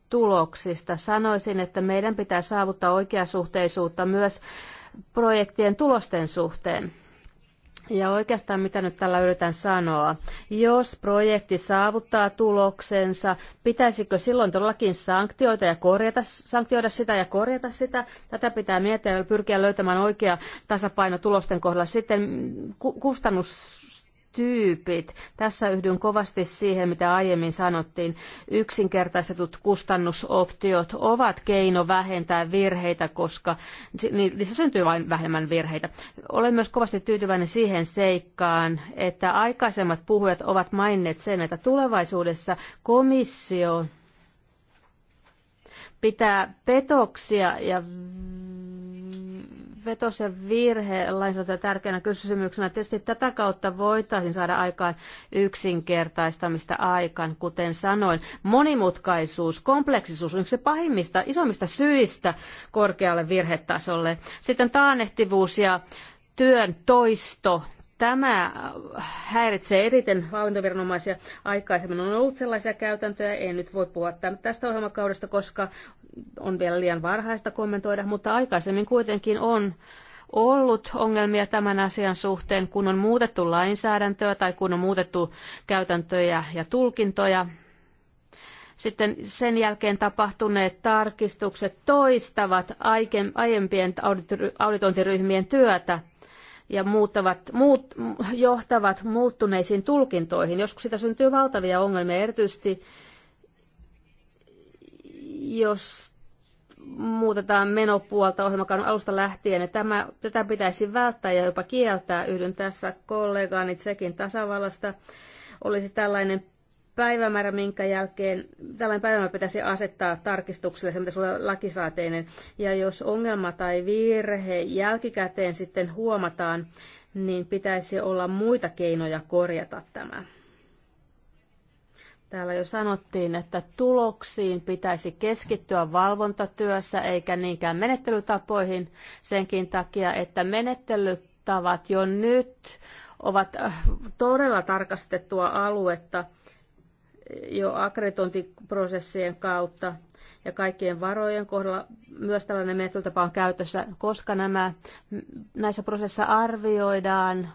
tuloksista. Sanoisin, että meidän pitää saavuttaa oikeasuhteisuutta myös projektien tulosten suhteen ja oikeastaan mitä nyt tällä yritän sanoa, jos projekti saavuttaa tuloksensa, pitäisikö silloin todellakin sanktioita ja korjata, sanktioida sitä ja korjata sitä? Tätä pitää miettiä ja pyrkiä löytämään oikea tasapaino tulosten kohdalla. Sitten kustannus tyypit. Tässä yhdyn kovasti siihen, mitä aiemmin sanottiin. Yksinkertaistetut kustannusoptiot ovat keino vähentää virheitä, koska niissä syntyy vain vähemmän virheitä. Olen myös kovasti tyytyväinen siihen seikkaan, että aikaisemmat puhujat ovat mainneet sen, että tulevaisuudessa komissio pitää petoksia ja vetos- ja virhe lainsäädäntöä tärkeänä kysymyksenä. Tietysti tätä kautta voitaisiin saada aikaan yksinkertaistamista aikaan, kuten sanoin. Monimutkaisuus, kompleksisuus on yksi pahimmista, isommista syistä korkealle virhetasolle. Sitten taannehtivuus ja työn toisto, Tämä häiritsee eriten hallintoviranomaisia. Aikaisemmin on ollut sellaisia käytäntöjä, en nyt voi puhua tästä ohjelmakaudesta, koska on vielä liian varhaista kommentoida, mutta aikaisemmin kuitenkin on ollut ongelmia tämän asian suhteen, kun on muutettu lainsäädäntöä tai kun on muutettu käytäntöjä ja tulkintoja. Sitten sen jälkeen tapahtuneet tarkistukset toistavat aiempien auditointiryhmien työtä ja muuttavat, muut, johtavat muuttuneisiin tulkintoihin. Joskus sitä syntyy valtavia ongelmia, erityisesti jos muutetaan menopuolta ohjelmakaan alusta lähtien. Ja tämä, tätä pitäisi välttää ja jopa kieltää. Yhdyn tässä kollegaani Tsekin tasavallasta. Olisi tällainen päivämäärä, minkä jälkeen tällainen päivämäärä pitäisi asettaa tarkistukselle, se sulla olla lakisääteinen. Ja jos ongelma tai virhe jälkikäteen sitten huomataan, niin pitäisi olla muita keinoja korjata tämä. Täällä jo sanottiin, että tuloksiin pitäisi keskittyä valvontatyössä eikä niinkään menettelytapoihin senkin takia, että menettelytavat jo nyt ovat äh, todella tarkastettua aluetta – jo akkreditointiprosessien kautta ja kaikkien varojen kohdalla myös tällainen menettelytapa on käytössä, koska nämä, näissä prosesseissa arvioidaan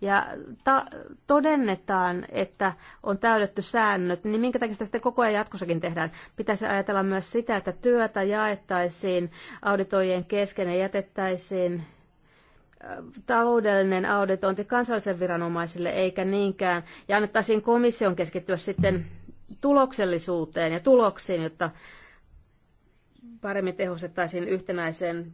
ja ta- todennetaan, että on täydetty säännöt, niin minkä takia sitä sitten koko ajan jatkossakin tehdään? Pitäisi ajatella myös sitä, että työtä jaettaisiin auditoijien kesken ja jätettäisiin taloudellinen auditointi kansallisen viranomaisille eikä niinkään, ja annettaisiin komission keskittyä sitten tuloksellisuuteen ja tuloksiin, jotta paremmin tehostettaisiin yhtenäiseen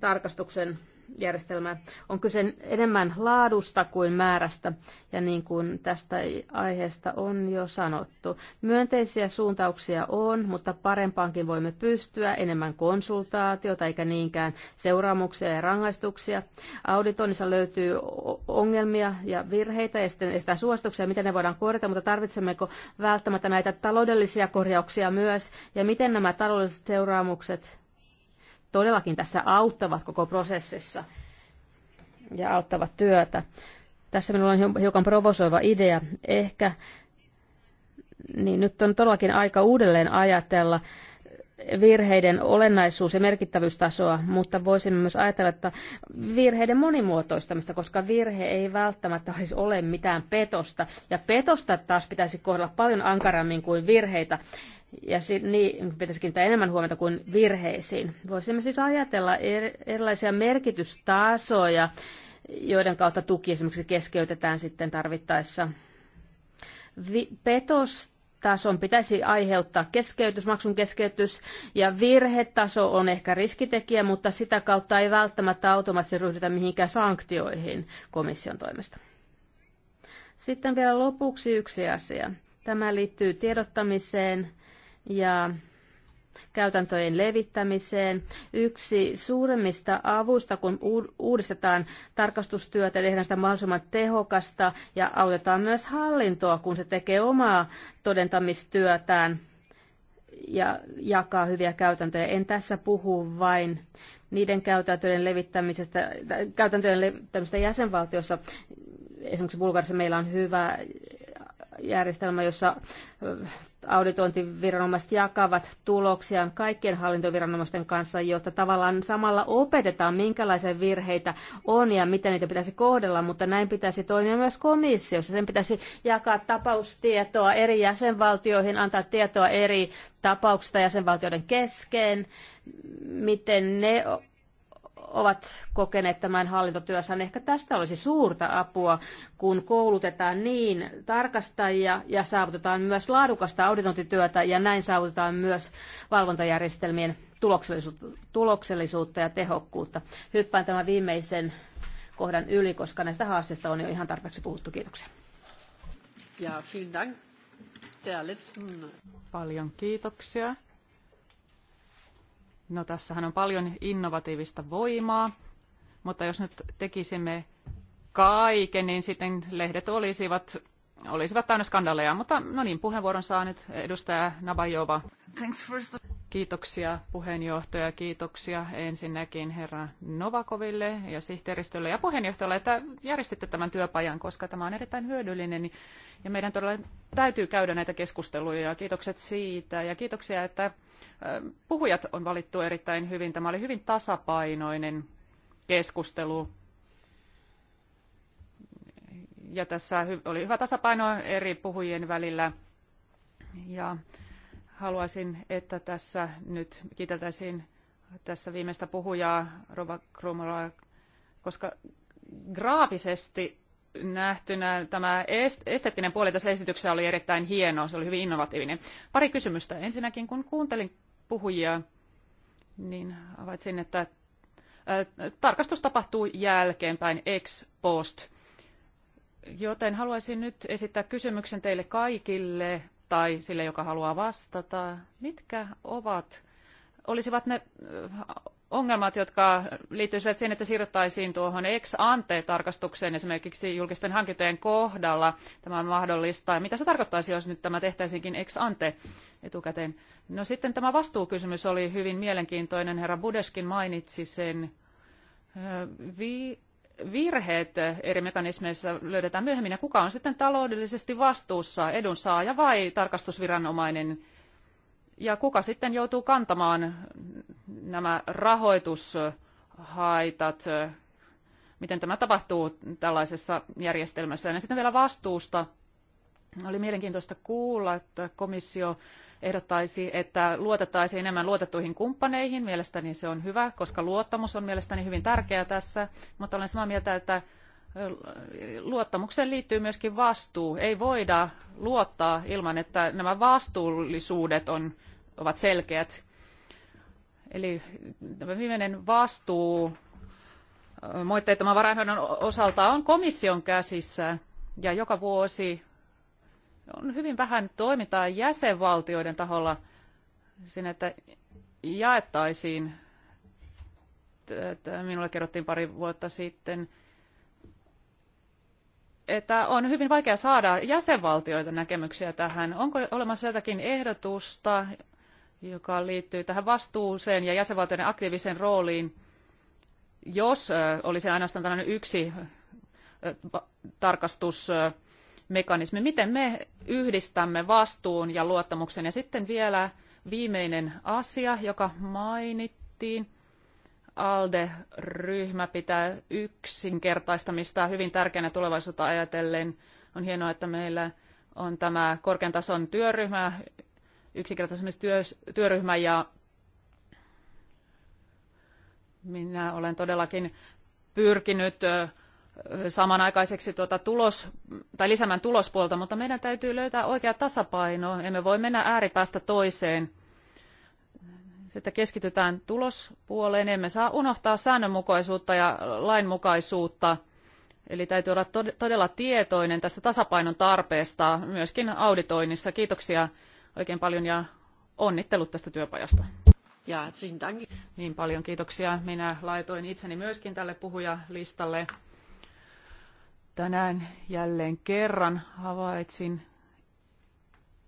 tarkastuksen järjestelmää. On kyse enemmän laadusta kuin määrästä, ja niin kuin tästä aiheesta on jo sanottu. Myönteisiä suuntauksia on, mutta parempaankin voimme pystyä, enemmän konsultaatiota eikä niinkään seuraamuksia ja rangaistuksia. Auditoinnissa löytyy ongelmia ja virheitä, ja sitten estää suosituksia, miten ne voidaan korjata, mutta tarvitsemmeko välttämättä näitä taloudellisia korjauksia myös, ja miten nämä taloudelliset seuraamukset todellakin tässä auttavat koko prosessissa ja auttavat työtä. Tässä minulla on hiukan provosoiva idea. Ehkä niin nyt on todellakin aika uudelleen ajatella virheiden olennaisuus ja merkittävyystasoa, mutta voisimme myös ajatella, että virheiden monimuotoistamista, koska virhe ei välttämättä olisi ole mitään petosta. Ja petosta taas pitäisi kohdella paljon ankarammin kuin virheitä ja niin pitäisi kiinnittää enemmän huomiota kuin virheisiin. Voisimme siis ajatella er- erilaisia merkitystasoja, joiden kautta tuki esimerkiksi keskeytetään sitten tarvittaessa. Vi- petostason pitäisi aiheuttaa keskeytys, maksun keskeytys, ja virhetaso on ehkä riskitekijä, mutta sitä kautta ei välttämättä automaattisesti ryhdytä mihinkään sanktioihin komission toimesta. Sitten vielä lopuksi yksi asia. Tämä liittyy tiedottamiseen ja käytäntöjen levittämiseen. Yksi suuremmista avuista, kun uudistetaan tarkastustyötä, tehdään sitä mahdollisimman tehokasta ja autetaan myös hallintoa, kun se tekee omaa todentamistyötään ja jakaa hyviä käytäntöjä. En tässä puhu vain niiden käytäntöjen levittämisestä, käytäntöjen levittämisestä jäsenvaltiossa. Esimerkiksi Bulgarissa meillä on hyvä järjestelmä, jossa auditointiviranomaiset jakavat tuloksiaan kaikkien hallintoviranomaisten kanssa, jotta tavallaan samalla opetetaan, minkälaisia virheitä on ja miten niitä pitäisi kohdella, mutta näin pitäisi toimia myös komissiossa. Sen pitäisi jakaa tapaustietoa eri jäsenvaltioihin, antaa tietoa eri tapauksista jäsenvaltioiden kesken, miten ne ovat kokeneet tämän hallintotyössä. Ehkä tästä olisi suurta apua, kun koulutetaan niin tarkastajia ja saavutetaan myös laadukasta auditointityötä ja näin saavutetaan myös valvontajärjestelmien tuloksellisuutta, ja tehokkuutta. Hyppään tämän viimeisen kohdan yli, koska näistä haasteista on jo ihan tarpeeksi puhuttu. Kiitoksia. Ja, vielen dank. Paljon kiitoksia. No tässähän on paljon innovatiivista voimaa, mutta jos nyt tekisimme kaiken, niin sitten lehdet olisivat olisivat täynnä skandaaleja. Mutta no niin, puheenvuoron saa nyt edustaja Nabajova. Kiitoksia puheenjohtaja, kiitoksia ensinnäkin herra Novakoville ja sihteeristölle ja puheenjohtajalle, että järjestitte tämän työpajan, koska tämä on erittäin hyödyllinen niin- ja meidän todella täytyy käydä näitä keskusteluja ja kiitokset siitä ja kiitoksia, että puhujat on valittu erittäin hyvin. Tämä oli hyvin tasapainoinen keskustelu ja tässä oli hyvä tasapaino eri puhujien välillä. Ja haluaisin, että tässä nyt kiiteltäisiin tässä viimeistä puhujaa, Rova Krumola, koska graafisesti nähtynä tämä esteettinen puoli tässä esityksessä oli erittäin hieno, se oli hyvin innovatiivinen. Pari kysymystä. Ensinnäkin kun kuuntelin puhujia, niin havaitsin, että tarkastus tapahtuu jälkeenpäin ex post. Joten haluaisin nyt esittää kysymyksen teille kaikille tai sille, joka haluaa vastata. Mitkä ovat, olisivat ne äh, ongelmat, jotka liittyisivät siihen, että siirryttäisiin tuohon ex ante tarkastukseen esimerkiksi julkisten hankintojen kohdalla. Tämä on mahdollista. Ja mitä se tarkoittaisi, jos nyt tämä tehtäisiinkin ex ante etukäteen? No sitten tämä vastuukysymys oli hyvin mielenkiintoinen. Herra Budeskin mainitsi sen. Äh, vi- virheet eri mekanismeissa löydetään myöhemmin ja kuka on sitten taloudellisesti vastuussa, edunsaaja vai tarkastusviranomainen ja kuka sitten joutuu kantamaan nämä rahoitushaitat, miten tämä tapahtuu tällaisessa järjestelmässä. Ja sitten vielä vastuusta. Oli mielenkiintoista kuulla, että komissio ehdottaisi, että luotettaisiin enemmän luotettuihin kumppaneihin. Mielestäni se on hyvä, koska luottamus on mielestäni hyvin tärkeää tässä, mutta olen samaa mieltä, että luottamukseen liittyy myöskin vastuu. Ei voida luottaa ilman, että nämä vastuullisuudet on, ovat selkeät. Eli tämä viimeinen vastuu moitteettoman varainhoidon osalta on komission käsissä ja joka vuosi on hyvin vähän toimintaa jäsenvaltioiden taholla siinä, että jaettaisiin. Minulle kerrottiin pari vuotta sitten, että on hyvin vaikea saada jäsenvaltioita näkemyksiä tähän. Onko olemassa jotakin ehdotusta, joka liittyy tähän vastuuseen ja jäsenvaltioiden aktiiviseen rooliin, jos olisi ainoastaan tällainen yksi tarkastus mekanismi. Miten me yhdistämme vastuun ja luottamuksen? Ja sitten vielä viimeinen asia, joka mainittiin. ALDE-ryhmä pitää yksinkertaistamista hyvin tärkeänä tulevaisuutta ajatellen. On hienoa, että meillä on tämä korkean tason työryhmä, yksinkertaistamistyöryhmä ja minä olen todellakin pyrkinyt samanaikaiseksi tuota tulos, tai lisäämään tulospuolta, mutta meidän täytyy löytää oikea tasapaino. Emme voi mennä ääripäästä toiseen. Sitten keskitytään tulospuoleen. Emme saa unohtaa säännönmukaisuutta ja lainmukaisuutta. Eli täytyy olla todella tietoinen tästä tasapainon tarpeesta myöskin auditoinnissa. Kiitoksia oikein paljon ja onnittelut tästä työpajasta. Ja, Niin paljon kiitoksia. Minä laitoin itseni myöskin tälle puhujalistalle. Tänään jälleen kerran havaitsin,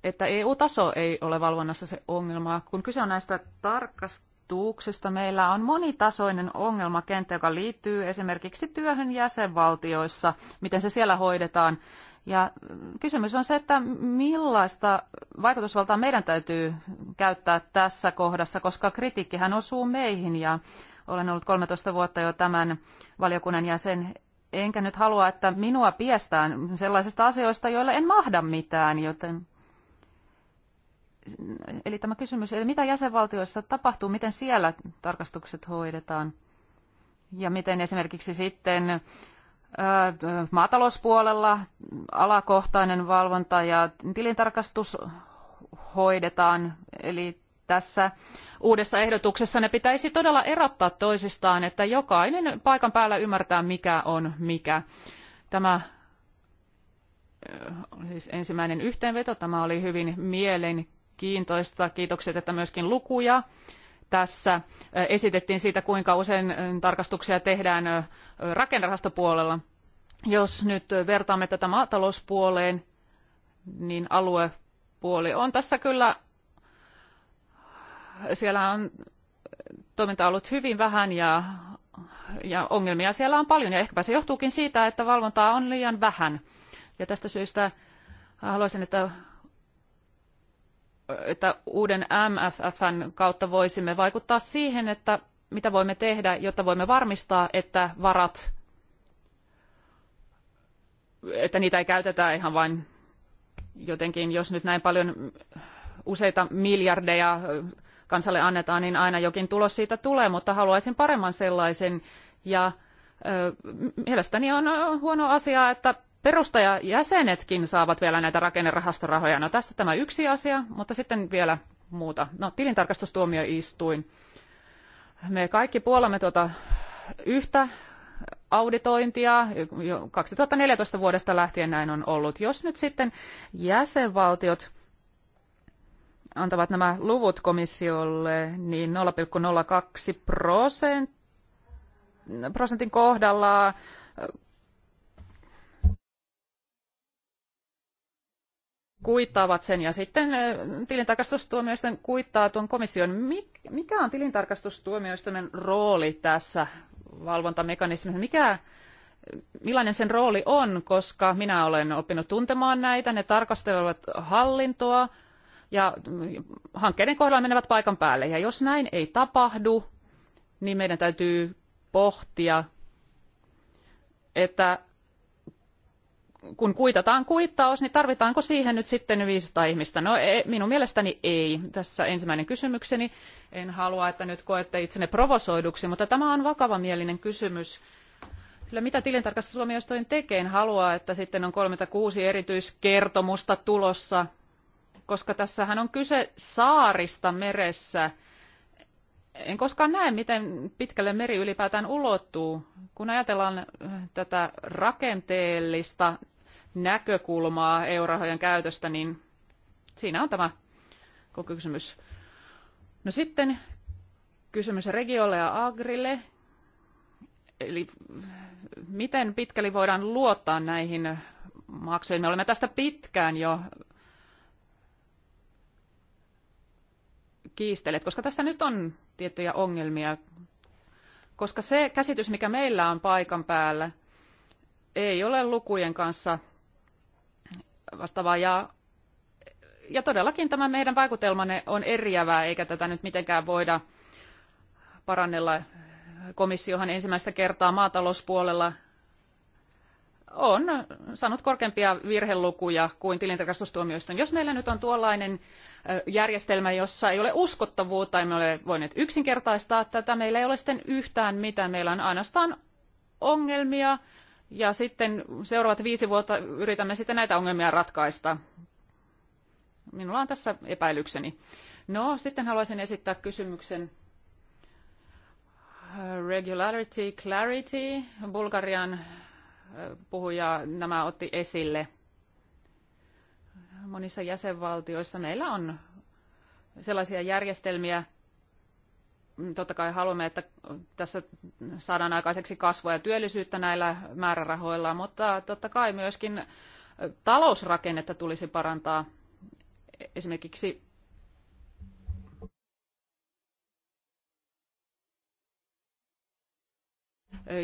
että EU-taso ei ole valvonnassa se ongelma. Kun kyse on näistä tarkastuksista, meillä on monitasoinen ongelmakenttä, joka liittyy esimerkiksi työhön jäsenvaltioissa, miten se siellä hoidetaan. Ja mm, kysymys on se, että millaista vaikutusvaltaa meidän täytyy käyttää tässä kohdassa, koska kritiikkihän osuu meihin ja olen ollut 13 vuotta jo tämän valiokunnan jäsen, enkä nyt halua, että minua piestään sellaisista asioista, joille en mahda mitään, joten... Eli tämä kysymys, eli mitä jäsenvaltioissa tapahtuu, miten siellä tarkastukset hoidetaan ja miten esimerkiksi sitten maatalouspuolella alakohtainen valvonta ja tilintarkastus hoidetaan, eli tässä uudessa ehdotuksessa ne pitäisi todella erottaa toisistaan, että jokainen paikan päällä ymmärtää, mikä on mikä. Tämä siis ensimmäinen yhteenveto, tämä oli hyvin mielenkiintoista. Kiitokset, että myöskin lukuja tässä esitettiin siitä, kuinka usein tarkastuksia tehdään rakennerahastopuolella. Jos nyt vertaamme tätä maatalouspuoleen, niin aluepuoli on tässä kyllä siellä on toiminta ollut hyvin vähän ja, ja ongelmia siellä on paljon. Ja ehkäpä se johtuukin siitä, että valvontaa on liian vähän. Ja tästä syystä haluaisin, että että uuden MFFn kautta voisimme vaikuttaa siihen, että mitä voimme tehdä, jotta voimme varmistaa, että varat, että niitä ei käytetä ihan vain jotenkin, jos nyt näin paljon useita miljardeja kansalle annetaan, niin aina jokin tulos siitä tulee, mutta haluaisin paremman sellaisen. Ja mielestäni on huono asia, että perustajajäsenetkin saavat vielä näitä rakennerahastorahoja. No tässä tämä yksi asia, mutta sitten vielä muuta. No tilintarkastustuomioistuin. Me kaikki puolamme tuota yhtä auditointia. Jo 2014 vuodesta lähtien näin on ollut. Jos nyt sitten jäsenvaltiot antavat nämä luvut komissiolle, niin 0,02 prosent, prosentin kohdalla äh, kuittaavat sen ja sitten äh, tilintarkastustuomioistuin kuittaa tuon komission. Mikä on tilintarkastustuomioistuimen rooli tässä valvontamekanismissa? Mikä, millainen sen rooli on, koska minä olen oppinut tuntemaan näitä. Ne tarkastelevat hallintoa, ja hankkeiden kohdalla menevät paikan päälle. Ja jos näin ei tapahdu, niin meidän täytyy pohtia, että kun kuitataan kuittaus, niin tarvitaanko siihen nyt sitten 500 ihmistä? No ei, minun mielestäni ei. Tässä ensimmäinen kysymykseni. En halua, että nyt koette itsenne provosoiduksi, mutta tämä on vakava mielinen kysymys. Sillä mitä tilintarkastustuomioistuin tekee, haluaa, että sitten on 36 erityiskertomusta tulossa koska tässähän on kyse saarista meressä. En koskaan näe, miten pitkälle meri ylipäätään ulottuu. Kun ajatellaan äh, tätä rakenteellista näkökulmaa eurorahojen käytöstä, niin siinä on tämä koko kysymys. No sitten kysymys regiolle ja agrille. Eli äh, miten pitkälle voidaan luottaa näihin maksuihin? Me olemme tästä pitkään jo kiistelleet, koska tässä nyt on tiettyjä ongelmia, koska se käsitys, mikä meillä on paikan päällä, ei ole lukujen kanssa vastaavaa. Ja, ja todellakin tämä meidän vaikutelmanne on eriävää, eikä tätä nyt mitenkään voida parannella. Komissiohan ensimmäistä kertaa maatalouspuolella on saanut korkeampia virhelukuja kuin tilintarkastustuomioistuin. Jos meillä nyt on tuollainen järjestelmä, jossa ei ole uskottavuutta, emme ole voineet yksinkertaistaa tätä, meillä ei ole sitten yhtään mitään, meillä on ainoastaan ongelmia ja sitten seuraavat viisi vuotta yritämme sitten näitä ongelmia ratkaista. Minulla on tässä epäilykseni. No, sitten haluaisin esittää kysymyksen regularity, clarity, Bulgarian puhuja nämä otti esille. Monissa jäsenvaltioissa meillä on sellaisia järjestelmiä, totta kai haluamme, että tässä saadaan aikaiseksi kasvua ja työllisyyttä näillä määrärahoilla, mutta totta kai myöskin talousrakennetta tulisi parantaa. Esimerkiksi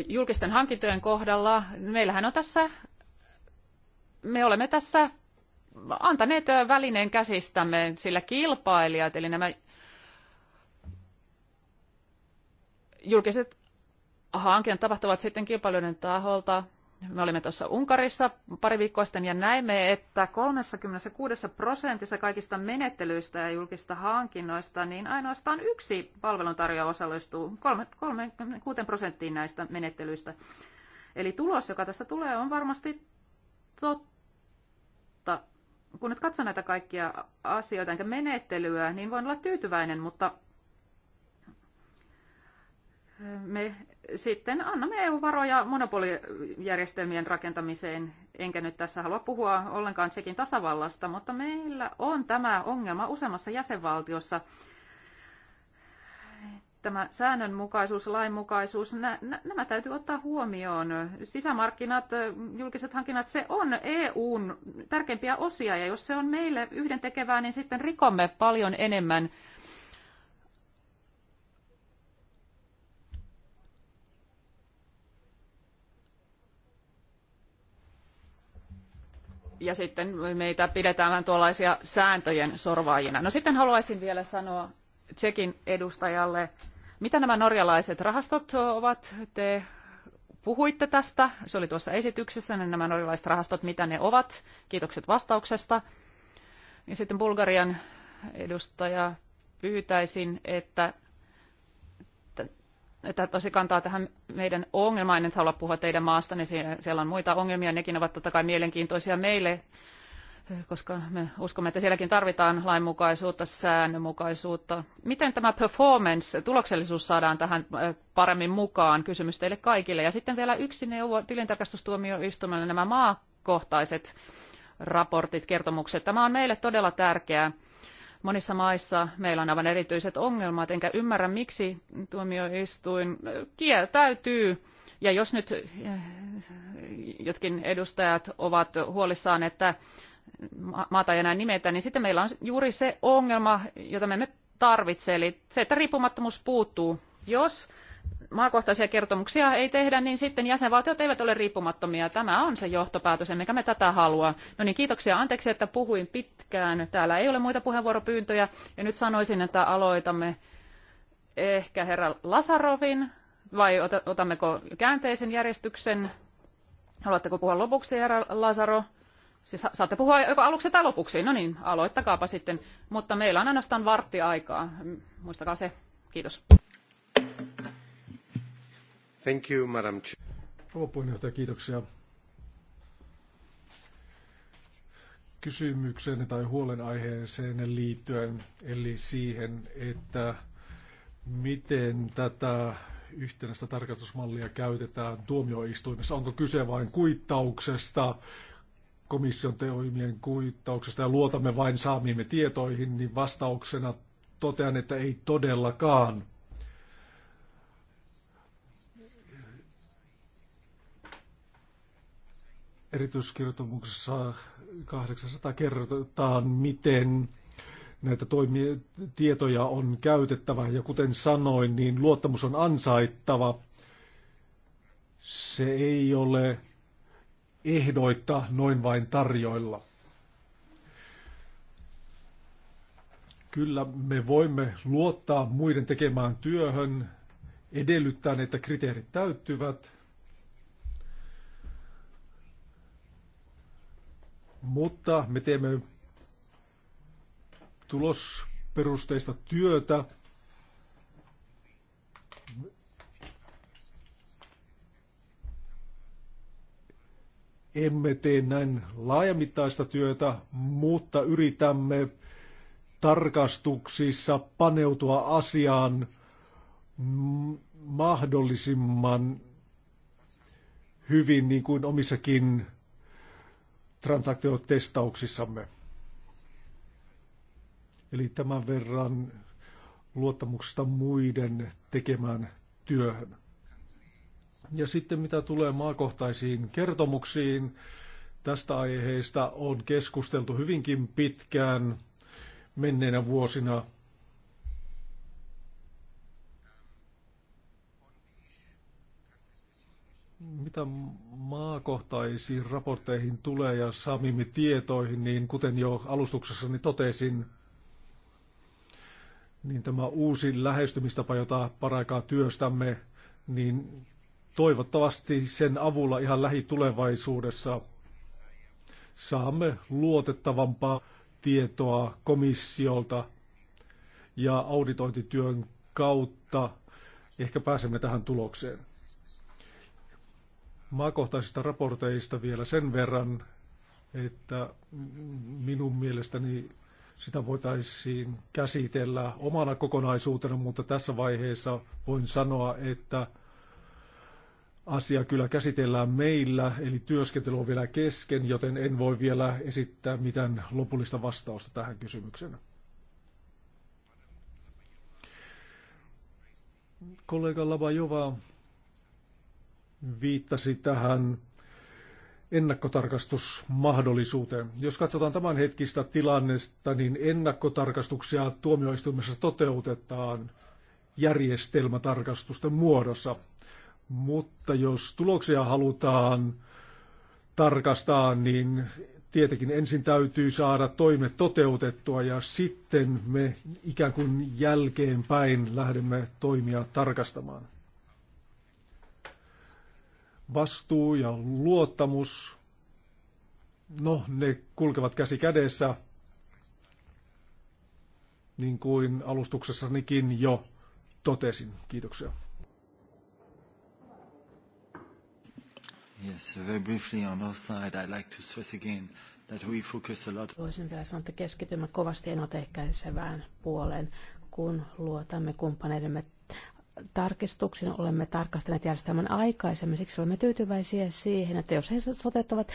julkisten hankintojen kohdalla, meillähän on tässä, me olemme tässä antaneet välineen käsistämme, sillä kilpailijat, eli nämä julkiset hankinnat tapahtuvat sitten kilpailijoiden taholta – me olimme tuossa Unkarissa pari viikkoa sitten ja näimme, että 36 prosentissa kaikista menettelyistä ja julkista hankinnoista, niin ainoastaan yksi palveluntarjoaja osallistuu 36 prosenttiin näistä menettelyistä. Eli tulos, joka tästä tulee, on varmasti totta. Kun nyt katson näitä kaikkia asioita enkä menettelyä, niin voin olla tyytyväinen, mutta me sitten annamme EU-varoja monopolijärjestelmien rakentamiseen. Enkä nyt tässä halua puhua ollenkaan Tsekin tasavallasta, mutta meillä on tämä ongelma useammassa jäsenvaltiossa. Tämä säännönmukaisuus, lainmukaisuus, nämä täytyy ottaa huomioon. Sisämarkkinat, julkiset hankinnat, se on EUn tärkeimpiä osia, ja jos se on meille yhdentekevää, niin sitten rikomme paljon enemmän ja sitten meitä pidetään vähän tuollaisia sääntöjen sorvaajina. No sitten haluaisin vielä sanoa Tsekin edustajalle, mitä nämä norjalaiset rahastot ovat? Te puhuitte tästä, se oli tuossa esityksessä, niin nämä norjalaiset rahastot, mitä ne ovat. Kiitokset vastauksesta. Ja sitten Bulgarian edustaja pyytäisin, että että tosi kantaa tähän meidän ongelmaan. En nyt halua puhua teidän maasta, niin siellä on muita ongelmia. Nekin ovat totta kai mielenkiintoisia meille, koska me uskomme, että sielläkin tarvitaan lainmukaisuutta, säännönmukaisuutta. Miten tämä performance, tuloksellisuus saadaan tähän paremmin mukaan? Kysymys teille kaikille. Ja sitten vielä yksi neuvo tilintarkastustuomioistuimelle nämä maakohtaiset raportit, kertomukset. Tämä on meille todella tärkeää Monissa maissa meillä on aivan erityiset ongelmat, enkä ymmärrä, miksi tuomioistuin kieltäytyy ja jos nyt jotkin edustajat ovat huolissaan, että maata ei enää nimetä, niin sitten meillä on juuri se ongelma, jota me emme tarvitse, eli se, että riippumattomuus puuttuu. Jos maakohtaisia kertomuksia ei tehdä, niin sitten jäsenvaltiot eivät ole riippumattomia. Tämä on se johtopäätös, mikä me tätä haluaa. No niin, kiitoksia. Anteeksi, että puhuin pitkään. Täällä ei ole muita puheenvuoropyyntöjä. Ja nyt sanoisin, että aloitamme ehkä herra Lasarovin, vai otammeko käänteisen järjestyksen? Haluatteko puhua lopuksi, herra Lasaro? Siis saatte puhua joko aluksi tai lopuksi. No niin, aloittakaapa sitten. Mutta meillä on ainoastaan varttiaikaa. aikaa. Muistakaa se. Kiitos. Thank you, Madam Rouva puheenjohtaja, kiitoksia. Kysymykseen tai huolenaiheeseen liittyen, eli siihen, että miten tätä yhtenäistä tarkastusmallia käytetään tuomioistuimessa. Onko kyse vain kuittauksesta, komission teoimien kuittauksesta ja luotamme vain saamiimme tietoihin, niin vastauksena totean, että ei todellakaan. erityiskirjoituksessa 800 kerrotaan, miten näitä toimia, tietoja on käytettävä. Ja kuten sanoin, niin luottamus on ansaittava. Se ei ole ehdoitta noin vain tarjoilla. Kyllä me voimme luottaa muiden tekemään työhön edellyttäen, että kriteerit täyttyvät – Mutta me teemme tulosperusteista työtä. Emme tee näin laajamittaista työtä, mutta yritämme tarkastuksissa paneutua asiaan mahdollisimman hyvin, niin kuin omissakin transaktiotestauksissamme. Eli tämän verran luottamuksesta muiden tekemään työhön. Ja sitten mitä tulee maakohtaisiin kertomuksiin, tästä aiheesta on keskusteltu hyvinkin pitkään menneinä vuosina mitä maakohtaisiin raportteihin tulee ja saamimme tietoihin, niin kuten jo alustuksessani totesin, niin tämä uusi lähestymistapa, jota paraikaa työstämme, niin toivottavasti sen avulla ihan lähitulevaisuudessa saamme luotettavampaa tietoa komissiolta ja auditointityön kautta ehkä pääsemme tähän tulokseen maakohtaisista raporteista vielä sen verran, että minun mielestäni sitä voitaisiin käsitellä omana kokonaisuutena, mutta tässä vaiheessa voin sanoa, että asia kyllä käsitellään meillä, eli työskentely on vielä kesken, joten en voi vielä esittää mitään lopullista vastausta tähän kysymykseen. Kollega Labajova viittasi tähän ennakkotarkastusmahdollisuuteen. Jos katsotaan hetkistä tilannetta, niin ennakkotarkastuksia tuomioistuimessa toteutetaan järjestelmätarkastusten muodossa. Mutta jos tuloksia halutaan tarkastaa, niin tietenkin ensin täytyy saada toimet toteutettua ja sitten me ikään kuin jälkeenpäin lähdemme toimia tarkastamaan vastuu ja luottamus, no ne kulkevat käsi kädessä, niin kuin alustuksessanikin jo totesin. Kiitoksia. Yes, very briefly on our side, I'd like to stress again that we focus a lot. Voisin vielä sanoa, että keskitymme kovasti ennaltaehkäisevään puoleen, kun luotamme kumppaneidemme tarkistuksen olemme tarkastaneet järjestelmän aikaisemmin, siksi olemme tyytyväisiä siihen, että jos he toteuttavat,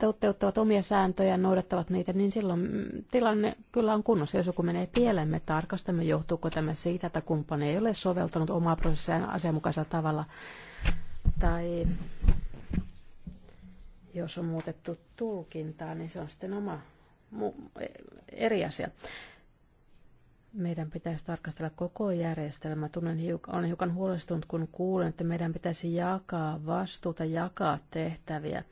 toteuttavat omia sääntöjä ja noudattavat niitä, niin silloin tilanne kyllä on kunnossa. Jos joku menee pieleen, me tarkastamme, johtuuko tämä siitä, että kumppani ei ole soveltanut omaa prosessiaan asianmukaisella tavalla, tai jos on muutettu tulkintaa, niin se on sitten oma eri asia meidän pitäisi tarkastella koko järjestelmä. Tunnen hiukan, olen hiukan huolestunut, kun kuulen, että meidän pitäisi jakaa vastuuta, jakaa tehtäviä.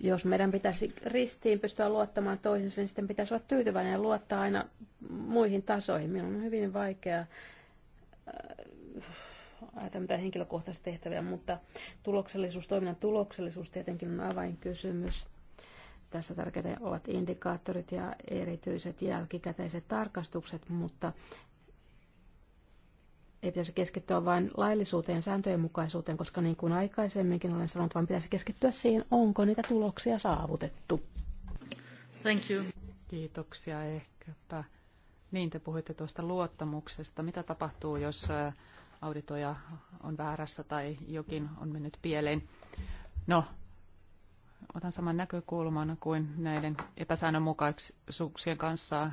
Jos meidän pitäisi ristiin pystyä luottamaan toisensa, niin sitten pitäisi olla tyytyväinen ja luottaa aina muihin tasoihin. Minun on hyvin vaikea äh, ajatella mitään henkilökohtaisia tehtäviä, mutta tuloksellisuus, toiminnan tuloksellisuus tietenkin on avainkysymys tässä tärkeitä ovat indikaattorit ja erityiset jälkikäteiset tarkastukset, mutta ei pitäisi keskittyä vain laillisuuteen, sääntöjen mukaisuuteen, koska niin kuin aikaisemminkin olen sanonut, vaan pitäisi keskittyä siihen, onko niitä tuloksia saavutettu. Thank you. Kiitoksia ehkäpä. Niin, te puhuitte tuosta luottamuksesta. Mitä tapahtuu, jos auditoja on väärässä tai jokin on mennyt pieleen? No, otan saman näkökulman kuin näiden epäsäännönmukaisuuksien kanssa.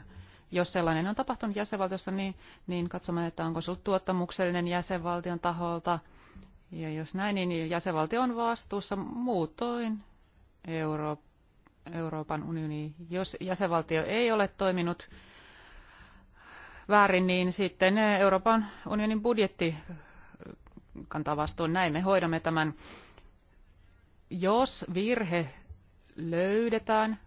Jos sellainen on tapahtunut jäsenvaltiossa, niin, niin katsomme, että onko se ollut tuottamuksellinen jäsenvaltion taholta. Ja jos näin, niin jäsenvaltio on vastuussa muutoin Euro- Euroopan unioni. Jos jäsenvaltio ei ole toiminut väärin, niin sitten Euroopan unionin budjetti kantaa vastuun. Näin me hoidamme tämän jos virhe löydetään,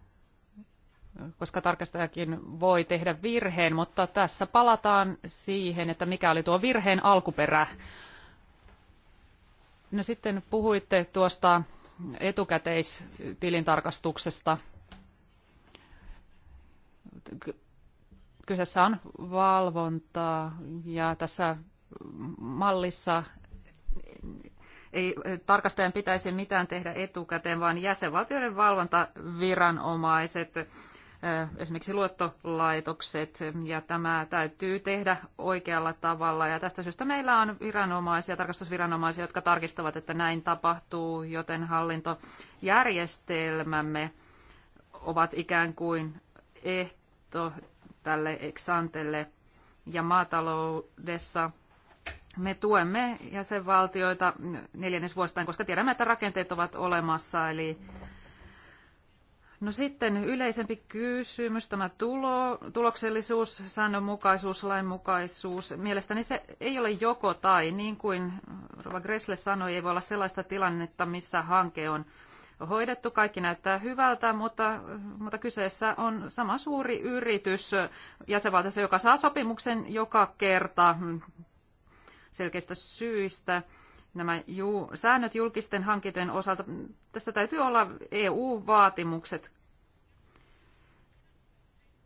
koska tarkastajakin voi tehdä virheen, mutta tässä palataan siihen, että mikä oli tuo virheen alkuperä. No sitten puhuitte tuosta etukäteistilintarkastuksesta. Kyseessä on valvontaa ja tässä mallissa ei tarkastajan pitäisi mitään tehdä etukäteen, vaan jäsenvaltioiden valvontaviranomaiset, esimerkiksi luottolaitokset, ja tämä täytyy tehdä oikealla tavalla. Ja tästä syystä meillä on viranomaisia, tarkastusviranomaisia, jotka tarkistavat, että näin tapahtuu, joten hallintojärjestelmämme ovat ikään kuin ehto tälle eksantelle. Ja maataloudessa me tuemme jäsenvaltioita neljännesvuosittain, koska tiedämme, että rakenteet ovat olemassa. Eli No sitten yleisempi kysymys, tämä tulo, tuloksellisuus, säännönmukaisuus, lainmukaisuus. Mielestäni se ei ole joko tai, niin kuin Rova Gressle sanoi, ei voi olla sellaista tilannetta, missä hanke on hoidettu. Kaikki näyttää hyvältä, mutta, mutta kyseessä on sama suuri yritys jäsenvaltiossa, joka saa sopimuksen joka kerta selkeistä syistä. Nämä ju- säännöt julkisten hankintojen osalta, tässä täytyy olla EU-vaatimukset.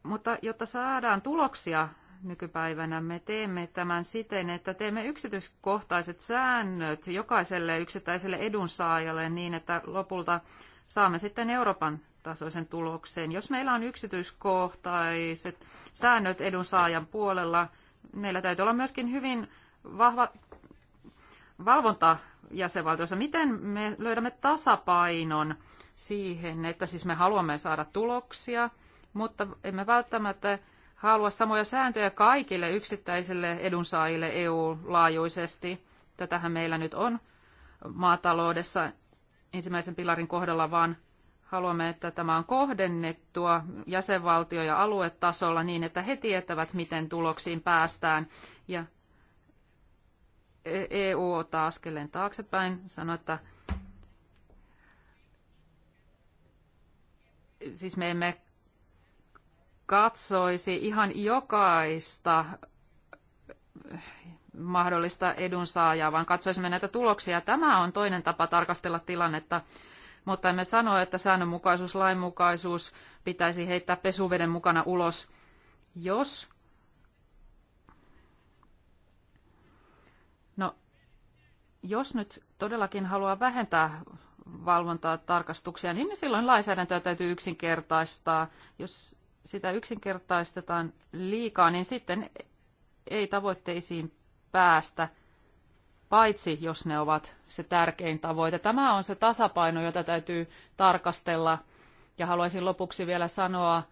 Mutta jotta saadaan tuloksia nykypäivänä, me teemme tämän siten, että teemme yksityiskohtaiset säännöt jokaiselle yksittäiselle edunsaajalle niin, että lopulta saamme sitten Euroopan tasoisen tulokseen. Jos meillä on yksityiskohtaiset säännöt edunsaajan puolella, meillä täytyy olla myöskin hyvin vahva valvonta jäsenvaltioissa. Miten me löydämme tasapainon siihen, että siis me haluamme saada tuloksia, mutta emme välttämättä halua samoja sääntöjä kaikille yksittäisille edunsaajille EU-laajuisesti. Tätähän meillä nyt on maataloudessa ensimmäisen pilarin kohdalla, vaan haluamme, että tämä on kohdennettua jäsenvaltio- ja aluetasolla niin, että he tietävät, miten tuloksiin päästään. Ja EU ottaa askeleen taaksepäin, sanoi, että siis me emme katsoisi ihan jokaista mahdollista edunsaajaa, vaan katsoisimme näitä tuloksia. Tämä on toinen tapa tarkastella tilannetta, mutta emme sano, että säännönmukaisuus, lainmukaisuus pitäisi heittää pesuveden mukana ulos. Jos Jos nyt todellakin haluaa vähentää valvontaa tarkastuksia, niin silloin lainsäädäntöä täytyy yksinkertaistaa. Jos sitä yksinkertaistetaan liikaa, niin sitten ei tavoitteisiin päästä, paitsi jos ne ovat se tärkein tavoite. Tämä on se tasapaino, jota täytyy tarkastella. Ja haluaisin lopuksi vielä sanoa,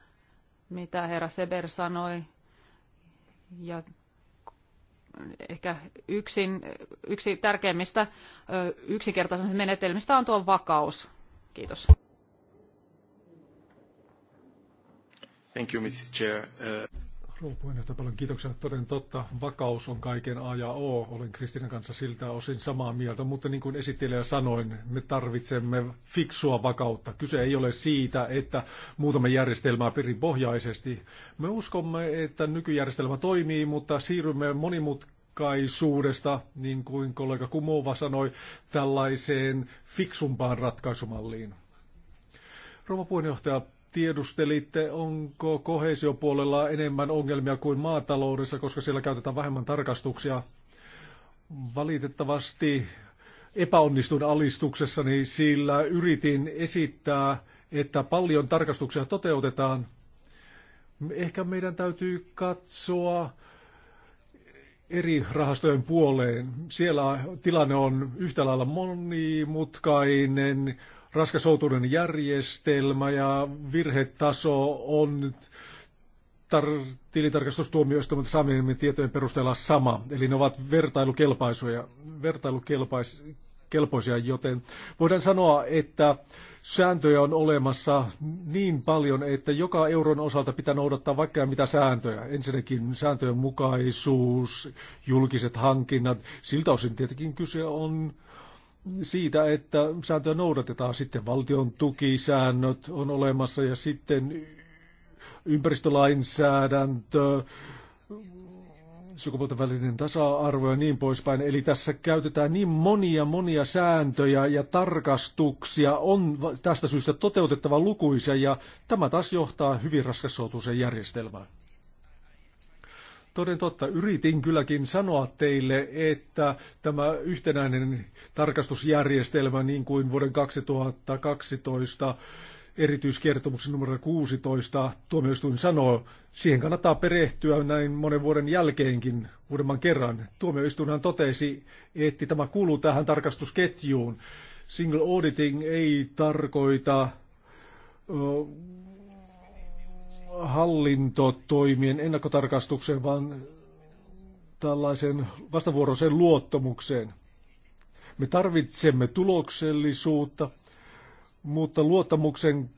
mitä herra Seber sanoi, ja ehkä yksin, yksi tärkeimmistä yksinkertaisemmista menetelmistä on tuo vakaus. Kiitos. Thank you, Mrs. Chair. Uh... Rouva puheenjohtaja, paljon kiitoksia. Toden totta, vakaus on kaiken A ja O. Olen Kristinan kanssa siltä osin samaa mieltä, mutta niin kuin esittelijä sanoin, me tarvitsemme fiksua vakautta. Kyse ei ole siitä, että muutamme järjestelmää perinpohjaisesti. Me uskomme, että nykyjärjestelmä toimii, mutta siirrymme monimutkaisuudesta, niin kuin kollega Kumova sanoi, tällaiseen fiksumpaan ratkaisumalliin. Rouva puheenjohtaja, tiedustelitte, onko kohesiopuolella enemmän ongelmia kuin maataloudessa, koska siellä käytetään vähemmän tarkastuksia. Valitettavasti epäonnistuin alistuksessani, sillä yritin esittää, että paljon tarkastuksia toteutetaan. Ehkä meidän täytyy katsoa eri rahastojen puoleen. Siellä tilanne on yhtä lailla monimutkainen, outuuden järjestelmä ja virhetaso on tar- tilintarkastustuomioistuimelta saamien tietojen perusteella sama, eli ne ovat vertailukelpaisuja, vertailukelpoisia, joten voidaan sanoa, että sääntöjä on olemassa niin paljon, että joka euron osalta pitää noudattaa vaikka mitä sääntöjä. Ensinnäkin sääntöjen mukaisuus, julkiset hankinnat, siltä osin tietenkin kyse on siitä, että sääntöä noudatetaan. Sitten valtion tukisäännöt on olemassa ja sitten ympäristölainsäädäntö, sukupuolten välinen tasa-arvo ja niin poispäin. Eli tässä käytetään niin monia monia sääntöjä ja tarkastuksia on tästä syystä toteutettava lukuisia ja tämä taas johtaa hyvin raskassoutuiseen järjestelmään. Toden totta, yritin kylläkin sanoa teille, että tämä yhtenäinen tarkastusjärjestelmä, niin kuin vuoden 2012 erityiskertomuksen numero 16 tuomioistuin sanoo, siihen kannattaa perehtyä näin monen vuoden jälkeenkin uudemman kerran. Tuomioistuinhan totesi, että tämä kuuluu tähän tarkastusketjuun. Single auditing ei tarkoita hallintotoimien ennakkotarkastukseen, vaan tällaiseen vastavuoroiseen luottamukseen. Me tarvitsemme tuloksellisuutta, mutta luottamuksen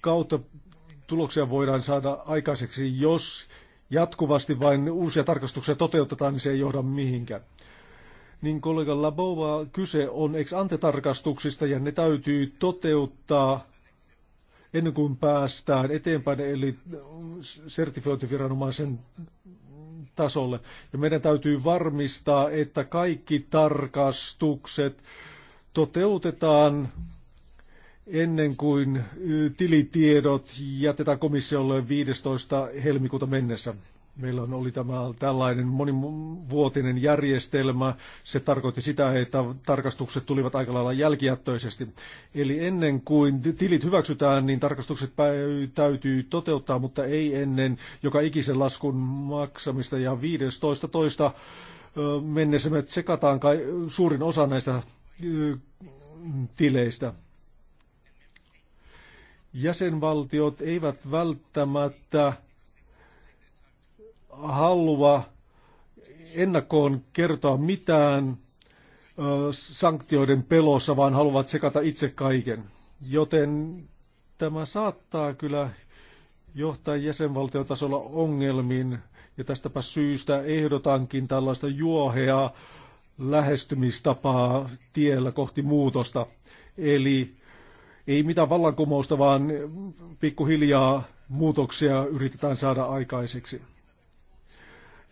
kautta tuloksia voidaan saada aikaiseksi, jos jatkuvasti vain uusia tarkastuksia toteutetaan, niin se ei johda mihinkään. Niin kollega Labova, kyse on ex ante tarkastuksista ja ne täytyy toteuttaa ennen kuin päästään eteenpäin, eli sertifiointiviranomaisen tasolle. Ja meidän täytyy varmistaa, että kaikki tarkastukset toteutetaan ennen kuin tilitiedot jätetään komissiolle 15. helmikuuta mennessä. Meillä on oli tämä tällainen monivuotinen järjestelmä. Se tarkoitti sitä, että tarkastukset tulivat aika lailla jälkijättöisesti. Eli ennen kuin tilit hyväksytään, niin tarkastukset täytyy toteuttaa, mutta ei ennen joka ikisen laskun maksamista. Ja 15. toista mennessä me tsekataan kai suurin osa näistä tileistä jäsenvaltiot eivät välttämättä halua ennakkoon kertoa mitään sanktioiden pelossa, vaan haluavat sekata itse kaiken. Joten tämä saattaa kyllä johtaa jäsenvaltiotasolla ongelmiin, ja tästäpä syystä ehdotankin tällaista juoheaa lähestymistapaa tiellä kohti muutosta. Eli ei mitään vallankumousta, vaan pikkuhiljaa muutoksia yritetään saada aikaiseksi.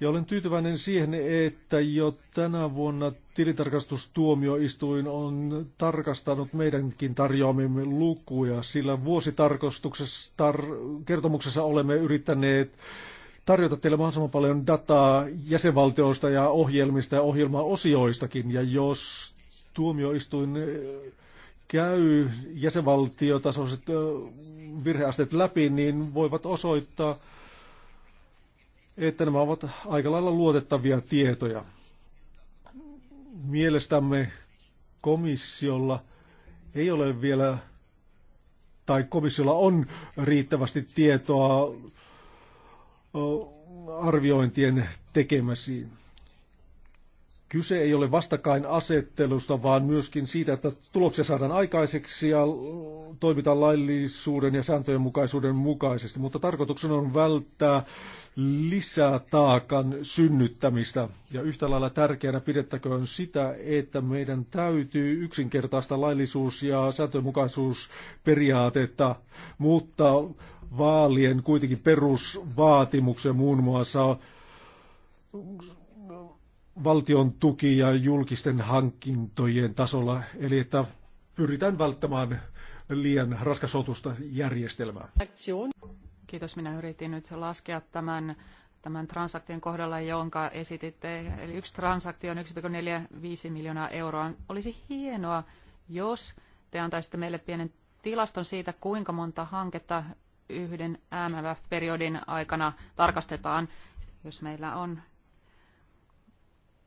Ja olen tyytyväinen siihen, että jo tänä vuonna tilitarkastustuomioistuin on tarkastanut meidänkin tarjoamimme lukuja, sillä vuositarkastuksessa tar- kertomuksessa olemme yrittäneet tarjota teille mahdollisimman paljon dataa jäsenvaltioista ja ohjelmista ja ohjelmaosioistakin. Ja jos tuomioistuin käy jäsenvaltiotasoiset virheasteet läpi, niin voivat osoittaa, että nämä ovat aika lailla luotettavia tietoja. Mielestämme komissiolla ei ole vielä, tai komissiolla on riittävästi tietoa arviointien tekemäsiin. Kyse ei ole vastakkainasettelusta, vaan myöskin siitä, että tuloksia saadaan aikaiseksi ja toimitaan laillisuuden ja sääntöjen mukaisuuden mukaisesti. Mutta tarkoituksena on välttää Lisää taakan synnyttämistä. Ja yhtä lailla tärkeänä pidettäköön sitä, että meidän täytyy yksinkertaista laillisuus- ja sääntömukaisuusperiaatetta, mutta vaalien kuitenkin perusvaatimuksen muun muassa valtion tuki ja julkisten hankintojen tasolla, eli että pyritään välttämään liian raskasotusta järjestelmää. Aktion. Kiitos, minä yritin nyt laskea tämän, tämän transaktion kohdalla, jonka esititte. Eli yksi transaktio on 1,45 miljoonaa euroa. Olisi hienoa, jos te antaisitte meille pienen tilaston siitä, kuinka monta hanketta yhden MMF-periodin aikana tarkastetaan. Jos meillä on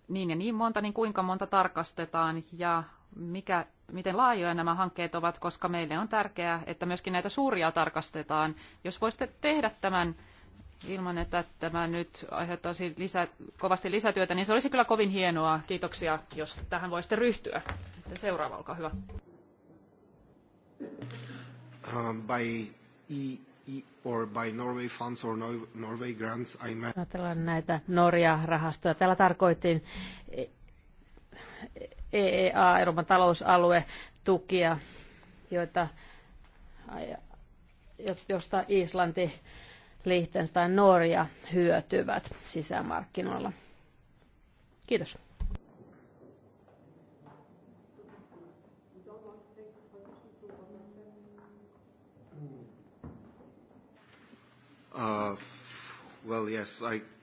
niin ja niin monta, niin kuinka monta tarkastetaan ja mikä miten laajoja nämä hankkeet ovat, koska meille on tärkeää, että myöskin näitä suuria tarkastetaan. Jos voisitte tehdä tämän ilman, että tämä nyt aiheuttaisi lisä, kovasti lisätyötä, niin se olisi kyllä kovin hienoa. Kiitoksia, jos tähän voisitte ryhtyä. Sitten seuraava, olkaa hyvä. Um, by e, e or by Norway funds or Norway grants, I Ajatellaan näitä Norja-rahastoja. Täällä tarkoitin EEA, Euroopan talousalue, tukia, joita, josta Islanti, Liechtenstein, Norja hyötyvät sisämarkkinoilla. Kiitos. Uh, well, yes, I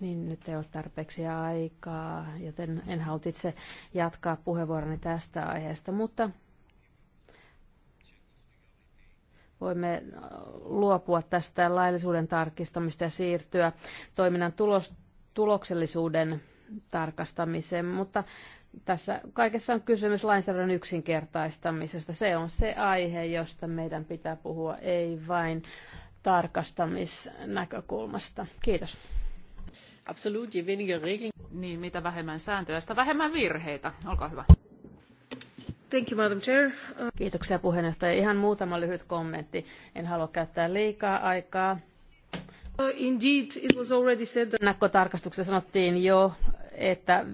niin nyt ei ole tarpeeksi aikaa, joten en halua itse jatkaa puheenvuoroni tästä aiheesta, mutta voimme luopua tästä laillisuuden tarkistamista ja siirtyä toiminnan tulos, tuloksellisuuden tarkastamiseen, mutta tässä kaikessa on kysymys lainsäädännön yksinkertaistamisesta. Se on se aihe, josta meidän pitää puhua, ei vain tarkastamisnäkökulmasta. Kiitos. Absolut, je weniger Regeln. Niin, mitä vähemmän sääntöjä, sitä vähemmän virheitä. Olkaa hyvä. Thank you, Madam Chair. Kiitoksia puheenjohtaja. Ihan muutama lyhyt kommentti. En halua käyttää liikaa aikaa. Uh, indeed, it was already said that... Ennakkotarkastuksessa sanottiin jo, että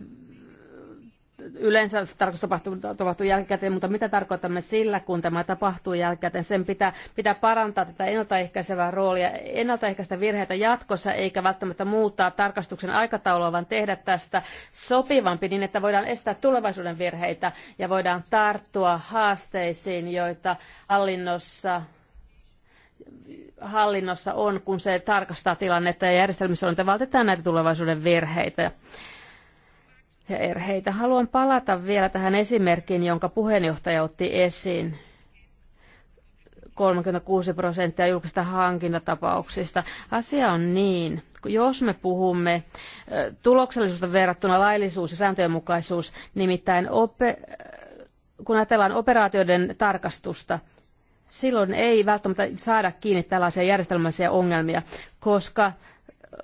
yleensä tarkoitus tapahtuu, tapahtuu jälkikäteen, mutta mitä tarkoitamme sillä, kun tämä tapahtuu jälkikäteen? Sen pitää, pitää parantaa tätä ennaltaehkäisevää roolia, ennaltaehkäistä virheitä jatkossa, eikä välttämättä muuttaa tarkastuksen aikataulua, vaan tehdä tästä sopivampi niin, että voidaan estää tulevaisuuden virheitä ja voidaan tarttua haasteisiin, joita hallinnossa hallinnossa on, kun se tarkastaa tilannetta ja järjestelmissä on, että vältetään näitä tulevaisuuden virheitä ja erheitä. Haluan palata vielä tähän esimerkkiin, jonka puheenjohtaja otti esiin. 36 prosenttia julkista hankintatapauksista. Asia on niin, jos me puhumme tuloksellisuutta verrattuna laillisuus ja sääntöjenmukaisuus, nimittäin ope- kun ajatellaan operaatioiden tarkastusta, silloin ei välttämättä saada kiinni tällaisia järjestelmällisiä ongelmia, koska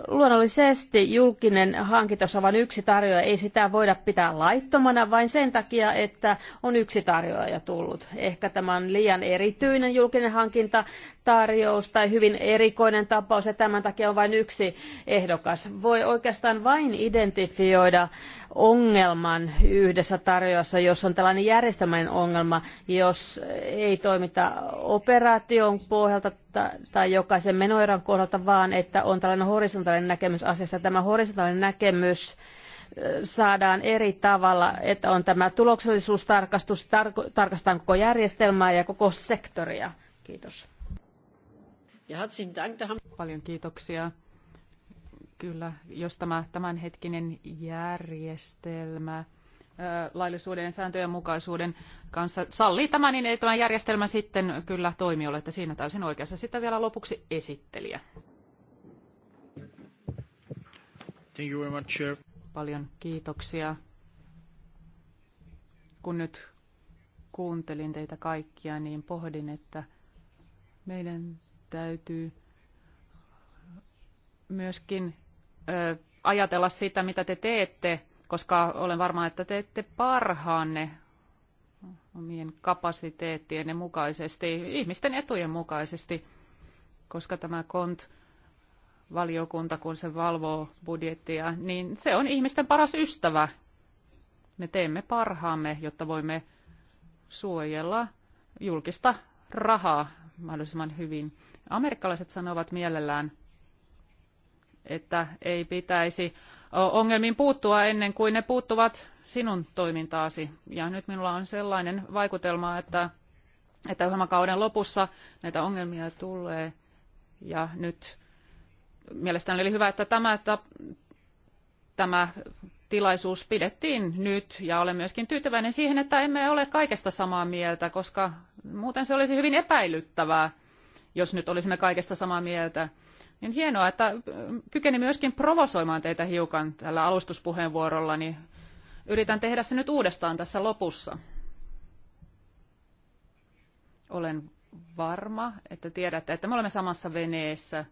Luonnollisesti julkinen hankinta, on vain yksi tarjoaja, ei sitä voida pitää laittomana vain sen takia, että on yksi tarjoaja tullut. Ehkä tämä on liian erityinen julkinen hankinta, tarjous tai hyvin erikoinen tapaus ja tämän takia on vain yksi ehdokas. Voi oikeastaan vain identifioida äh, ongelman yhdessä tarjoassa, jos on tällainen järjestelmän ongelma, jos ei toimita operaation pohjalta tai jokaisen menoerän kohdalta, vaan että on tällainen horisontaalinen näkemys asiasta. Tämä horisontaalinen näkemys saadaan eri tavalla, että on tämä tuloksellisuustarkastus, tarkastetaan koko järjestelmää ja koko sektoria. Kiitos. Paljon kiitoksia kyllä, jos tämä tämänhetkinen järjestelmä laillisuuden ja sääntöjen mukaisuuden kanssa sallii tämä, niin ei tämä järjestelmä sitten kyllä toimi ole, että siinä täysin oikeassa. Sitten vielä lopuksi esittelijä. Thank you very much, sir. Paljon kiitoksia. Kun nyt kuuntelin teitä kaikkia, niin pohdin, että meidän täytyy myöskin ajatella sitä, mitä te teette, koska olen varma, että teette parhaanne omien kapasiteettienne mukaisesti, ihmisten etujen mukaisesti, koska tämä kont valiokunta, kun se valvoo budjettia, niin se on ihmisten paras ystävä. Me teemme parhaamme, jotta voimme suojella julkista rahaa mahdollisimman hyvin. Amerikkalaiset sanovat mielellään, että ei pitäisi ongelmiin puuttua ennen kuin ne puuttuvat sinun toimintaasi. Ja nyt minulla on sellainen vaikutelma, että, että ohjelmakauden lopussa näitä ongelmia tulee. Ja nyt mielestäni oli hyvä, että tämä, tämä tilaisuus pidettiin nyt ja olen myöskin tyytyväinen siihen, että emme ole kaikesta samaa mieltä, koska muuten se olisi hyvin epäilyttävää jos nyt olisimme kaikesta samaa mieltä. Niin hienoa, että äh, kykeni myöskin provosoimaan teitä hiukan tällä alustuspuheenvuorolla, niin yritän tehdä se nyt uudestaan tässä lopussa. Olen varma, että tiedätte, että me olemme samassa veneessä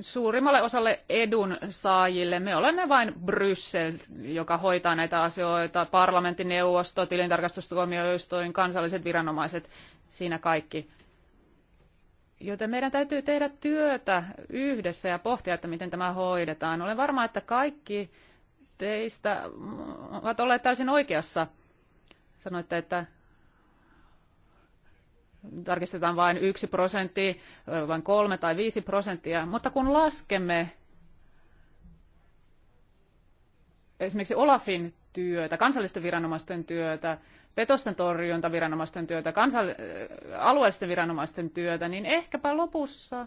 suurimmalle osalle edunsaajille. Me olemme vain Bryssel, joka hoitaa näitä asioita, parlamenttineuvosto, tilintarkastustuomioistuin, kansalliset viranomaiset, siinä kaikki. Joten meidän täytyy tehdä työtä yhdessä ja pohtia, että miten tämä hoidetaan. Olen varma, että kaikki teistä ovat olleet täysin oikeassa. Sanoitte, että tarkistetaan vain yksi prosentti, vain kolme tai viisi prosenttia, mutta kun laskemme esimerkiksi Olafin työtä, kansallisten viranomaisten työtä, petosten torjuntaviranomaisten työtä, kansall- alueellisten viranomaisten työtä, niin ehkäpä lopussa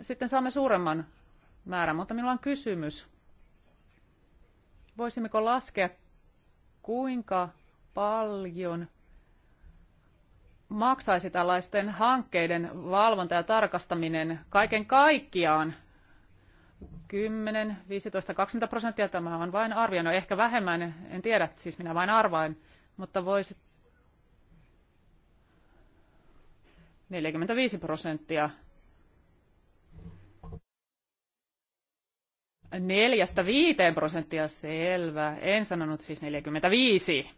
sitten saamme suuremman määrän. Mutta minulla on kysymys. Voisimmeko laskea, kuinka paljon maksaisi tällaisten hankkeiden valvonta ja tarkastaminen kaiken kaikkiaan 10, 15, 20 prosenttia, tämä on vain arvio, no ehkä vähemmän, en tiedä, siis minä vain arvain, mutta voisi 45 prosenttia neljästä viiteen prosenttia, selvä. En sanonut siis 45.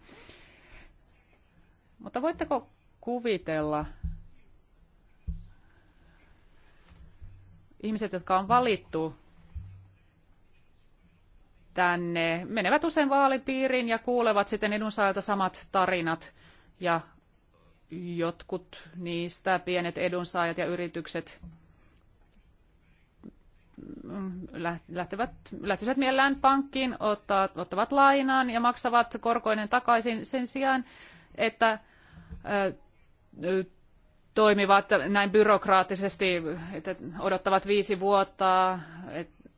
Mutta voitteko kuvitella. Ihmiset, jotka on valittu tänne, menevät usein vaalipiiriin ja kuulevat sitten edunsaajalta samat tarinat. Ja jotkut niistä pienet edunsaajat ja yritykset lähtevät, lähtevät mielellään pankkiin, ottaa, ottavat lainaan ja maksavat korkoinen takaisin sen sijaan, että toimivat näin byrokraattisesti, että odottavat viisi vuotta,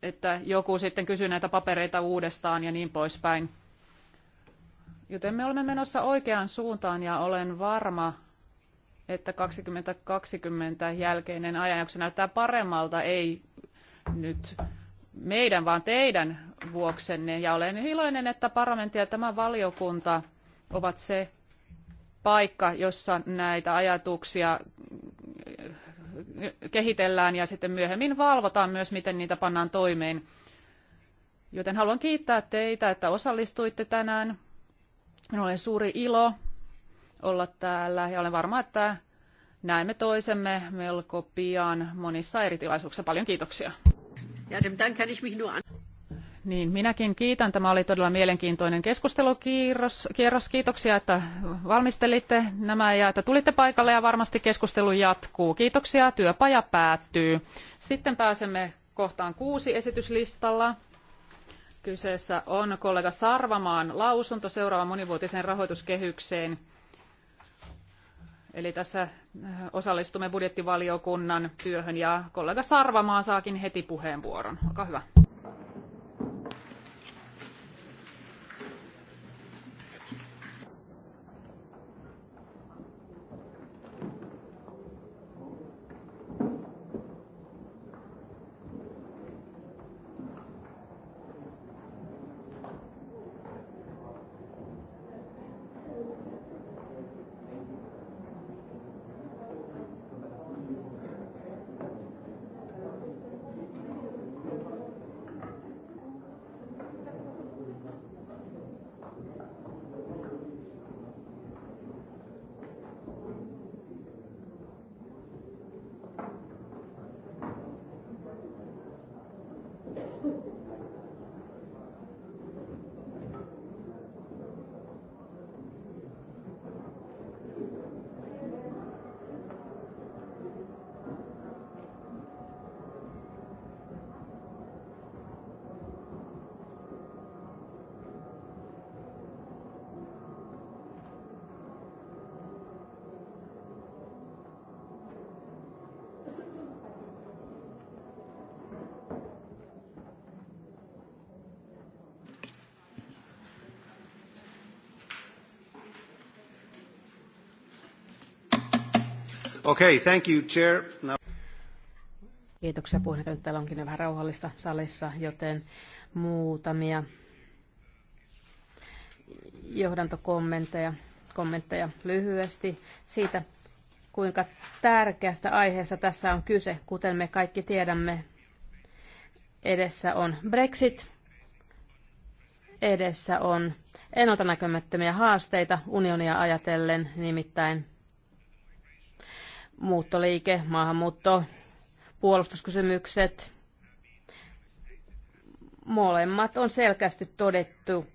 että joku sitten kysyy näitä papereita uudestaan ja niin poispäin. Joten me olemme menossa oikeaan suuntaan ja olen varma, että 2020 jälkeinen ajanjakso näyttää paremmalta, ei nyt meidän, vaan teidän vuoksenne. Ja olen iloinen, että parlamentti ja tämä valiokunta ovat se paikka, jossa näitä ajatuksia kehitellään ja sitten myöhemmin valvotaan myös, miten niitä pannaan toimeen. Joten haluan kiittää teitä, että osallistuitte tänään. Minulla oli suuri ilo olla täällä ja olen varma, että näemme toisemme melko pian monissa eri tilaisuuksissa. Paljon kiitoksia. Ja, kann ich mich nur an... Niin, minäkin kiitän. Tämä oli todella mielenkiintoinen keskustelukierros. Kiitoksia, että valmistelitte nämä ja että tulitte paikalle ja varmasti keskustelu jatkuu. Kiitoksia, työpaja päättyy. Sitten pääsemme kohtaan kuusi esityslistalla. Kyseessä on kollega Sarvamaan lausunto seuraavan monivuotiseen rahoituskehykseen. Eli tässä äh, osallistumme budjettivaliokunnan työhön ja kollega Sarvamaa saakin heti puheenvuoron. Olkaa hyvä. Okay, thank you, chair. Now... Kiitoksia puheenjohtaja. Täällä onkin vähän rauhallista salissa, joten muutamia johdantokommentteja kommentteja lyhyesti siitä, kuinka tärkeästä aiheesta tässä on kyse. Kuten me kaikki tiedämme, edessä on Brexit, edessä on ennaltanäkymättömiä haasteita unionia ajatellen, nimittäin muuttoliike, maahanmuutto, puolustuskysymykset. Molemmat on selkeästi todettu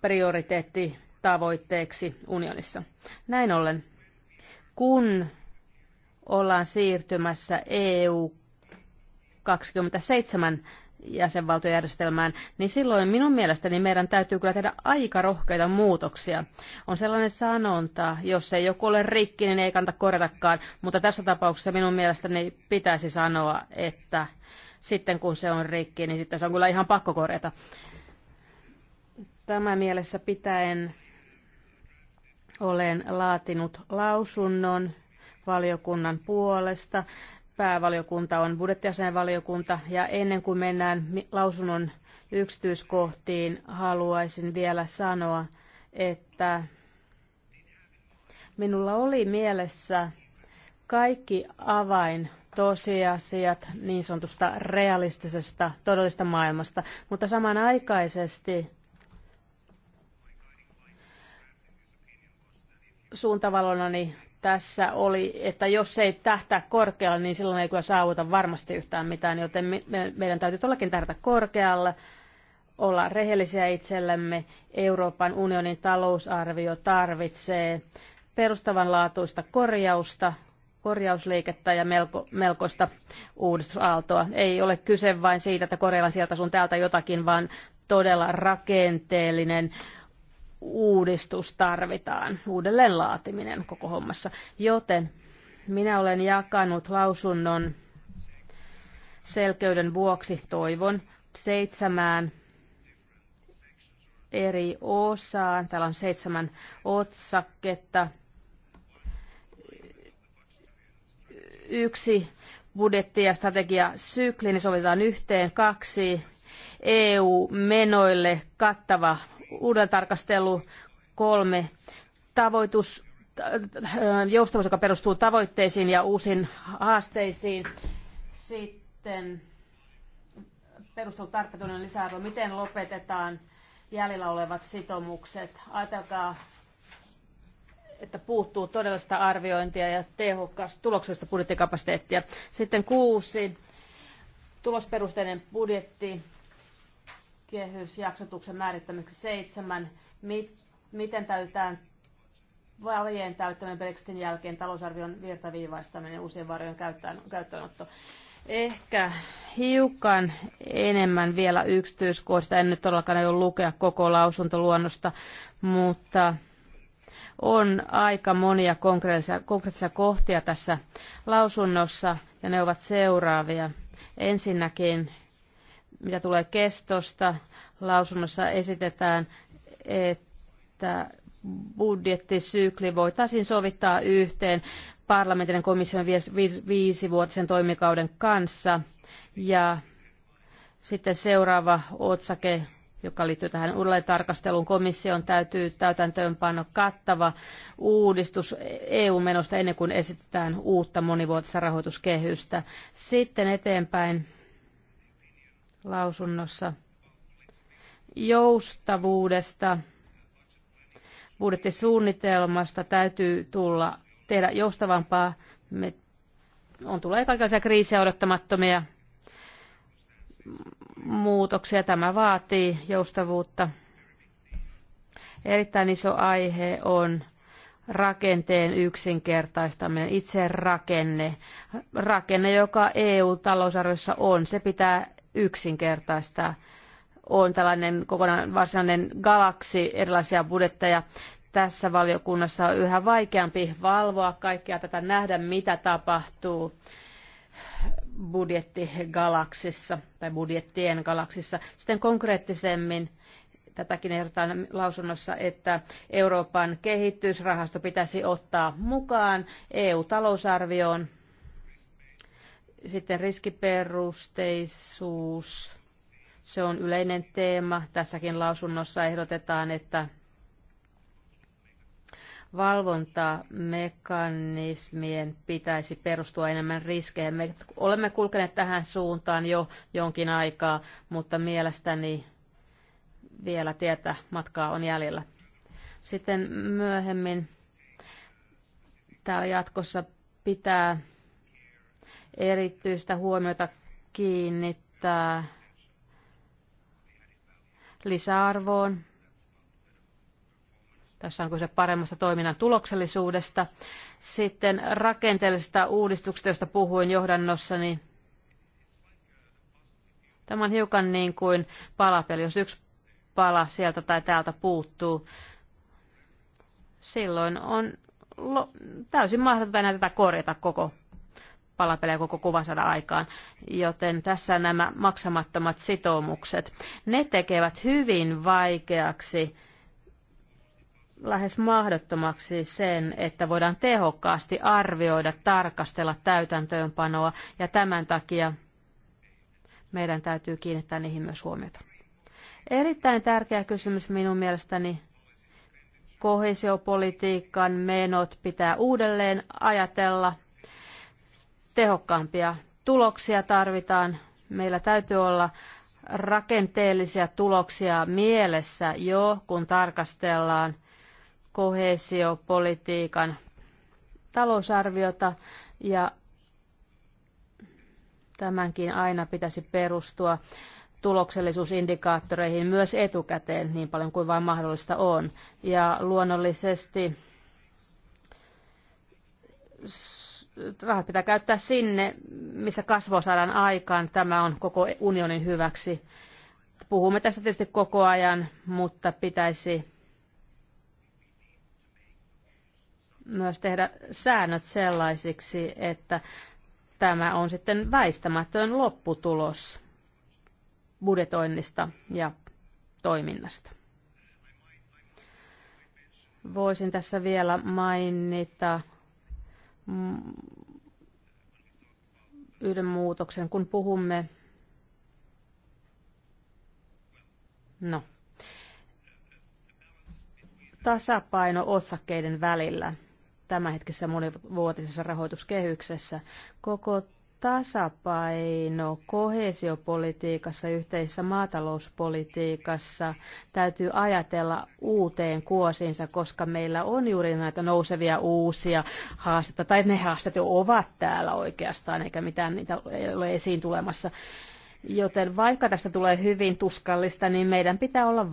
prioriteetti tavoitteeksi unionissa. Näin ollen, kun ollaan siirtymässä EU 27 jäsenvaltiojärjestelmään, niin silloin minun mielestäni meidän täytyy kyllä tehdä aika rohkeita muutoksia. On sellainen sanonta, jos ei joku ole rikki, niin ei kannata korjatakaan, mutta tässä tapauksessa minun mielestäni pitäisi sanoa, että sitten kun se on rikki, niin sitten se on kyllä ihan pakko korjata. Tämä mielessä pitäen olen laatinut lausunnon valiokunnan puolesta päävaliokunta on valiokunta ja ennen kuin mennään lausunnon yksityiskohtiin, haluaisin vielä sanoa, että minulla oli mielessä kaikki avain tosiasiat niin sanotusta realistisesta todellista maailmasta, mutta samanaikaisesti suuntavalonani tässä oli, että jos ei tähtää korkealle, niin silloin ei kyllä saavuta varmasti yhtään mitään, joten me, me, meidän täytyy todellakin tähdätä korkealle, olla rehellisiä itsellemme. Euroopan unionin talousarvio tarvitsee perustavanlaatuista korjausta, korjausliikettä ja melko, melkoista uudistusaaltoa. Ei ole kyse vain siitä, että korjalla sieltä sun täältä jotakin, vaan todella rakenteellinen uudistus tarvitaan, uudelleen laatiminen koko hommassa. Joten minä olen jakanut lausunnon selkeyden vuoksi, toivon, seitsemään eri osaan. Täällä on seitsemän otsaketta. Yksi budjetti- ja sykli, niin sovitaan yhteen. Kaksi EU-menoille kattava uuden kolme. Tavoitus, äh, joustavuus, joka perustuu tavoitteisiin ja uusiin haasteisiin. Sitten perustuu tarkkatuinen lisäarvo. Miten lopetetaan jäljellä olevat sitoumukset? Ajatelkaa, että puuttuu todellista arviointia ja tehokkaasta tuloksellista budjettikapasiteettia. Sitten kuusi. Tulosperusteinen budjetti kehysjaksotuksen määrittämiseksi seitsemän, mit, miten täytetään vajeen täyttäminen Brexitin jälkeen talousarvion virtaviivaistaminen uusien varojen käyttöönotto. Ehkä hiukan enemmän vielä yksityiskohdista. En nyt todellakaan ole lukea koko lausuntoluonnosta, mutta on aika monia konkreettisia, konkreettisia kohtia tässä lausunnossa, ja ne ovat seuraavia. Ensinnäkin mitä tulee kestosta, lausunnossa esitetään, että budjettisykli voitaisiin sovittaa yhteen parlamentin komission komission viisivuotisen toimikauden kanssa. Ja sitten seuraava otsake, joka liittyy tähän uudelleen tarkasteluun, komission täytyy täytäntöönpano kattava uudistus EU-menosta ennen kuin esitetään uutta monivuotista rahoituskehystä. Sitten eteenpäin lausunnossa joustavuudesta. Budjettisuunnitelmasta täytyy tulla tehdä joustavampaa. Me on tulee kaikenlaisia kriisejä odottamattomia muutoksia. Tämä vaatii joustavuutta. Erittäin iso aihe on rakenteen yksinkertaistaminen, itse rakenne. Rakenne, joka EU-talousarviossa on, se pitää yksinkertaistaa. On tällainen kokonaan varsinainen galaksi erilaisia budjetteja. Tässä valiokunnassa on yhä vaikeampi valvoa kaikkea tätä, nähdä mitä tapahtuu budjettigalaksissa tai budjettien galaksissa. Sitten konkreettisemmin tätäkin ehdotetaan lausunnossa, että Euroopan kehitysrahasto pitäisi ottaa mukaan EU-talousarvioon sitten riskiperusteisuus. Se on yleinen teema. Tässäkin lausunnossa ehdotetaan, että valvontamekanismien pitäisi perustua enemmän riskeihin. Me olemme kulkeneet tähän suuntaan jo jonkin aikaa, mutta mielestäni vielä tietä matkaa on jäljellä. Sitten myöhemmin täällä jatkossa pitää erityistä huomiota kiinnittää lisäarvoon. Tässä on kyse paremmasta toiminnan tuloksellisuudesta. Sitten rakenteellisesta uudistuksesta josta puhuin johdannossani. Tämä on hiukan niin kuin palapeli. Jos yksi pala sieltä tai täältä puuttuu, silloin on täysin mahdotonta enää tätä korjata koko palapelejä koko kuvan aikaan. Joten tässä nämä maksamattomat sitoumukset. Ne tekevät hyvin vaikeaksi lähes mahdottomaksi sen, että voidaan tehokkaasti arvioida, tarkastella täytäntöönpanoa ja tämän takia meidän täytyy kiinnittää niihin myös huomiota. Erittäin tärkeä kysymys minun mielestäni kohesiopolitiikan menot pitää uudelleen ajatella tehokkaampia. Tuloksia tarvitaan. Meillä täytyy olla rakenteellisia tuloksia mielessä jo, kun tarkastellaan kohesiopolitiikan talousarviota ja tämänkin aina pitäisi perustua tuloksellisuusindikaattoreihin myös etukäteen niin paljon kuin vain mahdollista on. Ja luonnollisesti rahat pitää käyttää sinne, missä kasvua saadaan aikaan. Tämä on koko unionin hyväksi. Puhumme tästä tietysti koko ajan, mutta pitäisi myös tehdä säännöt sellaisiksi, että tämä on sitten väistämätön lopputulos budjetoinnista ja toiminnasta. Voisin tässä vielä mainita Mm, yhden muutoksen, kun puhumme. No. Tasapaino otsakkeiden välillä tämänhetkisessä monivuotisessa rahoituskehyksessä. Koko tasapaino kohesiopolitiikassa, yhteisessä maatalouspolitiikassa täytyy ajatella uuteen kuosinsa, koska meillä on juuri näitä nousevia uusia haasteita, tai ne haasteet jo ovat täällä oikeastaan, eikä mitään niitä ei ole esiin tulemassa. Joten vaikka tästä tulee hyvin tuskallista, niin meidän pitää olla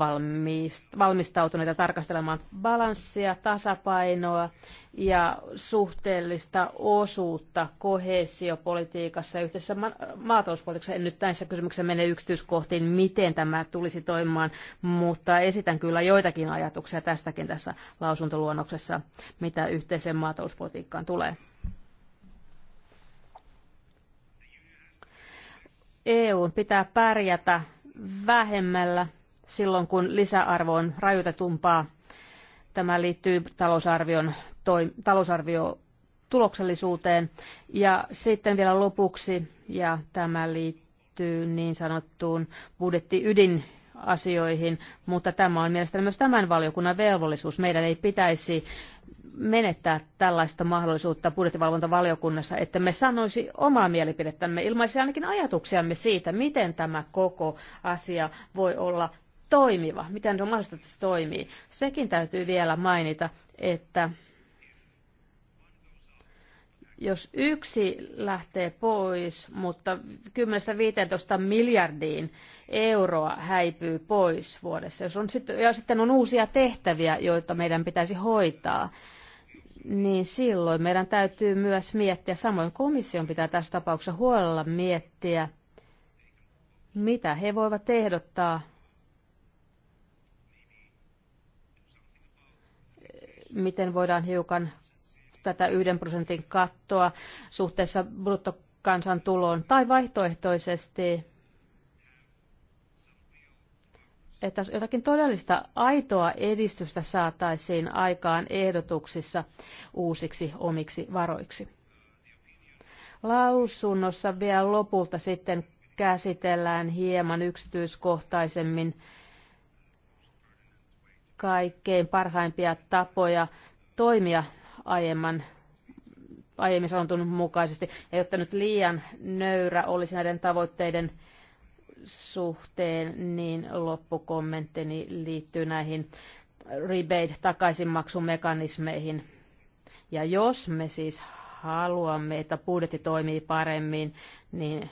valmistautuneita tarkastelemaan balanssia, tasapainoa ja suhteellista osuutta kohesiopolitiikassa ja yhteisessä maatalouspolitiikassa. En nyt näissä kysymyksissä mene yksityiskohtiin, miten tämä tulisi toimimaan, mutta esitän kyllä joitakin ajatuksia tästäkin tässä lausuntoluonnoksessa, mitä yhteiseen maatalouspolitiikkaan tulee. EUn pitää pärjätä vähemmällä silloin, kun lisäarvo on rajoitetumpaa. Tämä liittyy talousarvion, toi, talousarvio tuloksellisuuteen. Ja sitten vielä lopuksi, ja tämä liittyy niin sanottuun budjetti ydin asioihin, mutta tämä on mielestäni myös tämän valiokunnan velvollisuus. Meidän ei pitäisi menettää tällaista mahdollisuutta budjettivalvontavaliokunnassa, että me sanoisi omaa mielipidettämme, ilmaisi ainakin ajatuksiamme siitä, miten tämä koko asia voi olla toimiva, miten on mahdollista, että se toimii. Sekin täytyy vielä mainita, että jos yksi lähtee pois, mutta 10-15 miljardiin euroa häipyy pois vuodessa, jos on sit, ja sitten on uusia tehtäviä, joita meidän pitäisi hoitaa, niin silloin meidän täytyy myös miettiä, samoin komission pitää tässä tapauksessa huolella miettiä, mitä he voivat ehdottaa miten voidaan hiukan tätä yhden prosentin kattoa suhteessa bruttokansantuloon tai vaihtoehtoisesti että jotakin todellista aitoa edistystä saataisiin aikaan ehdotuksissa uusiksi omiksi varoiksi. Lausunnossa vielä lopulta sitten käsitellään hieman yksityiskohtaisemmin kaikkein parhaimpia tapoja toimia aiemman aiemmin sanotun mukaisesti, ja jotta nyt liian nöyrä olisi näiden tavoitteiden suhteen, niin loppukommenttini liittyy näihin rebate-takaisinmaksumekanismeihin. Ja jos me siis haluamme, että budjetti toimii paremmin, niin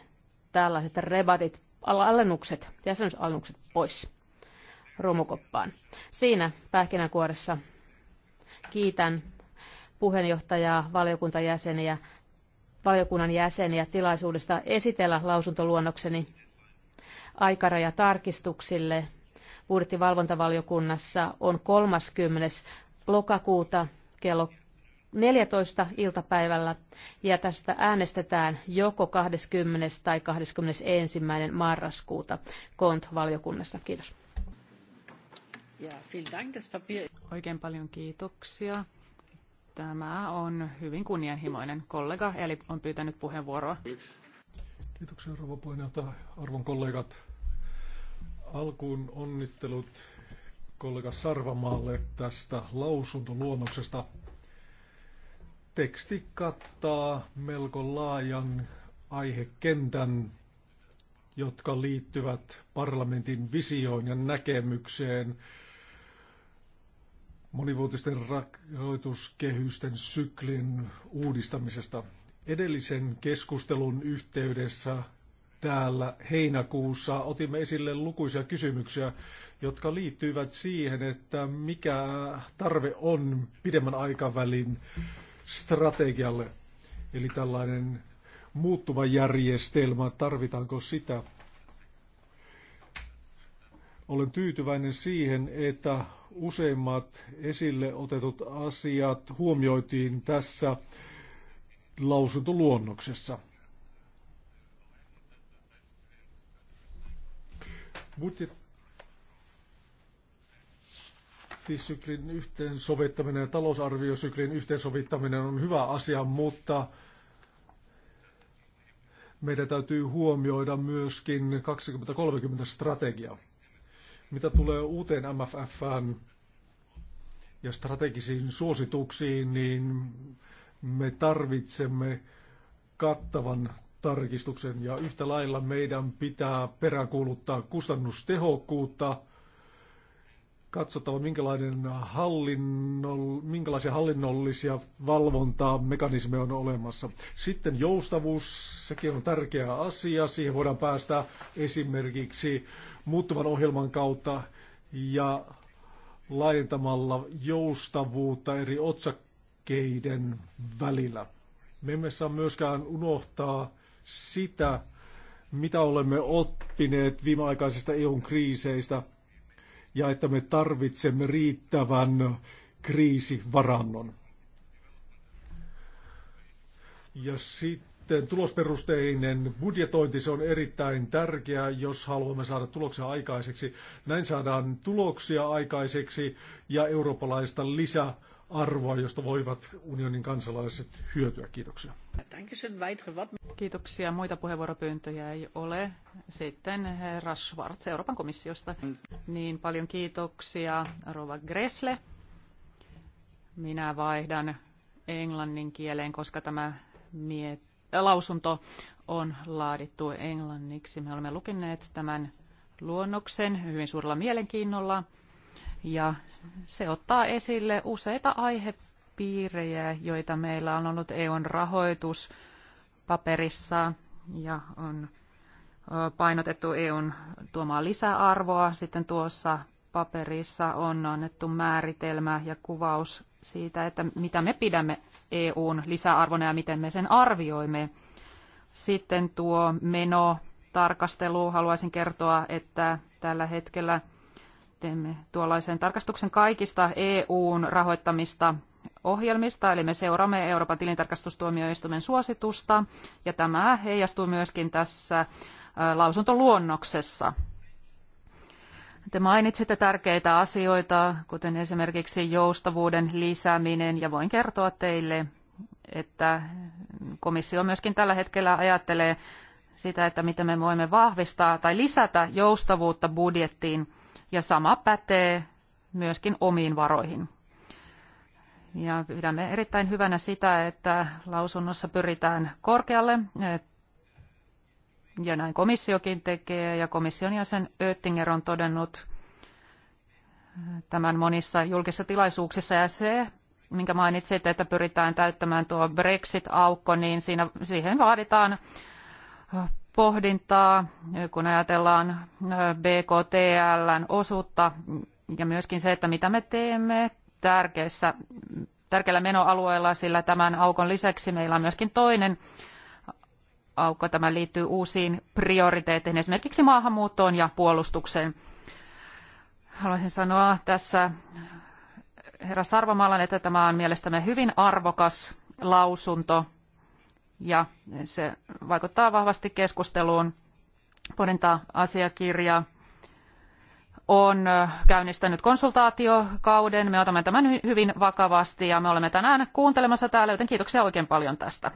tällaiset rebatit, alennukset, jäsenysalennukset pois romukoppaan. Siinä pähkinänkuoressa kiitän puheenjohtajaa, valiokuntajäseniä, valiokunnan jäseniä tilaisuudesta esitellä lausuntoluonnokseni aikaraja tarkistuksille budjettivalvontavaliokunnassa on 30. lokakuuta kello 14 iltapäivällä ja tästä äänestetään joko 20. tai 21. marraskuuta KONT-valiokunnassa. Kiitos. Oikein paljon kiitoksia. Tämä on hyvin kunnianhimoinen kollega, eli on pyytänyt puheenvuoroa. Kiitoksia rouva puheenjohtaja, arvon kollegat. Alkuun onnittelut kollega Sarvamaalle tästä lausuntoluonnoksesta. Teksti kattaa melko laajan aihekentän, jotka liittyvät parlamentin visioon ja näkemykseen monivuotisten rahoituskehysten syklin uudistamisesta. Edellisen keskustelun yhteydessä täällä heinäkuussa otimme esille lukuisia kysymyksiä, jotka liittyvät siihen, että mikä tarve on pidemmän aikavälin strategialle. Eli tällainen muuttuva järjestelmä, tarvitaanko sitä? Olen tyytyväinen siihen, että useimmat esille otetut asiat huomioitiin tässä lausuntoluonnoksessa. Budjettisyklin yhteensovittaminen ja talousarviosyklin yhteensovittaminen on hyvä asia, mutta meidän täytyy huomioida myöskin 2030 strategia. Mitä tulee uuteen MFFään ja strategisiin suosituksiin, niin me tarvitsemme kattavan tarkistuksen ja yhtä lailla meidän pitää peräkuuluttaa kustannustehokkuutta, katsottava minkälainen hallinnoll, minkälaisia hallinnollisia valvontaa mekanismeja on olemassa. Sitten joustavuus, sekin on tärkeä asia. Siihen voidaan päästä esimerkiksi muuttuvan ohjelman kautta ja laajentamalla joustavuutta eri otsakkeiden välillä. Me emme saa myöskään unohtaa sitä, mitä olemme oppineet viimeaikaisista EUn kriiseistä ja että me tarvitsemme riittävän kriisivarannon. Ja sitten sitten tulosperusteinen budjetointi, se on erittäin tärkeää, jos haluamme saada tuloksia aikaiseksi. Näin saadaan tuloksia aikaiseksi ja eurooppalaista lisäarvoa, josta voivat unionin kansalaiset hyötyä. Kiitoksia. Kiitoksia. Muita puheenvuoropyyntöjä ei ole. Sitten herra Schwartz Euroopan komissiosta. Niin paljon kiitoksia Rova Gressle. Minä vaihdan englannin kieleen, koska tämä miet lausunto on laadittu englanniksi. Me olemme lukeneet tämän luonnoksen hyvin suurella mielenkiinnolla ja se ottaa esille useita aihepiirejä, joita meillä on ollut EUn rahoitus paperissa ja on painotettu EUn tuomaan lisäarvoa. Sitten tuossa paperissa on annettu määritelmä ja kuvaus siitä, että mitä me pidämme EUn lisäarvona ja miten me sen arvioimme. Sitten tuo meno tarkastelu. Haluaisin kertoa, että tällä hetkellä teemme tuollaisen tarkastuksen kaikista EUn rahoittamista ohjelmista, eli me seuraamme Euroopan tilintarkastustuomioistuimen suositusta, ja tämä heijastuu myöskin tässä lausuntoluonnoksessa. Te mainitsitte tärkeitä asioita, kuten esimerkiksi joustavuuden lisääminen, ja voin kertoa teille, että komissio myöskin tällä hetkellä ajattelee sitä, että miten me voimme vahvistaa tai lisätä joustavuutta budjettiin, ja sama pätee myöskin omiin varoihin. Ja pidämme erittäin hyvänä sitä, että lausunnossa pyritään korkealle ja näin komissiokin tekee, ja komission jäsen Oettinger on todennut tämän monissa julkisissa tilaisuuksissa, ja se, minkä mainitsit, että pyritään täyttämään tuo Brexit-aukko, niin siinä, siihen vaaditaan pohdintaa, kun ajatellaan BKTLn osuutta ja myöskin se, että mitä me teemme tärkeissä, tärkeillä menoalueilla, sillä tämän aukon lisäksi meillä on myöskin toinen aukko. Tämä liittyy uusiin prioriteetteihin, esimerkiksi maahanmuuttoon ja puolustukseen. Haluaisin sanoa tässä herra Sarvamaalan, että tämä on mielestämme hyvin arvokas lausunto ja se vaikuttaa vahvasti keskusteluun. Ponenta asiakirja on käynnistänyt konsultaatiokauden. Me otamme tämän hyvin vakavasti ja me olemme tänään kuuntelemassa täällä, joten kiitoksia oikein paljon tästä.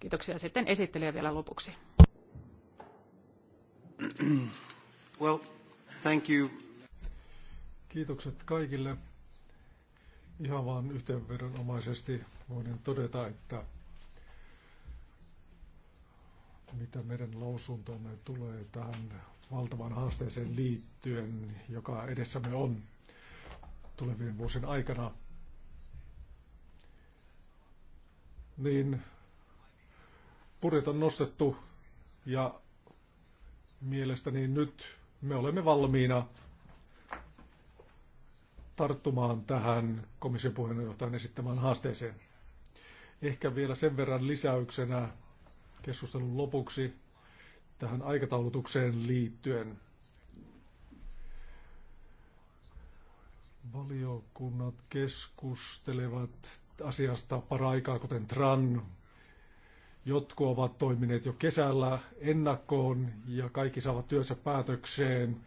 Kiitoksia sitten esittelijä vielä lopuksi. Well, thank you. Kiitokset kaikille. Ihan vaan yhteenvedonomaisesti voin todeta, että mitä meidän lausuntomme tulee tähän valtavan haasteeseen liittyen, joka edessämme on tulevien vuosien aikana. niin budjet on nostettu ja mielestäni nyt me olemme valmiina tarttumaan tähän komission puheenjohtajan esittämään haasteeseen. Ehkä vielä sen verran lisäyksenä keskustelun lopuksi tähän aikataulutukseen liittyen. Valiokunnat keskustelevat asiasta paraikaa, kuten TRAN. Jotkut ovat toimineet jo kesällä ennakkoon ja kaikki saavat työssä päätökseen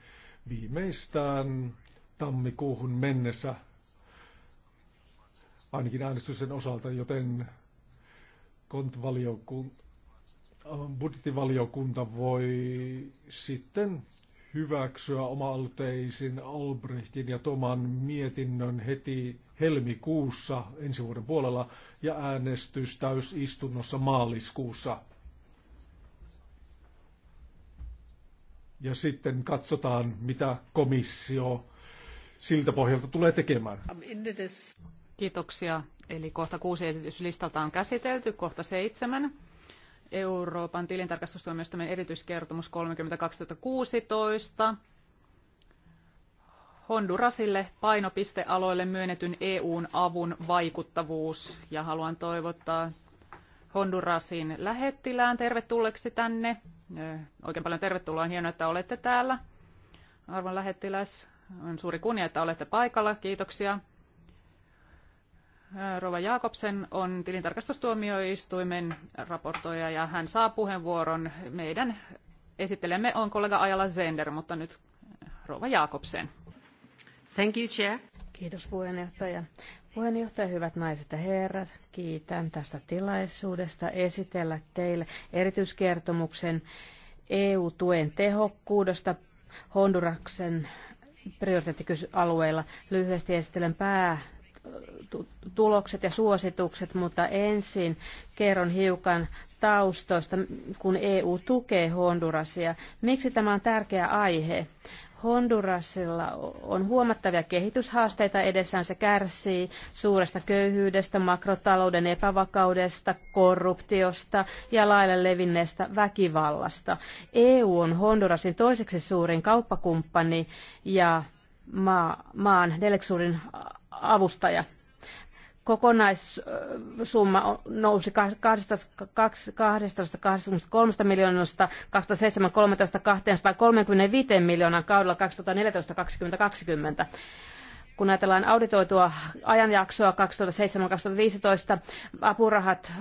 viimeistään tammikuuhun mennessä, ainakin äänestysten osalta, joten kontvaliokunta budjettivaliokunta voi sitten hyväksyä oma-aluteisin Albrechtin ja Toman mietinnön heti helmikuussa ensi vuoden puolella ja äänestys täysistunnossa maaliskuussa. Ja sitten katsotaan, mitä komissio siltä pohjalta tulee tekemään. Kiitoksia. Eli kohta kuusi esityslistalta on käsitelty, kohta seitsemän. Euroopan tilintarkastustuomioistuimen erityiskertomus 30 2016. Hondurasille painopistealoille myönnetyn EUn avun vaikuttavuus. Ja haluan toivottaa Hondurasin lähettilään tervetulleeksi tänne. Oikein paljon tervetuloa, on hienoa, että olette täällä. Arvon lähettiläs, on suuri kunnia, että olette paikalla. Kiitoksia Rova Jakobsen on tilintarkastustuomioistuimen raportoija ja hän saa puheenvuoron. Meidän esittelemme on kollega Ajala Zender, mutta nyt Rova Jakobsen. Thank you, Chair. Kiitos puheenjohtaja. Puheenjohtaja, hyvät naiset ja herrat, kiitän tästä tilaisuudesta esitellä teille erityiskertomuksen EU-tuen tehokkuudesta Honduraksen prioriteettialueilla. Lyhyesti esittelen pää tulokset ja suositukset, mutta ensin kerron hiukan taustoista, kun EU tukee Hondurasia. Miksi tämä on tärkeä aihe? Hondurasilla on huomattavia kehityshaasteita edessään. Se kärsii suuresta köyhyydestä, makrotalouden epävakaudesta, korruptiosta ja laille levinneestä väkivallasta. EU on Hondurasin toiseksi suurin kauppakumppani ja maa, maan Delexurin avustaja. Kokonaissumma nousi 223 miljoonasta 2713 235 miljoonaan kaudella 2014-2020 kun ajatellaan auditoitua ajanjaksoa 2007-2015, apurahat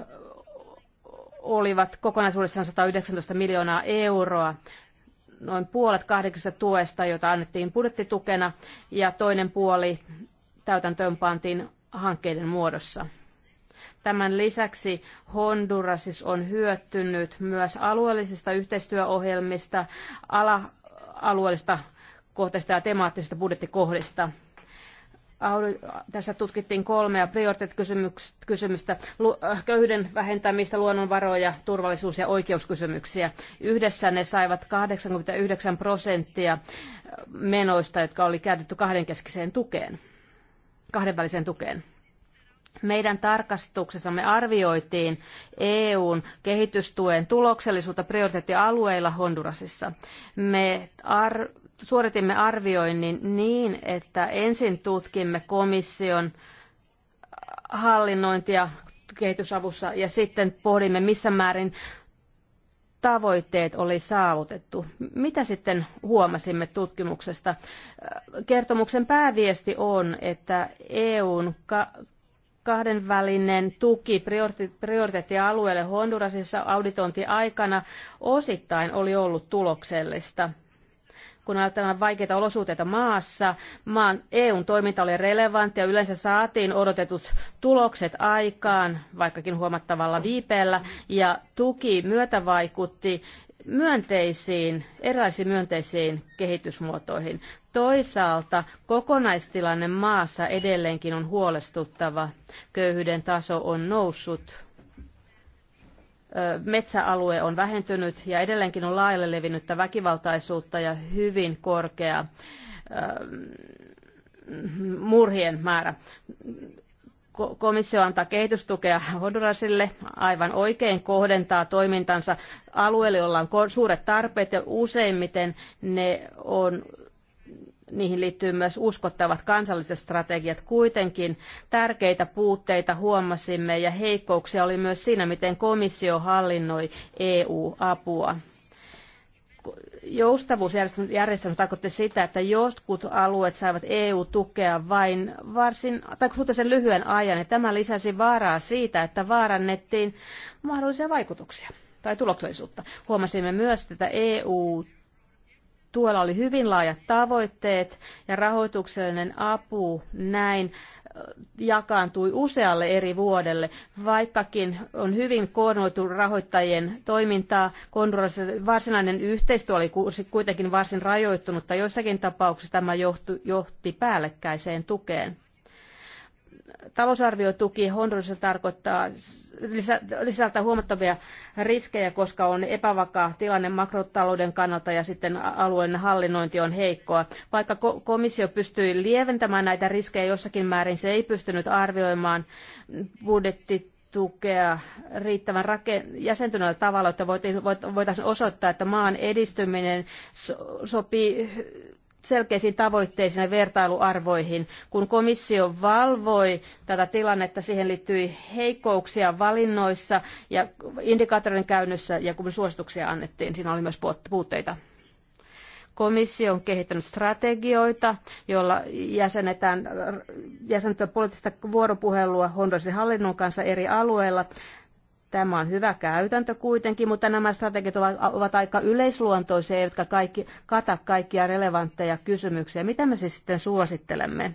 olivat kokonaisuudessaan 119 miljoonaa euroa noin puolet kahdeksasta tuesta, jota annettiin budjettitukena, ja toinen puoli täytäntöön pantiin hankkeiden muodossa. Tämän lisäksi Hondurasis siis on hyötynyt myös alueellisista yhteistyöohjelmista, ala-alueellista kohteista ja temaattisista budjettikohdista. Tässä tutkittiin kolmea prioriteettikysymystä, äh, köyhyyden vähentämistä, luonnonvaroja, turvallisuus- ja oikeuskysymyksiä. Yhdessä ne saivat 89 prosenttia menoista, jotka oli käytetty kahdenkeskiseen tukeen, kahdenväliseen tukeen. Meidän tarkastuksessamme arvioitiin EUn kehitystuen tuloksellisuutta prioriteettialueilla Hondurasissa. Me ar- suoritimme arvioinnin niin, että ensin tutkimme komission hallinnointia kehitysavussa ja sitten pohdimme, missä määrin tavoitteet oli saavutettu. Mitä sitten huomasimme tutkimuksesta? Kertomuksen pääviesti on, että EUn kahdenvälinen tuki prioriteettialueelle Hondurasissa auditointiaikana osittain oli ollut tuloksellista – kun ajatellaan vaikeita olosuhteita maassa, maan EUn toiminta oli relevanttia, yleensä saatiin odotetut tulokset aikaan, vaikkakin huomattavalla viipeellä, ja tuki myötävaikutti myönteisiin, erilaisiin myönteisiin kehitysmuotoihin. Toisaalta kokonaistilanne maassa edelleenkin on huolestuttava. Köyhyyden taso on noussut metsäalue on vähentynyt ja edelleenkin on laajalle levinnyttä väkivaltaisuutta ja hyvin korkea murhien määrä. Komissio antaa kehitystukea Hondurasille, aivan oikein kohdentaa toimintansa alueelle, jolla on suuret tarpeet ja useimmiten ne on niihin liittyy myös uskottavat kansalliset strategiat. Kuitenkin tärkeitä puutteita huomasimme ja heikkouksia oli myös siinä, miten komissio hallinnoi EU-apua joustavuusjärjestelmä tarkoitti sitä, että jotkut alueet saivat EU-tukea vain varsin, tai suhteellisen lyhyen ajan, ja tämä lisäsi vaaraa siitä, että vaarannettiin mahdollisia vaikutuksia tai tuloksellisuutta. Huomasimme myös, että EU tuella oli hyvin laajat tavoitteet ja rahoituksellinen apu näin jakaantui usealle eri vuodelle, vaikkakin on hyvin koordinoitu rahoittajien toimintaa. Varsinainen yhteistyö oli kuitenkin varsin rajoittunutta. Joissakin tapauksissa tämä johti päällekkäiseen tukeen talousarviotuki Hondurasissa tarkoittaa lisä, lisältä huomattavia riskejä, koska on epävakaa tilanne makrotalouden kannalta ja sitten alueen hallinnointi on heikkoa. Vaikka komissio pystyi lieventämään näitä riskejä jossakin määrin, se ei pystynyt arvioimaan budjetti tukea riittävän rake- jäsentyneellä tavalla, että voitaisiin osoittaa, että maan edistyminen so- sopii selkeisiin tavoitteisiin ja vertailuarvoihin. Kun komissio valvoi tätä tilannetta, siihen liittyi heikkouksia valinnoissa ja indikaattorin käynnissä ja kun suosituksia annettiin, siinä oli myös puutteita. Komissio on kehittänyt strategioita, joilla jäsennetään jäsenettyä poliittista vuoropuhelua Hondurasin hallinnon kanssa eri alueilla. Tämä on hyvä käytäntö kuitenkin, mutta nämä strategiat ovat, ovat aika yleisluontoisia, jotka kaikki, kata kaikkia relevantteja kysymyksiä. Mitä me siis sitten suosittelemme?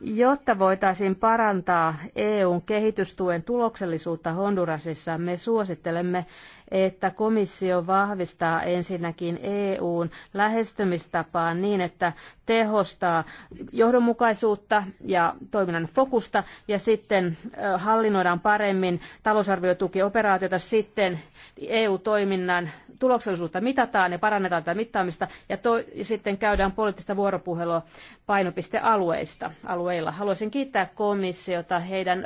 Jotta voitaisiin parantaa EUn kehitystuen tuloksellisuutta Hondurasissa, me suosittelemme, että komissio vahvistaa ensinnäkin EUn lähestymistapaa niin, että tehostaa johdonmukaisuutta ja toiminnan fokusta ja sitten hallinnoidaan paremmin talousarviotukioperaatiota, sitten EU-toiminnan tuloksellisuutta mitataan ja parannetaan tätä mittaamista ja, to- ja sitten käydään poliittista vuoropuhelua painopistealueista alueilla. Haluaisin kiittää komissiota heidän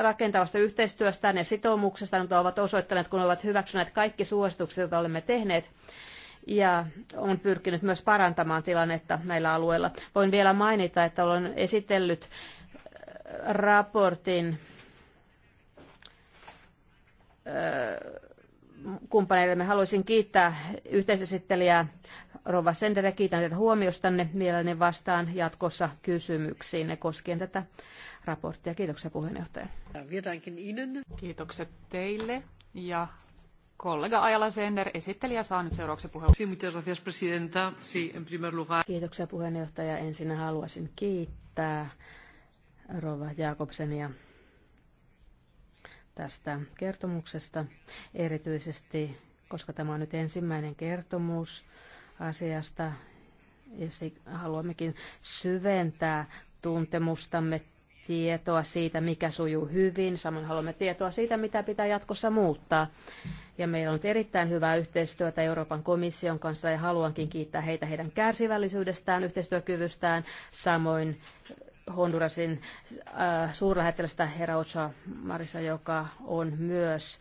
rakentavasta yhteistyöstään ja sitoumuksestaan, jota ovat osoittaneet, kun ovat hyväksyneet kaikki suositukset, joita olemme tehneet ja on pyrkinyt myös parantamaan tilannetta näillä alueilla. Voin vielä mainita, että olen esitellyt äh, raportin äh, kumppaneille. Haluaisin kiittää yhteisesittelijää Rova Sendere. Kiitän teitä huomiostanne. Mielelläni vastaan jatkossa kysymyksiin koskien tätä raporttia. Kiitoksia puheenjohtaja. Kiitokset teille ja kollega Ajala Sender, esittelijä, saa nyt seuraavaksi puheenvuoron. Kiitoksia puheenjohtaja. Ensin haluaisin kiittää Rova Jakobsenia tästä kertomuksesta, erityisesti koska tämä on nyt ensimmäinen kertomus asiasta, ja haluammekin syventää tuntemustamme tietoa siitä, mikä sujuu hyvin. Samoin haluamme tietoa siitä, mitä pitää jatkossa muuttaa. Ja meillä on erittäin hyvää yhteistyötä Euroopan komission kanssa ja haluankin kiittää heitä heidän kärsivällisyydestään, yhteistyökyvystään, samoin Hondurasin äh, suurlähettilästä herra Ocha Marisa, joka on myös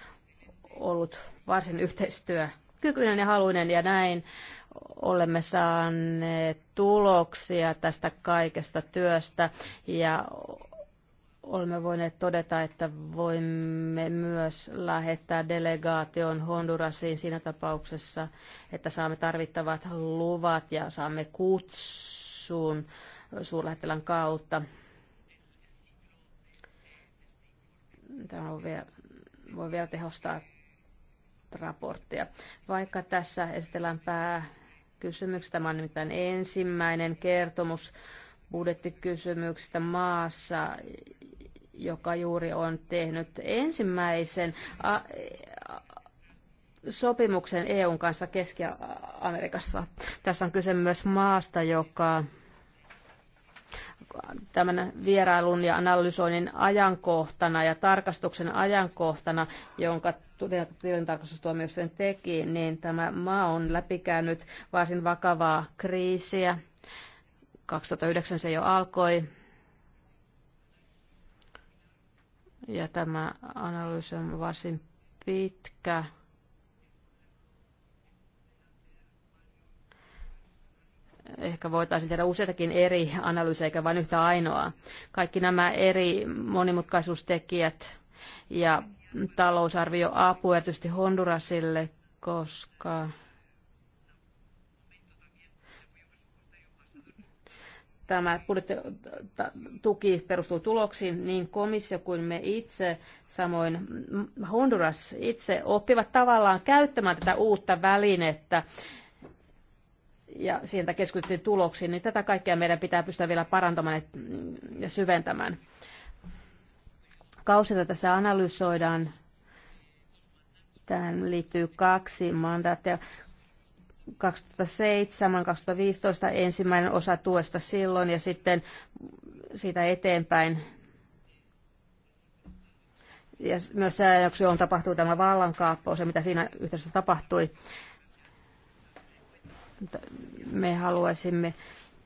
ollut varsin yhteistyökykyinen ja haluinen ja näin olemme saaneet tuloksia tästä kaikesta työstä ja olemme voineet todeta, että voimme myös lähettää delegaation Hondurasiin siinä tapauksessa, että saamme tarvittavat luvat ja saamme kutsun suurlähettilän kautta. Tämä on vielä, voi vielä tehostaa raporttia. Vaikka tässä esitellään pääkysymyksiä, tämä on nimittäin ensimmäinen kertomus budjettikysymyksistä maassa, joka juuri on tehnyt ensimmäisen sopimuksen EUn kanssa Keski-Amerikassa. Tässä on kyse myös maasta, joka tämän vierailun ja analysoinnin ajankohtana ja tarkastuksen ajankohtana, jonka tilintarkastustuomioistuin teki, niin tämä maa on läpikäynyt varsin vakavaa kriisiä. 2009 se jo alkoi ja tämä analyysi on varsin pitkä. Ehkä voitaisiin tehdä useitakin eri analyysejä, eikä vain yhtä ainoaa. Kaikki nämä eri monimutkaisuustekijät ja talousarvio apu erityisesti Hondurasille, koska tämä tuki perustuu tuloksiin, niin komissio kuin me itse, samoin Honduras itse, oppivat tavallaan käyttämään tätä uutta välinettä ja sieltä keskityttiin tuloksiin, niin tätä kaikkea meidän pitää pystyä vielä parantamaan ja syventämään. Kausilta tässä analysoidaan Tähän liittyy kaksi mandaattia. 2007-2015 ensimmäinen osa tuesta silloin ja sitten siitä eteenpäin. Ja myös säännöksi on tapahtunut tämä vallankaappaus ja mitä siinä yhteydessä tapahtui. Me haluaisimme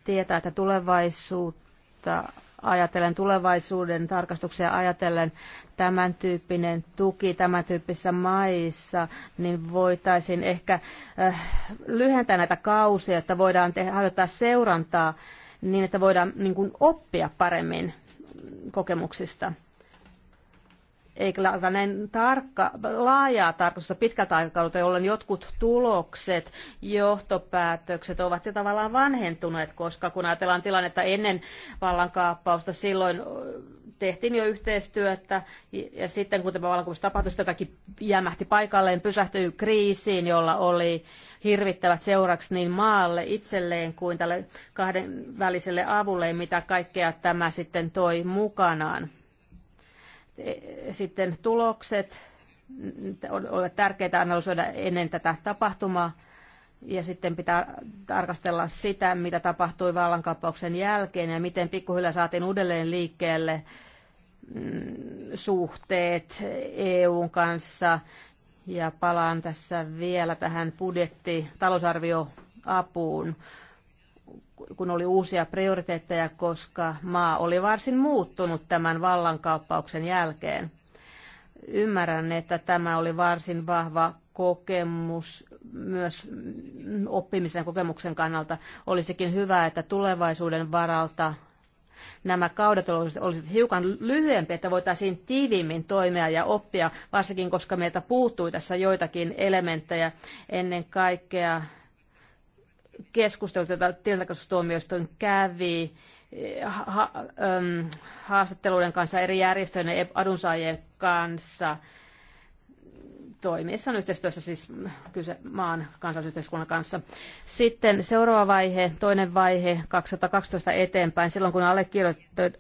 tietää, että tulevaisuutta ajatellen tulevaisuuden tarkastuksia ajatellen tämän tyyppinen tuki tämän tyyppisissä maissa, niin voitaisiin ehkä äh, lyhentää näitä kausia, että voidaan te- harjoittaa seurantaa niin, että voidaan niin kuin, oppia paremmin kokemuksista eikä tällainen tarkka, laajaa tarkoitusta pitkältä aikakaudelta, jolloin jotkut tulokset, johtopäätökset ovat jo tavallaan vanhentuneet, koska kun ajatellaan tilannetta ennen vallankaappausta, silloin tehtiin jo yhteistyötä ja sitten kun tämä vallankumous tapahtui, sitten kaikki jämähti paikalleen, pysähtyi kriisiin, jolla oli hirvittävät seuraksi niin maalle itselleen kuin tälle kahden väliselle avulle, mitä kaikkea tämä sitten toi mukanaan. Sitten tulokset ovat tärkeitä analysoida ennen tätä tapahtumaa. Ja sitten pitää tarkastella sitä, mitä tapahtui vallankaappauksen jälkeen ja miten pikkuhiljaa saatiin uudelleen liikkeelle mm, suhteet EUn kanssa. Ja palaan tässä vielä tähän budjetti talousarvioapuun. apuun kun oli uusia prioriteetteja, koska maa oli varsin muuttunut tämän vallankaappauksen jälkeen. Ymmärrän, että tämä oli varsin vahva kokemus myös oppimisen kokemuksen kannalta. Olisikin hyvä, että tulevaisuuden varalta nämä kaudet olisivat hiukan lyhyempiä, että voitaisiin tiiviimmin toimia ja oppia, varsinkin koska meiltä puuttui tässä joitakin elementtejä ennen kaikkea keskustelut, joita tilintarkastustuomioistuin kävi eh, ha- ähm, haastatteluiden kanssa eri järjestöjen ja adunsaajien kanssa toimiessaan yhteistyössä siis kyse maan kansallisyhteiskunnan kanssa. Sitten seuraava vaihe, toinen vaihe 2012 eteenpäin, silloin kun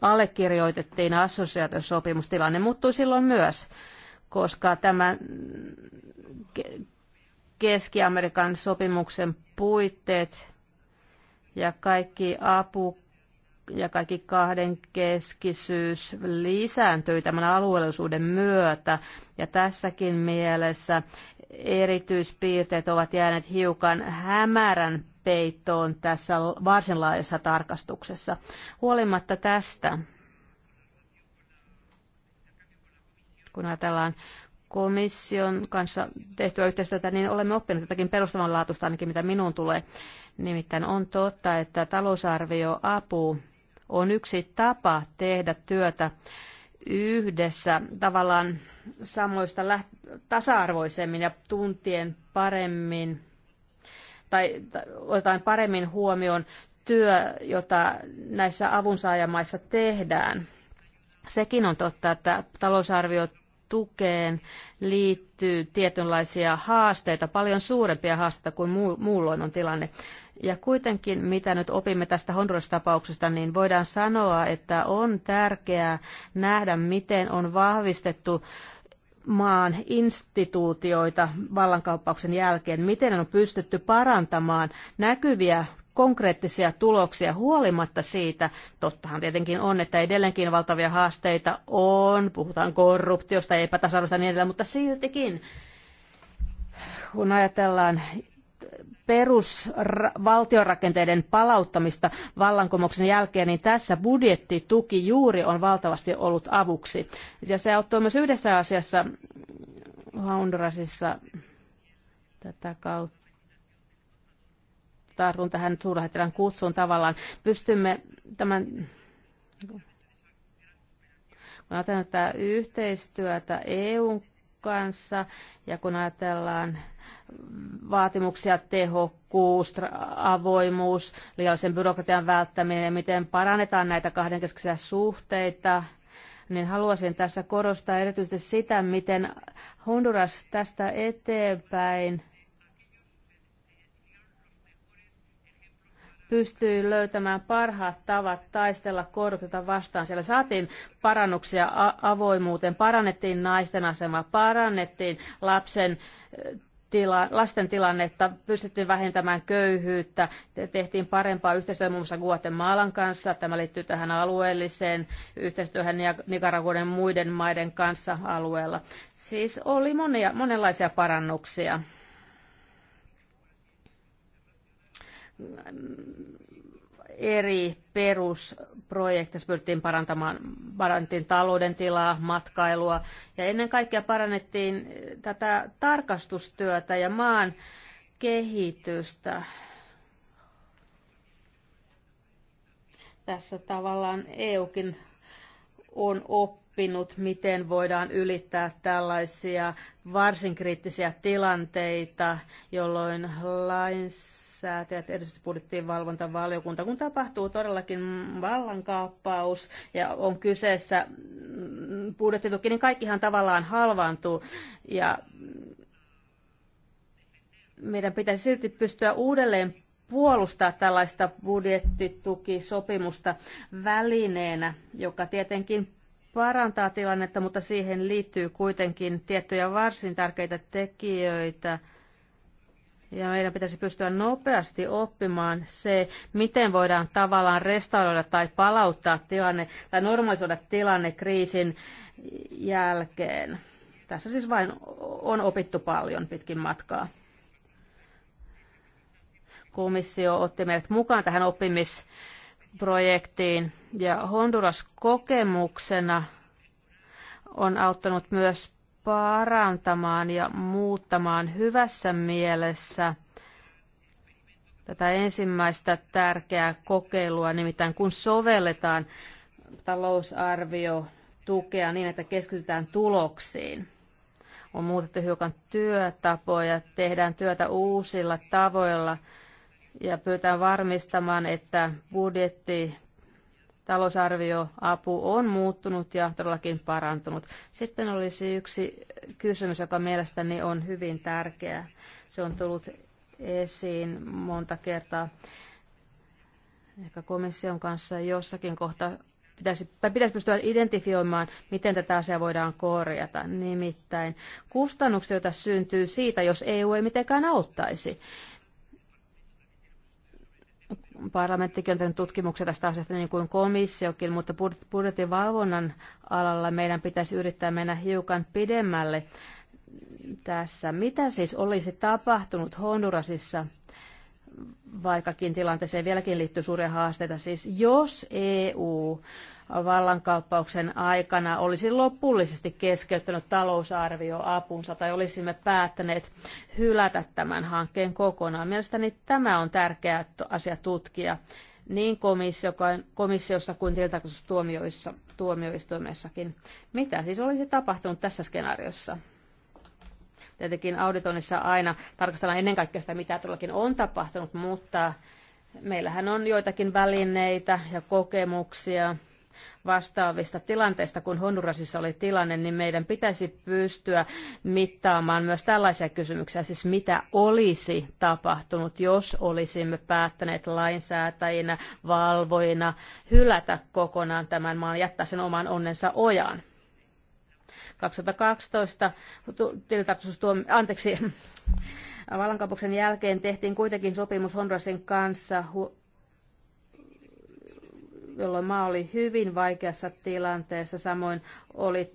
allekirjoitettiin assosiaatiosopimustilanne, muuttui silloin myös, koska tämä Keski-Amerikan sopimuksen puitteet ja kaikki apu ja kaikki kahdenkeskisyys lisääntyi tämän alueellisuuden myötä. Ja tässäkin mielessä erityispiirteet ovat jääneet hiukan hämärän peittoon tässä varsin laajassa tarkastuksessa. Huolimatta tästä, kun ajatellaan komission kanssa tehtyä yhteistyötä, niin olemme oppineet jotakin perustavanlaatuista ainakin, mitä minuun tulee. Nimittäin on totta, että talousarvioapu on yksi tapa tehdä työtä yhdessä tavallaan samoista läht- tasa-arvoisemmin ja tuntien paremmin tai otetaan paremmin huomioon työ, jota näissä avunsaajamaissa tehdään. Sekin on totta, että talousarviot tukeen liittyy tietynlaisia haasteita, paljon suurempia haasteita kuin muulloin on tilanne. Ja kuitenkin, mitä nyt opimme tästä Honduras-tapauksesta, niin voidaan sanoa, että on tärkeää nähdä, miten on vahvistettu maan instituutioita vallankauppauksen jälkeen, miten on pystytty parantamaan näkyviä konkreettisia tuloksia huolimatta siitä. Tottahan tietenkin on, että edelleenkin valtavia haasteita on, puhutaan korruptiosta, epätasa-arvosta ja niin edelleen, mutta siltikin, kun ajatellaan perusvaltiorakenteiden palauttamista vallankumouksen jälkeen, niin tässä budjettituki juuri on valtavasti ollut avuksi. Ja se auttoi myös yhdessä asiassa Hondurasissa tätä kautta tartun tähän suurlähettilän kutsuun tavallaan. Pystymme tämän kun ajatellaan tätä yhteistyötä EUn kanssa ja kun ajatellaan vaatimuksia tehokkuus, avoimuus, liiallisen byrokratian välttäminen ja miten parannetaan näitä kahdenkeskisiä suhteita, niin haluaisin tässä korostaa erityisesti sitä, miten Honduras tästä eteenpäin pystyi löytämään parhaat tavat taistella korruptiota vastaan. Siellä saatiin parannuksia avoimuuteen, parannettiin naisten asemaa, parannettiin lapsen eh, tila, lasten tilannetta, pystyttiin vähentämään köyhyyttä, tehtiin parempaa yhteistyötä muun muassa Guatemalan kanssa. Tämä liittyy tähän alueelliseen yhteistyöhön Nicaraguan muiden maiden kanssa alueella. Siis oli monia, monenlaisia parannuksia. eri perusprojekteissa pyrittiin parantamaan parannettiin talouden tilaa, matkailua ja ennen kaikkea parannettiin tätä tarkastustyötä ja maan kehitystä. Tässä tavallaan EUkin on oppinut, miten voidaan ylittää tällaisia varsin kriittisiä tilanteita, jolloin lainsäädäntö säätäjät, erityisesti budjettiin valvontavaliokunta, kun tapahtuu todellakin vallankaappaus ja on kyseessä mm, budjettituki, niin kaikkihan tavallaan halvaantuu ja meidän pitäisi silti pystyä uudelleen puolustaa tällaista budjettitukisopimusta välineenä, joka tietenkin parantaa tilannetta, mutta siihen liittyy kuitenkin tiettyjä varsin tärkeitä tekijöitä – ja meidän pitäisi pystyä nopeasti oppimaan se, miten voidaan tavallaan restauroida tai palauttaa tilanne tai normalisoida tilanne kriisin jälkeen. Tässä siis vain on opittu paljon pitkin matkaa. Komissio otti meidät mukaan tähän oppimisprojektiin ja Honduras kokemuksena on auttanut myös parantamaan ja muuttamaan hyvässä mielessä tätä ensimmäistä tärkeää kokeilua, nimittäin kun sovelletaan talousarvio tukea niin, että keskitytään tuloksiin. On muutettu hiukan työtapoja, tehdään työtä uusilla tavoilla ja pyytään varmistamaan, että budjetti talousarvioapu on muuttunut ja todellakin parantunut. Sitten olisi yksi kysymys, joka mielestäni on hyvin tärkeä. Se on tullut esiin monta kertaa ehkä komission kanssa jossakin kohtaa pitäisi, tai pitäisi pystyä identifioimaan, miten tätä asiaa voidaan korjata. Nimittäin kustannukset, joita syntyy siitä, jos EU ei mitenkään auttaisi. Parlamenttikin on tutkimuksia tästä asiasta niin kuin komissiokin, mutta budjetin valvonnan alalla meidän pitäisi yrittää mennä hiukan pidemmälle tässä. Mitä siis olisi tapahtunut Hondurasissa, vaikkakin tilanteeseen vieläkin liittyy suuria haasteita, siis jos EU vallankaappauksen aikana olisi lopullisesti keskeyttänyt talousarvioapunsa tai olisimme päättäneet hylätä tämän hankkeen kokonaan. Mielestäni tämä on tärkeä asia tutkia niin komissio, komissiossa kuin tilintarkastustuomioistuimessakin. Mitä siis olisi tapahtunut tässä skenaariossa? Tietenkin auditoinnissa aina tarkastellaan ennen kaikkea sitä, mitä todellakin on tapahtunut, mutta meillähän on joitakin välineitä ja kokemuksia, vastaavista tilanteista, kun Hondurasissa oli tilanne, niin meidän pitäisi pystyä mittaamaan myös tällaisia kysymyksiä, siis mitä olisi tapahtunut, jos olisimme päättäneet lainsäätäjinä, valvoina hylätä kokonaan tämän maan, jättää sen oman onnensa ojaan. 2012 tilintarkastustuomio, anteeksi, vallankaappauksen jälkeen tehtiin kuitenkin sopimus Hondurasin kanssa jolloin maa oli hyvin vaikeassa tilanteessa. Samoin oli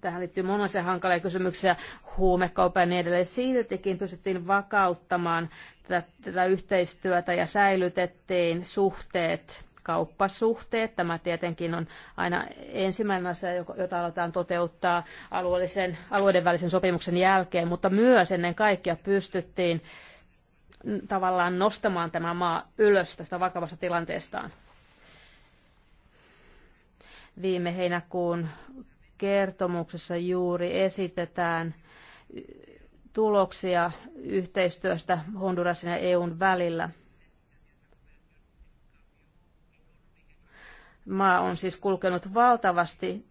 tähän liittyy monenlaisia hankalia kysymyksiä, huumekauppa ja niin edelleen. Siltikin pystyttiin vakauttamaan tätä, tätä yhteistyötä ja säilytettiin suhteet, kauppasuhteet. Tämä tietenkin on aina ensimmäinen asia, jota aletaan toteuttaa alueellisen, alueiden välisen sopimuksen jälkeen, mutta myös ennen kaikkea pystyttiin tavallaan nostamaan tämä maa ylös tästä vakavasta tilanteestaan. Viime heinäkuun kertomuksessa juuri esitetään tuloksia yhteistyöstä Hondurasin ja EUn välillä. Maa on siis kulkenut valtavasti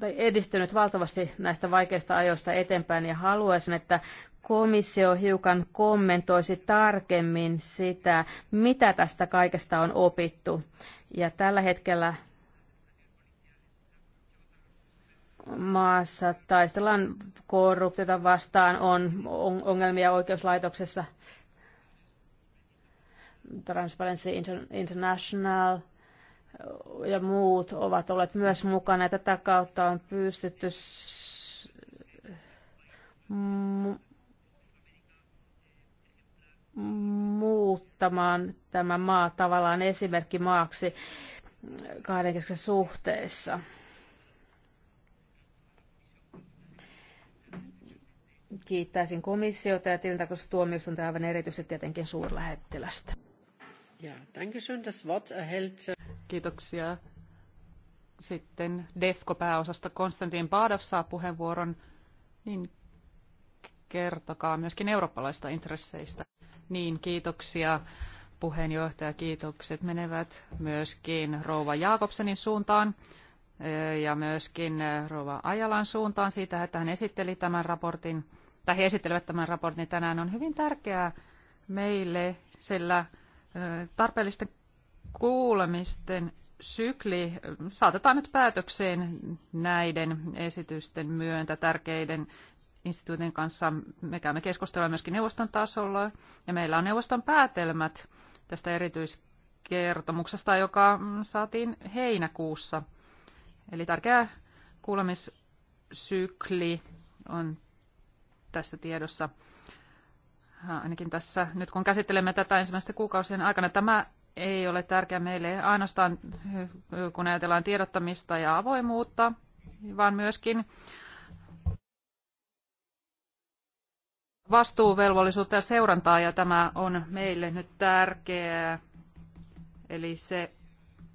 tai edistynyt valtavasti näistä vaikeista ajoista eteenpäin ja haluaisin, että komissio hiukan kommentoisi tarkemmin sitä, mitä tästä kaikesta on opittu. Ja tällä hetkellä maassa taistellaan korruptiota vastaan, on ongelmia oikeuslaitoksessa. Transparency International ja muut ovat olleet myös mukana. Tätä kautta on pystytty muuttamaan tämä maa tavallaan maaksi kahdenkeskisessä suhteessa. Kiittäisin komissiota ja tilintarkastus tuomioistuinta aivan erityisesti tietenkin suurlähettilästä. Ja, das Wort erhält... Kiitoksia. Sitten DEFCO-pääosasta Konstantin Paadov saa puheenvuoron. Niin kertokaa myöskin eurooppalaista intresseistä. Niin, kiitoksia puheenjohtaja. Kiitokset menevät myöskin rouva Jaakobsenin suuntaan eh, ja myöskin eh, rouva Ajalan suuntaan siitä, että hän esitteli tämän raportin, tai he esittelevät tämän raportin tänään. On hyvin tärkeää meille, sillä eh, tarpeellisten kuulemisten sykli saatetaan nyt päätökseen näiden esitysten myöntä, tärkeiden instituutin kanssa. Me käymme keskustelua myöskin neuvoston tasolla ja meillä on neuvoston päätelmät tästä erityiskertomuksesta, joka saatiin heinäkuussa. Eli tärkeä kuulemissykli on tässä tiedossa. Ainakin tässä, nyt kun käsittelemme tätä ensimmäisten kuukausien aikana, tämä ei ole tärkeä meille ainoastaan, kun ajatellaan tiedottamista ja avoimuutta, vaan myöskin vastuuvelvollisuutta ja seurantaa, ja tämä on meille nyt tärkeää. Eli se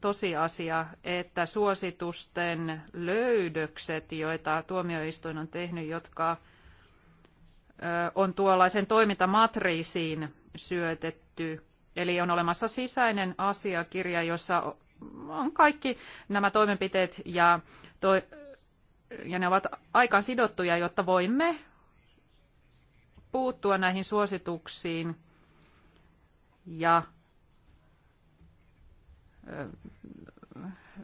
tosiasia, että suositusten löydökset, joita tuomioistuin on tehnyt, jotka on tuollaisen toimintamatriisiin syötetty. Eli on olemassa sisäinen asiakirja, jossa on kaikki nämä toimenpiteet ja, to- ja ne ovat aikaan sidottuja, jotta voimme puuttua näihin suosituksiin ja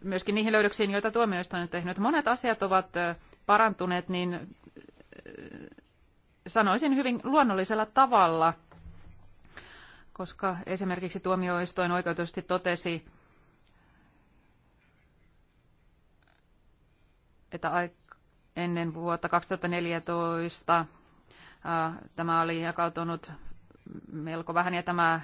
myöskin niihin löydöksiin, joita tuomioistuin on tehnyt. Monet asiat ovat parantuneet, niin sanoisin hyvin luonnollisella tavalla, koska esimerkiksi tuomioistuin oikeutusti totesi, että ennen vuotta 2014 Tämä oli jakautunut melko vähän ja tämä,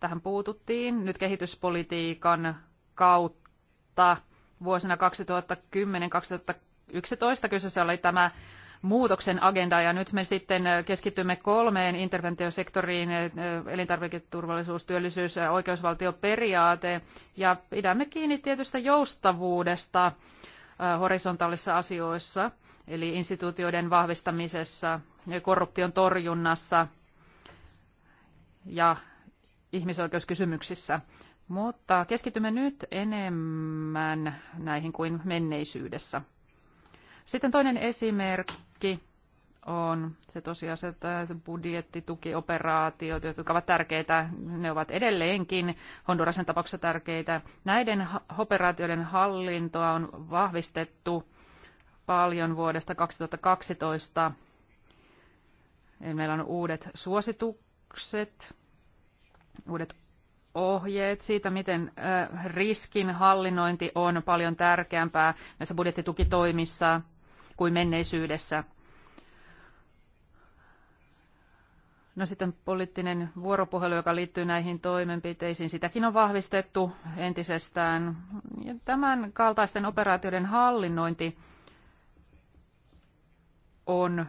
tähän puututtiin nyt kehityspolitiikan kautta vuosina 2010-2011 kyseessä oli tämä muutoksen agenda ja nyt me sitten keskitymme kolmeen interventiosektoriin, elintarviketurvallisuus, työllisyys ja oikeusvaltioperiaate ja pidämme kiinni tietystä joustavuudesta horisontaalisissa asioissa, eli instituutioiden vahvistamisessa, korruption torjunnassa ja ihmisoikeuskysymyksissä. Mutta keskitymme nyt enemmän näihin kuin menneisyydessä. Sitten toinen esimerkki on se tosiaan, että budjettitukioperaatiot, jotka ovat tärkeitä, ne ovat edelleenkin hondurasen tapauksessa tärkeitä. Näiden operaatioiden hallintoa on vahvistettu paljon vuodesta 2012. Eli meillä on uudet suositukset, uudet ohjeet siitä, miten riskin hallinnointi on paljon tärkeämpää näissä budjettitukitoimissa kuin menneisyydessä – No sitten poliittinen vuoropuhelu, joka liittyy näihin toimenpiteisiin, sitäkin on vahvistettu entisestään. Ja tämän kaltaisten operaatioiden hallinnointi on,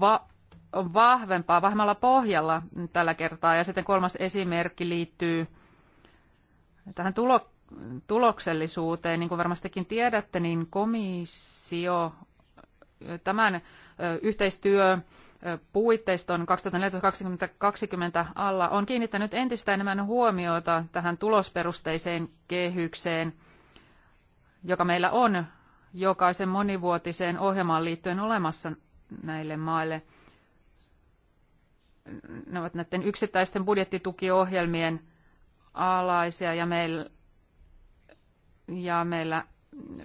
va- on vahvempaa, vahvemmalla pohjalla tällä kertaa. Ja sitten kolmas esimerkki liittyy tähän tulo- tuloksellisuuteen. Niin kuin varmastikin tiedätte, niin komissio tämän yhteistyö puitteiston 2014-2020 alla on kiinnittänyt entistä enemmän huomiota tähän tulosperusteiseen kehykseen, joka meillä on jokaisen monivuotiseen ohjelmaan liittyen olemassa näille maille. Ne ovat näiden yksittäisten budjettitukiohjelmien alaisia ja meillä, ja meillä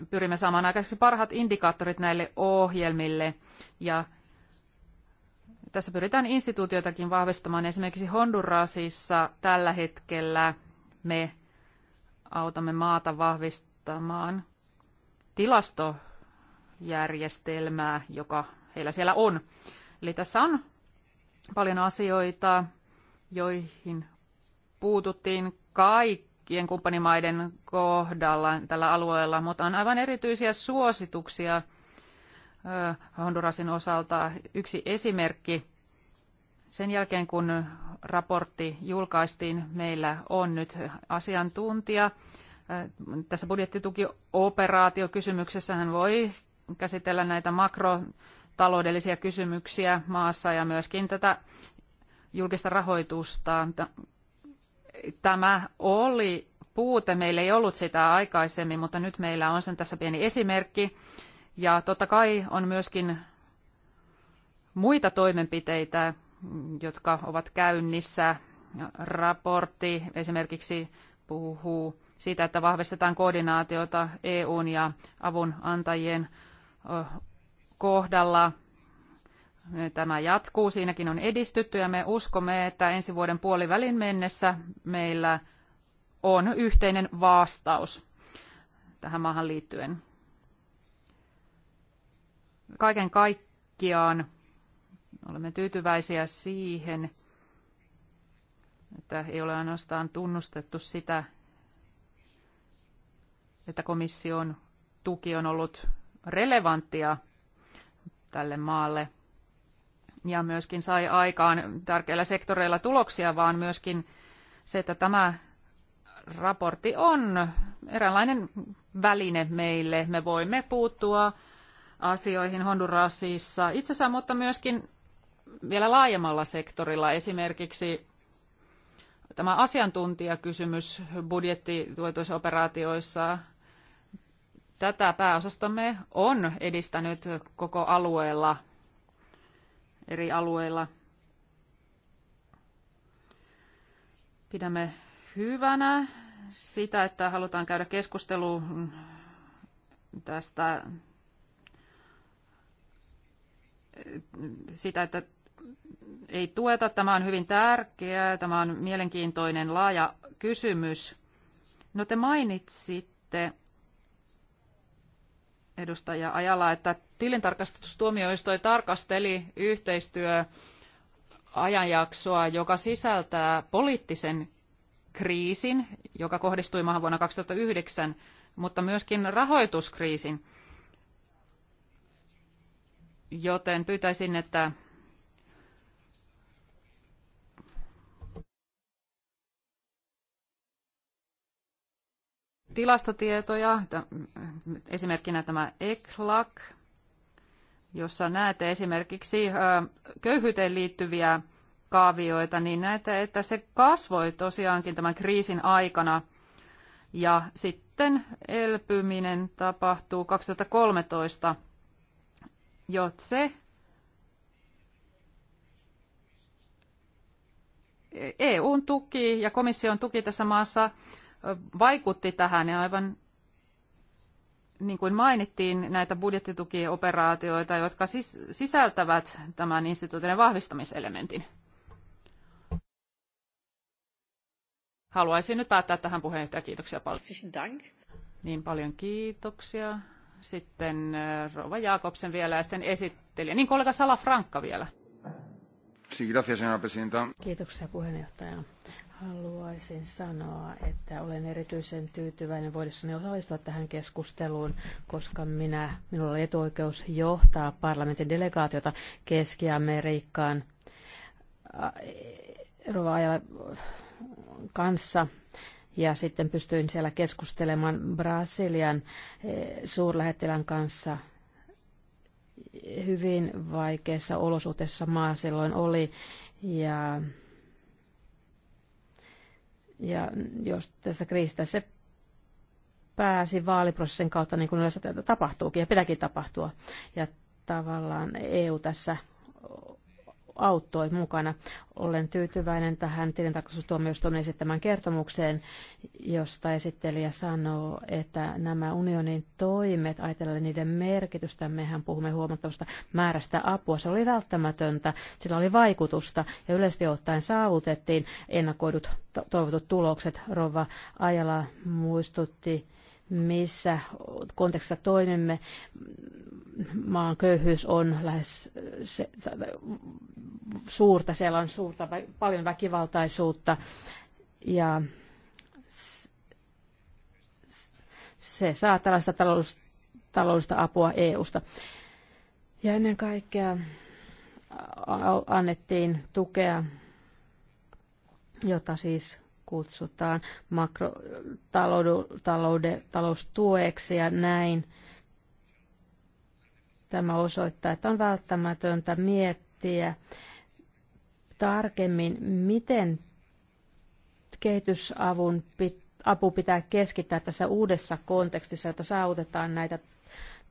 pyrimme saamaan aikaiseksi parhaat indikaattorit näille ohjelmille ja tässä pyritään instituutioitakin vahvistamaan. Esimerkiksi Hondurasissa tällä hetkellä me autamme maata vahvistamaan tilastojärjestelmää, joka heillä siellä on. Eli tässä on paljon asioita, joihin puututtiin kaikkien kumppanimaiden kohdalla tällä alueella, mutta on aivan erityisiä suosituksia – Hondurasin osalta yksi esimerkki. Sen jälkeen kun raportti julkaistiin, meillä on nyt asiantuntija. Tässä budjettitukioperaatio kysymyksessä hän voi käsitellä näitä makrotaloudellisia kysymyksiä maassa ja myöskin tätä julkista rahoitusta. Tämä oli puute, meillä ei ollut sitä aikaisemmin, mutta nyt meillä on sen tässä pieni esimerkki ja totta kai on myöskin muita toimenpiteitä, jotka ovat käynnissä. Raportti esimerkiksi puhuu siitä, että vahvistetaan koordinaatiota EUn ja avunantajien kohdalla. Tämä jatkuu, siinäkin on edistytty ja me uskomme, että ensi vuoden puolivälin mennessä meillä on yhteinen vastaus tähän maahan liittyen kaiken kaikkiaan olemme tyytyväisiä siihen, että ei ole ainoastaan tunnustettu sitä, että komission tuki on ollut relevanttia tälle maalle ja myöskin sai aikaan tärkeillä sektoreilla tuloksia, vaan myöskin se, että tämä raportti on eräänlainen väline meille. Me voimme puuttua asioihin Hondurasissa itsessään, mutta myöskin vielä laajemmalla sektorilla. Esimerkiksi tämä asiantuntijakysymys budjettituotoisoperaatioissa. tätä pääosastamme on edistänyt koko alueella, eri alueilla. Pidämme hyvänä sitä, että halutaan käydä keskustelua tästä sitä, että ei tueta. Tämä on hyvin tärkeää, tämä on mielenkiintoinen laaja kysymys. No te mainitsitte, edustaja Ajala, että tilintarkastustuomioistuin tarkasteli yhteistyöajanjaksoa, joka sisältää poliittisen kriisin, joka kohdistui maahan vuonna 2009, mutta myöskin rahoituskriisin joten pyytäisin, että tilastotietoja, esimerkkinä tämä ECLAC, jossa näette esimerkiksi köyhyyteen liittyviä kaavioita, niin näette, että se kasvoi tosiaankin tämän kriisin aikana ja sitten elpyminen tapahtuu 2013 Jotse EUn tuki ja komission tuki tässä maassa vaikutti tähän ja aivan niin kuin mainittiin, näitä budjettitukioperaatioita, jotka sisältävät tämän instituutin vahvistamiselementin. Haluaisin nyt päättää tähän puheenjohtaja. Kiitoksia paljon. Niin paljon kiitoksia. Sitten äh, Rova Jakobsen vielä ja sitten esittelijä. Niin kollega Sala Frankka vielä. Kiitoksia puheenjohtaja. Haluaisin sanoa, että olen erityisen tyytyväinen voidessani osallistua tähän keskusteluun, koska minä, minulla oli etuoikeus johtaa parlamentin delegaatiota Keski-Amerikkaan äh, Rova kanssa ja sitten pystyin siellä keskustelemaan Brasilian eh, suurlähettilän kanssa hyvin vaikeassa olosuhteissa maa silloin oli ja, ja jos tässä kriisistä se pääsi vaaliprosessin kautta, niin kuin yleensä tapahtuukin ja pitääkin tapahtua. Ja tavallaan EU tässä auttoi mukana. Olen tyytyväinen tähän tilintarkastustuomioistuimen esittämään kertomukseen, josta esittelijä sanoo, että nämä unionin toimet, ajatellen niiden merkitystä, mehän puhumme huomattavasta määrästä apua. Se oli välttämätöntä, sillä oli vaikutusta ja yleisesti ottaen saavutettiin ennakoidut toivotut tulokset. Rova Ajala muistutti missä kontekstissa toimimme. Maan köyhyys on lähes se, suurta, siellä on suurta, paljon väkivaltaisuutta ja se saa tällaista taloudellista apua EUsta. Ja ennen kaikkea annettiin tukea, jota siis kutsutaan makrotaloustueksi ja näin. Tämä osoittaa, että on välttämätöntä miettiä tarkemmin, miten kehitysavun pit, apu pitää keskittää tässä uudessa kontekstissa, jotta saavutetaan näitä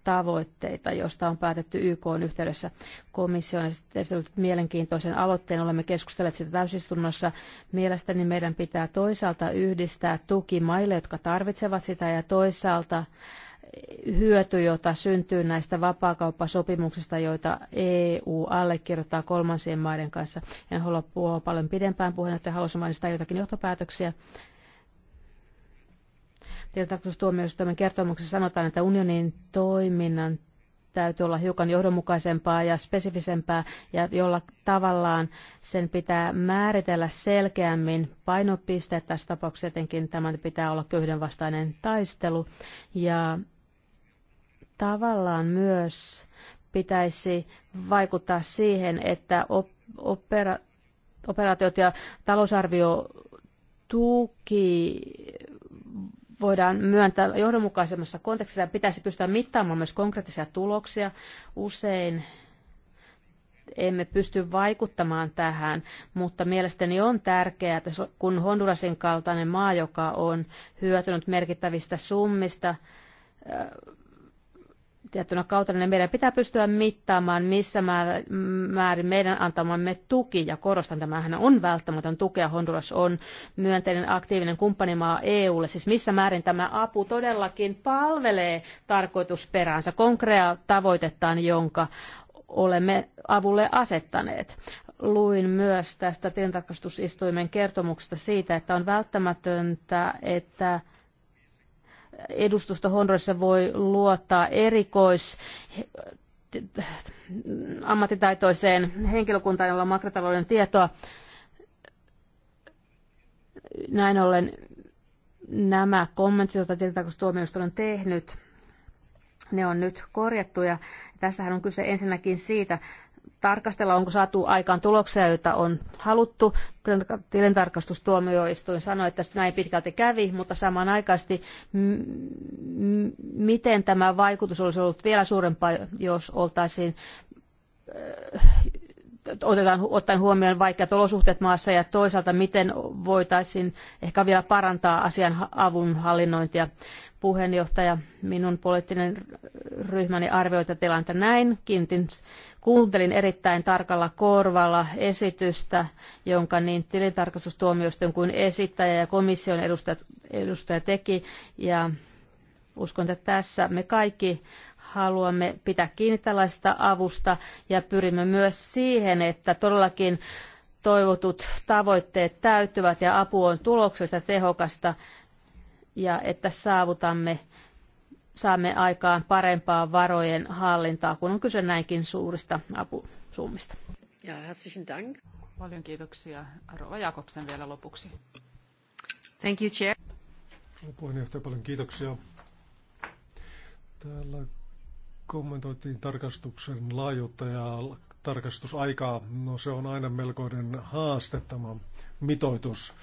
tavoitteita, joista on päätetty YK on yhteydessä. Komissio on esitellyt mielenkiintoisen aloitteen, olemme keskustelleet sitä täysistunnossa. Mielestäni meidän pitää toisaalta yhdistää tuki maille, jotka tarvitsevat sitä, ja toisaalta hyöty, jota syntyy näistä vapaakauppasopimuksista, joita EU allekirjoittaa kolmansien maiden kanssa. En halua puhua paljon pidempään puheenjohtaja, haluaisin mainita jotakin johtopäätöksiä. Tilintarkastustuomioistuimen kertomuksessa sanotaan, että unionin toiminnan täytyy olla hiukan johdonmukaisempaa ja spesifisempää ja jolla tavallaan sen pitää määritellä selkeämmin painopiste. Tässä tapauksessa tietenkin tämän pitää olla köyhden vastainen taistelu ja tavallaan myös pitäisi vaikuttaa siihen, että opera, operaatiot ja talousarvio tuki voidaan myöntää johdonmukaisemmassa kontekstissa ja pitäisi pystyä mittaamaan myös konkreettisia tuloksia. Usein emme pysty vaikuttamaan tähän, mutta mielestäni on tärkeää, että kun Hondurasin kaltainen maa, joka on hyötynyt merkittävistä summista, tiettynä kautta, niin meidän pitää pystyä mittaamaan, missä määrin meidän antamamme tuki, ja korostan, tämähän on välttämätön tukea, Honduras on myönteinen aktiivinen kumppanimaa EUlle, siis missä määrin tämä apu todellakin palvelee tarkoitusperänsä, konkreaa tavoitettaan, jonka olemme avulle asettaneet. Luin myös tästä tilintarkastusistuimen kertomuksesta siitä, että on välttämätöntä, että edustusta Honduras voi luottaa erikois ammattitaitoiseen henkilökuntaan, jolla on makrotalouden tietoa. Näin ollen nämä kommentit, joita tilintarkastustuomioistuin on tehnyt, ne on nyt korjattu ja tässähän on kyse ensinnäkin siitä, tarkastella, onko saatu aikaan tuloksia, joita on haluttu. Tilintarkastustuomioistuin sanoi, että näin pitkälti kävi, mutta samanaikaisesti miten tämä vaikutus olisi ollut vielä suurempaa, jos oltaisiin otetaan, ottaen huomioon vaikeat olosuhteet maassa ja toisaalta miten voitaisiin ehkä vielä parantaa asian avun hallinnointia. Puheenjohtaja, minun poliittinen ryhmäni arvioi tätä tilannetta näin. Kiintin, kuuntelin erittäin tarkalla korvalla esitystä, jonka niin tilintarkastustuomioistuin kuin esittäjä ja komission edustaja, edustaja teki. Ja uskon, että tässä me kaikki haluamme pitää kiinni tällaista avusta ja pyrimme myös siihen, että todellakin toivotut tavoitteet täyttyvät ja apu on tuloksesta tehokasta ja että saavutamme saamme aikaan parempaa varojen hallintaa, kun on kyse näinkin suurista apusummista. Ja, herzlichen Dank. Paljon kiitoksia. Rova Jakobsen vielä lopuksi. Thank you, Chair. Puheenjohtaja, paljon kiitoksia. Täällä kommentoitiin tarkastuksen laajuutta ja tarkastusaikaa. No se on aina melkoinen haaste tämä mitoitus.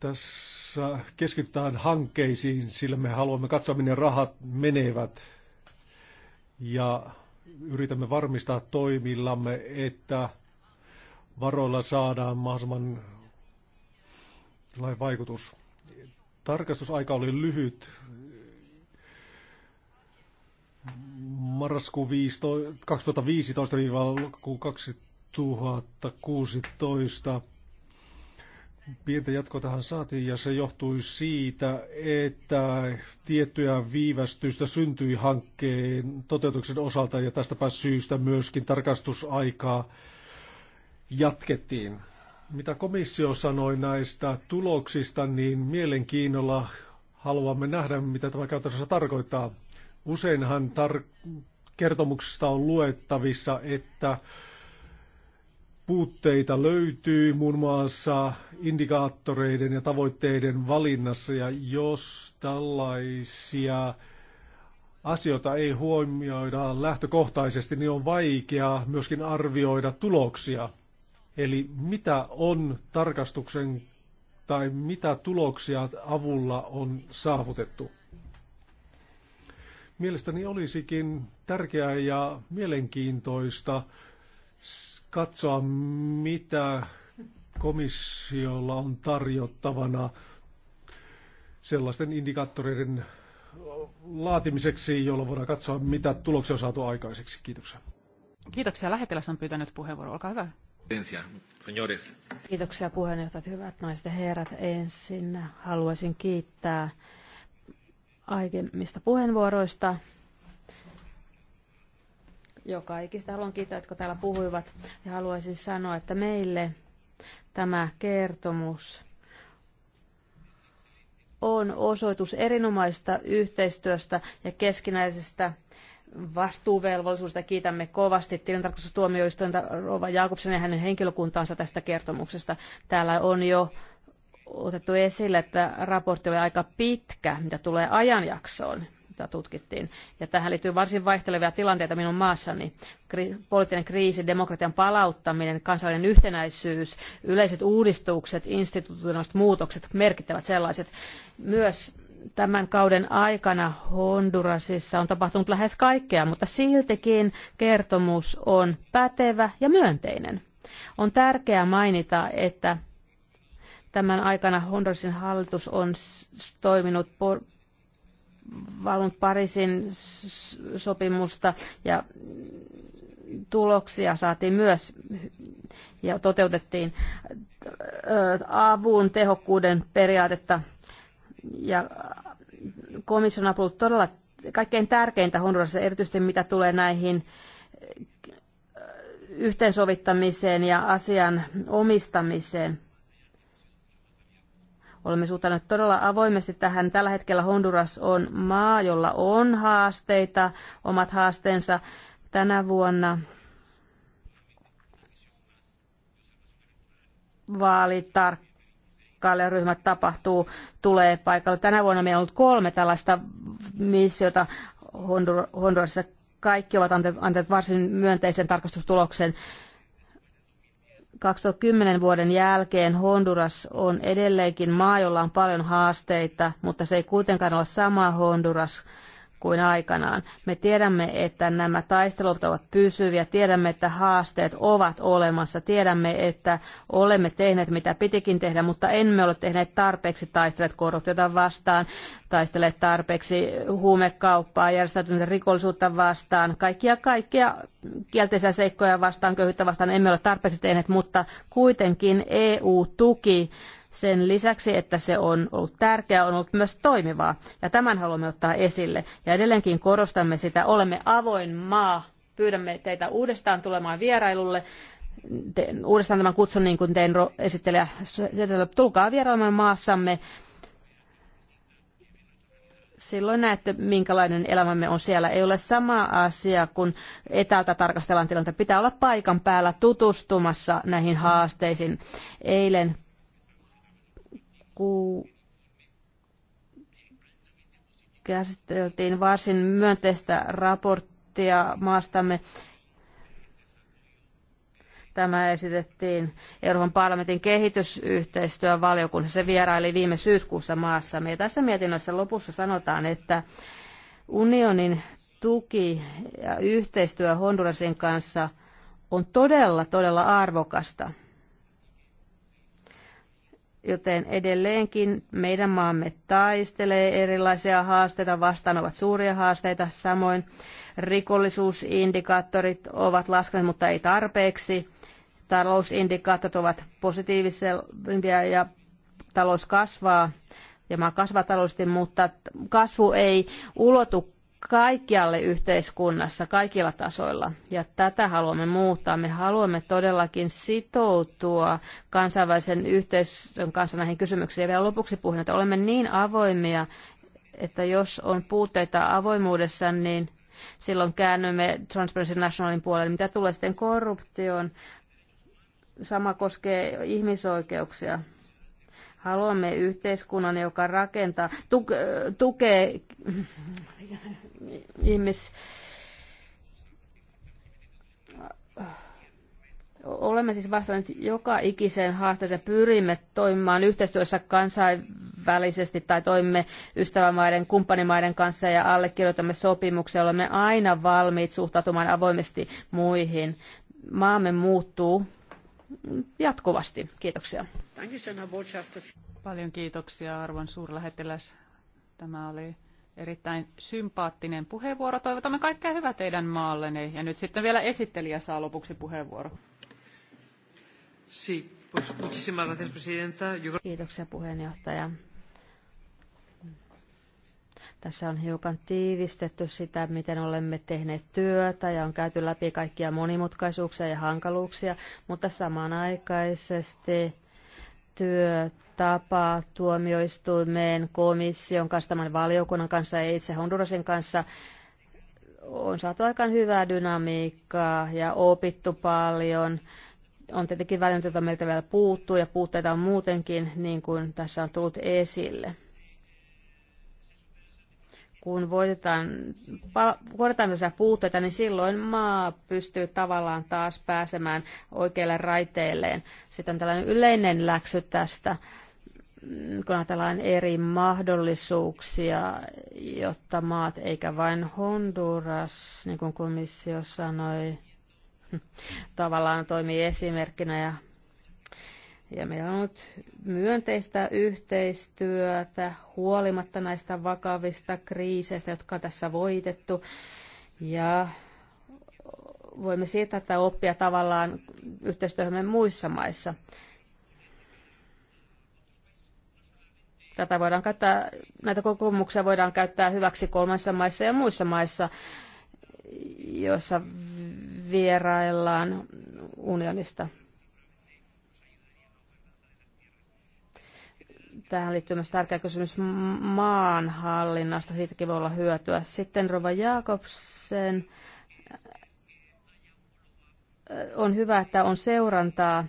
Tässä keskitytään hankkeisiin, sillä me haluamme katsoa, minne rahat menevät. Ja yritämme varmistaa toimillamme, että varoilla saadaan mahdollisimman lain vaikutus. Tarkastusaika oli lyhyt, marraskuun 2015 2016 pientä jatkoa tähän saatiin ja se johtui siitä, että tiettyä viivästystä syntyi hankkeen toteutuksen osalta ja tästäpä syystä myöskin tarkastusaikaa jatkettiin. Mitä komissio sanoi näistä tuloksista, niin mielenkiinnolla haluamme nähdä, mitä tämä käytännössä tarkoittaa. Useinhan tar- kertomuksesta on luettavissa, että puutteita löytyy muun muassa indikaattoreiden ja tavoitteiden valinnassa, ja jos tällaisia asioita ei huomioida lähtökohtaisesti, niin on vaikea myöskin arvioida tuloksia. Eli mitä on tarkastuksen tai mitä tuloksia avulla on saavutettu. Mielestäni olisikin tärkeää ja mielenkiintoista katsoa, mitä komissiolla on tarjottavana sellaisten indikaattoreiden laatimiseksi, jolla voidaan katsoa, mitä tuloksia on saatu aikaiseksi. Kiitoksia. Kiitoksia. Lähetiläs on pyytänyt puheenvuoro. Olkaa hyvä. Kiitoksia puheenjohtajat, hyvät naiset ja herrat. Ensin haluaisin kiittää aiemmista puheenvuoroista. Joka ikistä haluan kiittää, jotka täällä puhuivat. Ja haluaisin sanoa, että meille tämä kertomus on osoitus erinomaista yhteistyöstä ja keskinäisestä vastuuvelvollisuudesta. Kiitämme kovasti tilintarkastustuomioistuinta Rova Jaakobsen ja hänen henkilökuntaansa tästä kertomuksesta. Täällä on jo otettu esille, että raportti oli aika pitkä, mitä tulee ajanjaksoon, mitä tutkittiin. Ja tähän liittyy varsin vaihtelevia tilanteita minun maassani. Kri- poliittinen kriisi, demokratian palauttaminen, kansallinen yhtenäisyys, yleiset uudistukset, institutionaaliset muutokset, merkittävät sellaiset. Myös tämän kauden aikana Hondurasissa on tapahtunut lähes kaikkea, mutta siltikin kertomus on pätevä ja myönteinen. On tärkeää mainita, että Tämän aikana Hondurasin hallitus on toiminut valvonut Pariisin sopimusta ja tuloksia saatiin myös ja toteutettiin avun tehokkuuden periaatetta ja komission on ollut todella kaikkein tärkeintä Hondurasissa, erityisesti mitä tulee näihin yhteensovittamiseen ja asian omistamiseen. Olemme suhtautuneet todella avoimesti tähän. Tällä hetkellä Honduras on maa, jolla on haasteita, omat haasteensa tänä vuonna. Vaalitarkkailijaryhmät tapahtuu, tulee paikalle. Tänä vuonna meillä on ollut kolme tällaista missiota Hondur- Hondurasissa. Kaikki ovat antaneet varsin myönteisen tarkastustuloksen 2010 vuoden jälkeen Honduras on edelleenkin maa, jolla on paljon haasteita, mutta se ei kuitenkaan ole sama Honduras kuin aikanaan. Me tiedämme, että nämä taistelut ovat pysyviä, tiedämme, että haasteet ovat olemassa, tiedämme, että olemme tehneet mitä pitikin tehdä, mutta emme ole tehneet tarpeeksi taistelet korruptiota vastaan, taistelet tarpeeksi huumekauppaa, järjestäytynyttä rikollisuutta vastaan, kaikkia kaikkia kielteisiä seikkoja vastaan, köyhyyttä vastaan emme ole tarpeeksi tehneet, mutta kuitenkin EU-tuki sen lisäksi, että se on ollut tärkeää, on ollut myös toimivaa. Ja tämän haluamme ottaa esille. Ja edelleenkin korostamme sitä, olemme avoin maa. Pyydämme teitä uudestaan tulemaan vierailulle teen uudestaan tämän kutsun, niin kuin tein esittelijä, tulkaa vierailemaan maassamme. Silloin näette, minkälainen elämämme on siellä. Ei ole sama asia, kun etäältä tarkastellaan tilannetta. Pitää olla paikan päällä tutustumassa näihin haasteisiin. Eilen ku- käsiteltiin varsin myönteistä raporttia maastamme. Tämä esitettiin Euroopan parlamentin kehitysyhteistyön valiokunnassa. Se vieraili viime syyskuussa maassamme. Ja tässä mietinnössä lopussa sanotaan, että unionin tuki ja yhteistyö Hondurasin kanssa on todella, todella arvokasta – joten edelleenkin meidän maamme taistelee erilaisia haasteita vastaan, ovat suuria haasteita, samoin rikollisuusindikaattorit ovat laskeneet, mutta ei tarpeeksi. Talousindikaattorit ovat positiivisempia ja talous kasvaa ja maa kasvaa taloudellisesti, mutta kasvu ei ulotu kaikkialle yhteiskunnassa, kaikilla tasoilla. Ja tätä haluamme muuttaa. Me haluamme todellakin sitoutua kansainvälisen yhteisön kanssa näihin kysymyksiin. Ja vielä lopuksi puhun, että olemme niin avoimia, että jos on puutteita avoimuudessa, niin silloin käännymme Transparency Nationalin puolelle. Mitä tulee sitten korruptioon, sama koskee ihmisoikeuksia. Haluamme yhteiskunnan, joka rakentaa, tuk- tukee ihmis... Olemme siis vastanneet joka ikiseen haasteeseen. Pyrimme toimimaan yhteistyössä kansainvälisesti tai toimimme ystävämaiden, kumppanimaiden kanssa ja allekirjoitamme sopimuksia. Olemme aina valmiit suhtautumaan avoimesti muihin. Maamme muuttuu jatkuvasti. Kiitoksia. Paljon kiitoksia arvon suurlähettiläs. Tämä oli erittäin sympaattinen puheenvuoro. Toivotamme kaikkea hyvää teidän maallenne. Ja nyt sitten vielä esittelijä saa lopuksi puheenvuoro. Kiitoksia puheenjohtaja. Tässä on hiukan tiivistetty sitä, miten olemme tehneet työtä ja on käyty läpi kaikkia monimutkaisuuksia ja hankaluuksia, mutta samanaikaisesti työtapa tuomioistuimeen, komission kanssa, tämän valiokunnan kanssa ja itse Hondurasin kanssa on saatu aikaan hyvää dynamiikkaa ja opittu paljon. On tietenkin välillä, joita meiltä vielä puuttuu ja puutteita on muutenkin, niin kuin tässä on tullut esille kun voitetaan, voitetaan tällaisia puutteita, niin silloin maa pystyy tavallaan taas pääsemään oikeille raiteilleen. Sitten on tällainen yleinen läksy tästä, kun ajatellaan eri mahdollisuuksia, jotta maat, eikä vain Honduras, niin kuin komissio sanoi, tavallaan toimii esimerkkinä ja ja meillä on ollut myönteistä yhteistyötä huolimatta näistä vakavista kriiseistä, jotka on tässä voitettu. Ja voimme siitä tätä oppia tavallaan yhteistyöhön muissa maissa. Tätä voidaan käyttää, näitä kokemuksia voidaan käyttää hyväksi kolmansissa maissa ja muissa maissa, joissa vieraillaan unionista Tähän liittyy myös tärkeä kysymys maanhallinnasta. Siitäkin voi olla hyötyä. Sitten Rova Jakobsen. Äh, on hyvä, että on seurantaa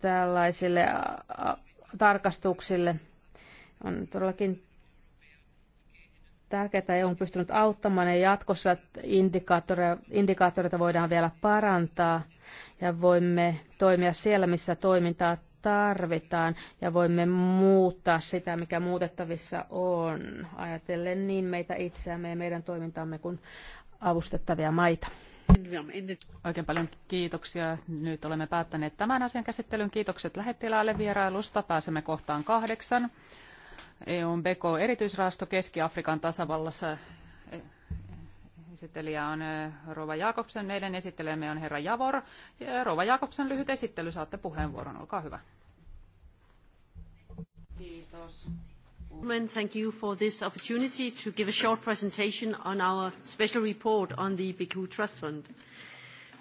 tällaisille tarkastuksille. On todellakin tärkeää, että e on pystynyt auttamaan ja jatkossa indikaattoreita, indikaattoreita voidaan vielä parantaa ja voimme toimia siellä, missä toimintaa tarvitaan ja voimme muuttaa sitä, mikä muutettavissa on, ajatellen niin meitä itseämme ja meidän toimintaamme kuin avustettavia maita. Oikein paljon kiitoksia. Nyt olemme päättäneet tämän asian käsittelyn. Kiitokset lähettiläälle vierailusta. Pääsemme kohtaan kahdeksan. EUn BK erityisraasto Keski-Afrikan tasavallassa Esittelijä on Rova Jakobsen. Meidän esittelemme on herra Javor. Rova Jakobsen lyhyt esittely. Saatte puheenvuoron. Olkaa hyvä. Kiitos. Thank you for this opportunity to give a short presentation on our special report on the Bikku Trust Fund.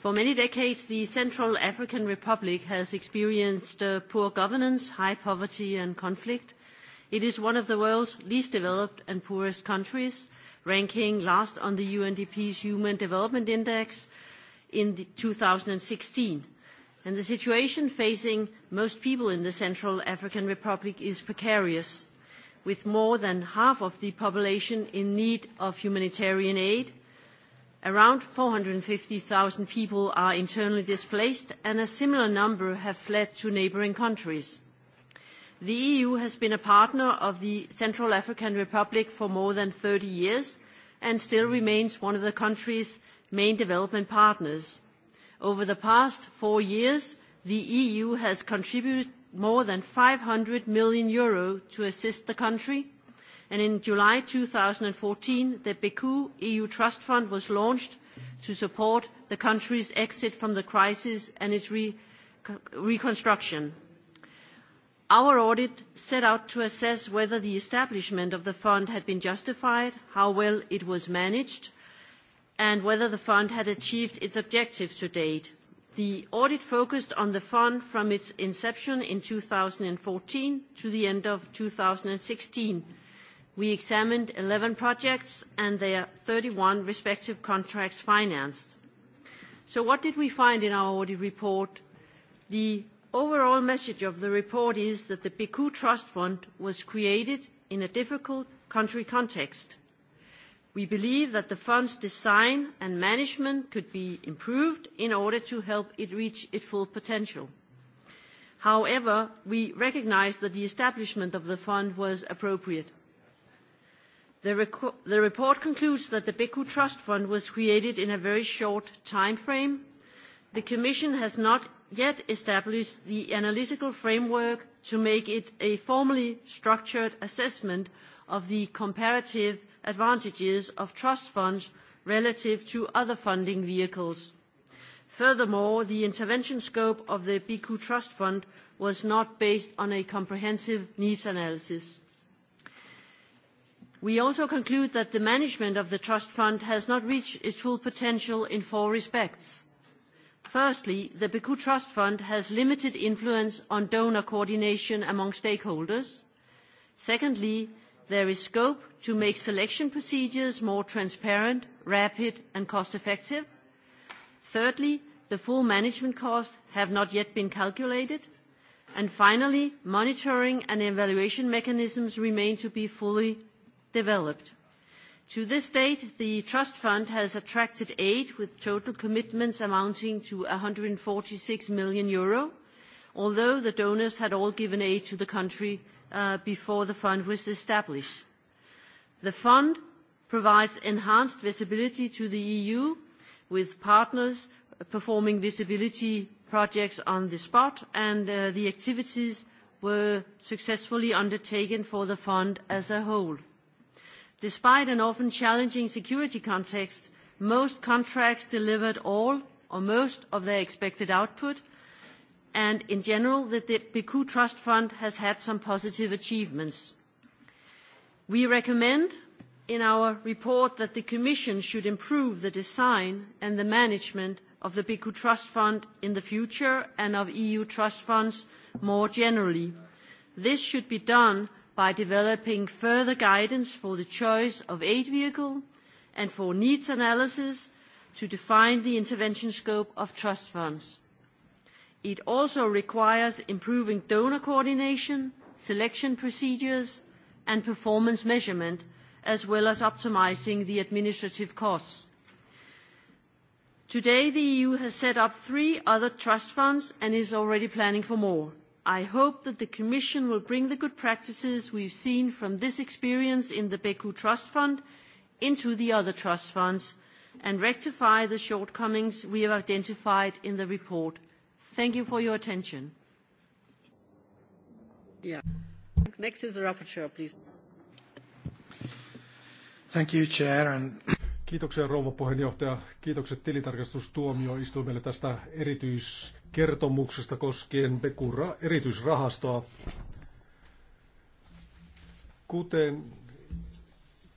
For many decades, the Central African Republic has experienced uh, poor governance, high poverty, and conflict. It is one of the world's least developed and poorest countries, ranking last on the UNDP's Human Development Index in 2016. And the situation facing most people in the Central African Republic is precarious, with more than half of the population in need of humanitarian aid. Around 450,000 people are internally displaced, and a similar number have fled to neighboring countries. The EU has been a partner of the Central African Republic for more than 30 years and still remains one of the country's main development partners. Over the past four years, the EU has contributed more than 500 million euro to assist the country, and in July 2014, the Beku EU Trust Fund was launched to support the country's exit from the crisis and its re reconstruction. Our audit set out to assess whether the establishment of the fund had been justified, how well it was managed, and whether the fund had achieved its objectives to date. The audit focused on the fund from its inception in 2014 to the end of 2016. We examined 11 projects and their 31 respective contracts financed. So what did we find in our audit report? The overall message of the report is that the Bikku Trust Fund was created in a difficult country context. We believe that the fund's design and management could be improved in order to help it reach its full potential. However, we recognize that the establishment of the fund was appropriate. The, report concludes that the Bikku Trust Fund was created in a very short time frame. The Commission has not yet established the analytical framework to make it a formally structured assessment of the comparative advantages of trust funds relative to other funding vehicles. Furthermore, the intervention scope of the BQ Trust Fund was not based on a comprehensive needs analysis. We also conclude that the management of the trust fund has not reached its full potential in four respects. Firstly, the Bikku Trust Fund has limited influence on donor coordination among stakeholders. Secondly, there is scope to make selection procedures more transparent, rapid, and cost-effective. Thirdly, the full management costs have not yet been calculated. And finally, monitoring and evaluation mechanisms remain to be fully developed. To this date, the trust fund has attracted aid with total commitments amounting to 146 million euro, although the donors had all given aid to the country uh, before the fund was established. The fund provides enhanced visibility to the EU, with partners performing visibility projects on the spot, and uh, the activities were successfully undertaken for the fund as a whole. Despite an often challenging security context, most contracts delivered all or most of their expected output, and in general, the Bechoo Trust Fund has had some positive achievements. We recommend in our report that the Commission should improve the design and the management of the Bechoo Trust Fund in the future and of EU trust funds more generally. This should be done by developing further guidance for the choice of aid vehicle and for needs analysis to define the intervention scope of trust funds. It also requires improving donor coordination, selection procedures, and performance measurement, as well as optimizing the administrative costs. Today, the EU has set up three other trust funds and is already planning for more. I hope that the Commission will bring the good practices we've seen from this experience in the Baku Trust Fund into the other trust funds and rectify the shortcomings we have identified in the report. Thank you for your attention. Yeah. Next is the rapporteur, please. Thank you, Chair, and Kiitoksia rouva puheenjohtaja. Kiitokset tilintarkastustuomioistuimelle tästä erityis kertomuksesta koskien Bekura erityisrahastoa. Kuten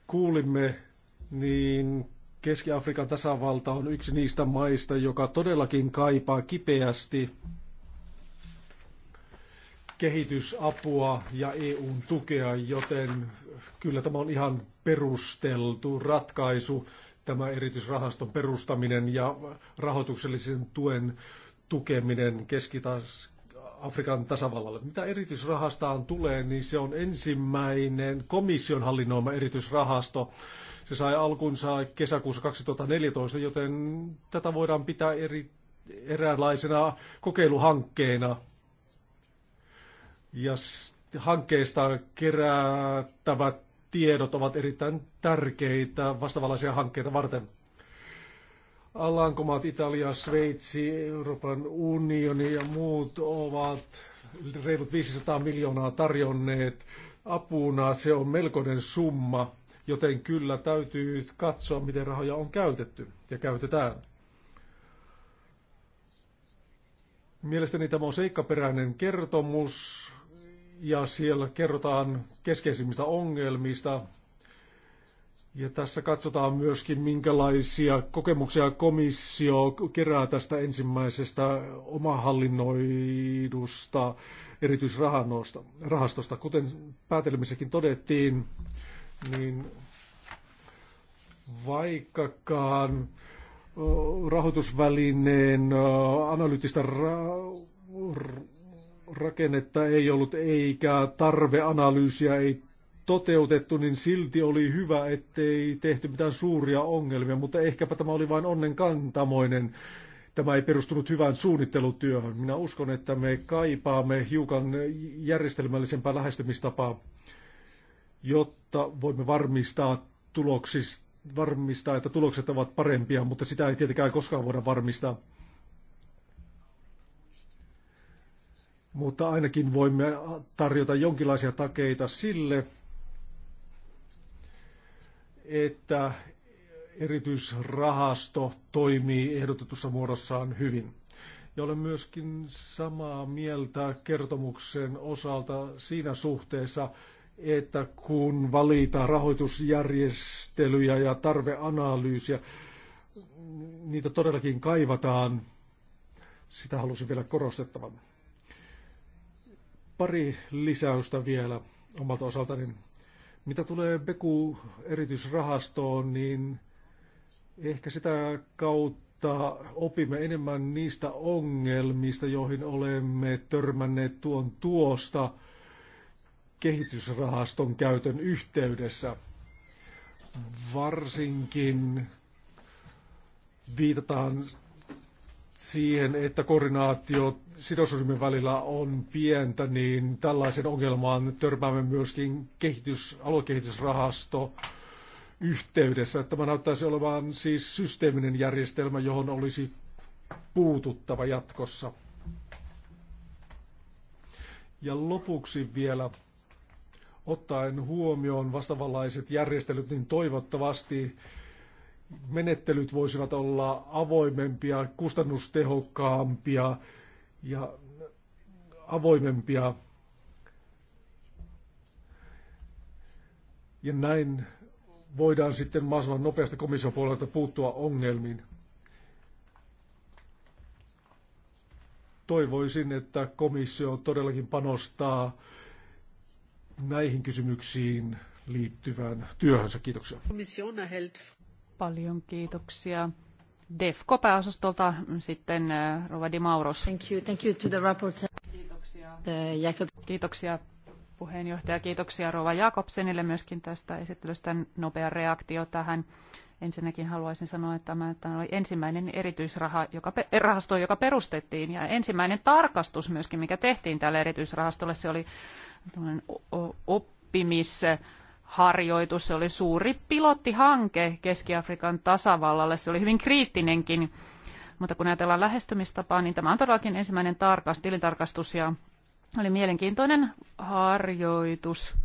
kuulimme, niin Keski-Afrikan tasavalta on yksi niistä maista, joka todellakin kaipaa kipeästi kehitysapua ja EUn tukea, joten kyllä tämä on ihan perusteltu ratkaisu, tämä erityisrahaston perustaminen ja rahoituksellisen tuen tukeminen keski Afrikan tasavallalle. Mitä erityisrahastaan tulee, niin se on ensimmäinen komission hallinnoima erityisrahasto. Se sai alkunsa kesäkuussa 2014, joten tätä voidaan pitää eri, eräänlaisena kokeiluhankkeena. Ja hankkeista kerättävät tiedot ovat erittäin tärkeitä vastaavanlaisia hankkeita varten. Alankomaat, Italia, Sveitsi, Euroopan unioni ja muut ovat reilut 500 miljoonaa tarjonneet apuna. Se on melkoinen summa, joten kyllä täytyy katsoa, miten rahoja on käytetty ja käytetään. Mielestäni tämä on seikkaperäinen kertomus ja siellä kerrotaan keskeisimmistä ongelmista, ja tässä katsotaan myöskin, minkälaisia kokemuksia komissio kerää tästä ensimmäisestä omahallinnoidusta erityisrahastosta. Kuten päätelmissäkin todettiin, niin vaikkakaan rahoitusvälineen analyyttistä ra- rakennetta ei ollut eikä tarveanalyysiä ei toteutettu, niin silti oli hyvä, ettei tehty mitään suuria ongelmia, mutta ehkäpä tämä oli vain onnen kantamoinen. Tämä ei perustunut hyvään suunnittelutyöhön. Minä uskon, että me kaipaamme hiukan järjestelmällisempää lähestymistapaa, jotta voimme varmistaa tuloksista, varmistaa, että tulokset ovat parempia, mutta sitä ei tietenkään koskaan voida varmistaa. Mutta ainakin voimme tarjota jonkinlaisia takeita sille, että erityisrahasto toimii ehdotetussa muodossaan hyvin. Ja olen myöskin samaa mieltä kertomuksen osalta siinä suhteessa, että kun valitaan rahoitusjärjestelyjä ja tarveanalyysiä, niitä todellakin kaivataan. Sitä halusin vielä korostettavan. Pari lisäystä vielä omalta osaltani. Mitä tulee Beku erityisrahastoon, niin ehkä sitä kautta opimme enemmän niistä ongelmista, joihin olemme törmänneet tuon tuosta kehitysrahaston käytön yhteydessä. Varsinkin viitataan siihen, että koordinaatio sidosryhmien välillä on pientä, niin tällaisen ongelmaan törmäämme myöskin kehitys, aluekehitysrahasto yhteydessä. Tämä näyttäisi olevan siis systeeminen järjestelmä, johon olisi puututtava jatkossa. Ja lopuksi vielä ottaen huomioon vastavallaiset järjestelyt, niin toivottavasti menettelyt voisivat olla avoimempia, kustannustehokkaampia ja avoimempia. Ja näin voidaan sitten mahdollisimman nopeasti komission puolelta puuttua ongelmiin. Toivoisin, että komissio todellakin panostaa näihin kysymyksiin liittyvään työhönsä. Kiitoksia. Paljon kiitoksia. DEFCO-pääosastolta sitten äh, Rova Di Mauros. Thank you, thank you to the rapporteur. Kiitoksia. Jacob. Kiitoksia puheenjohtaja, kiitoksia Rova Jakobsenille myöskin tästä esittelystä nopea reaktio tähän. Ensinnäkin haluaisin sanoa, että tämä oli ensimmäinen erityisraha, joka, rahasto, joka perustettiin ja ensimmäinen tarkastus myöskin, mikä tehtiin tällä erityisrahastolle, se oli oppimis harjoitus. Se oli suuri pilottihanke Keski-Afrikan tasavallalle. Se oli hyvin kriittinenkin. Mutta kun ajatellaan lähestymistapaa, niin tämä on todellakin ensimmäinen tarkast, tilintarkastus ja oli mielenkiintoinen harjoitus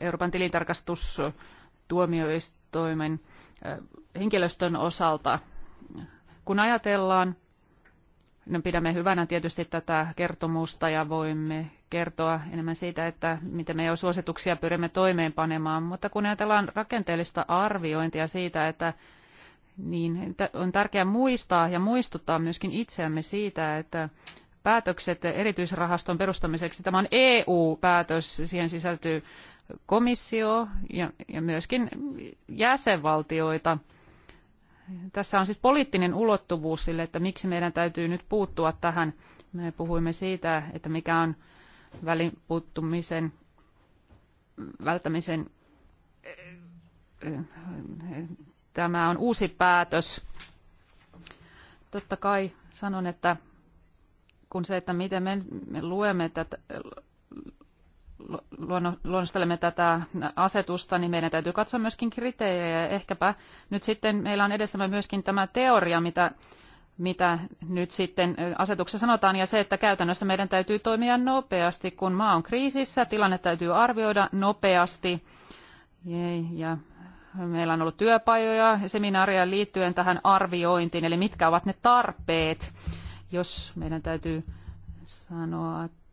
Euroopan tilintarkastustuomioistuimen eh, henkilöstön osalta. Kun ajatellaan No, pidämme hyvänä tietysti tätä kertomusta ja voimme kertoa enemmän siitä, että miten me jo suosituksia pyrimme toimeenpanemaan, mutta kun ajatellaan rakenteellista arviointia siitä, että niin on tärkeää muistaa ja muistuttaa myöskin itseämme siitä, että päätökset erityisrahaston perustamiseksi, tämä on EU-päätös, siihen sisältyy komissio ja, ja myöskin jäsenvaltioita tässä on siis poliittinen ulottuvuus sille, että miksi meidän täytyy nyt puuttua tähän. Me puhuimme siitä, että mikä on välipuuttumisen välttämisen tämä on uusi päätös. Totta kai sanon, että kun se, että miten me, me luemme tätä, luonnostelemme tätä asetusta, niin meidän täytyy katsoa myöskin kriteerejä. Ehkäpä nyt sitten meillä on edessämme myöskin tämä teoria, mitä, mitä nyt sitten asetuksessa sanotaan, ja se, että käytännössä meidän täytyy toimia nopeasti, kun maa on kriisissä, tilanne täytyy arvioida nopeasti. Ja meillä on ollut työpajoja, seminaaria liittyen tähän arviointiin, eli mitkä ovat ne tarpeet, jos meidän täytyy sanoa, että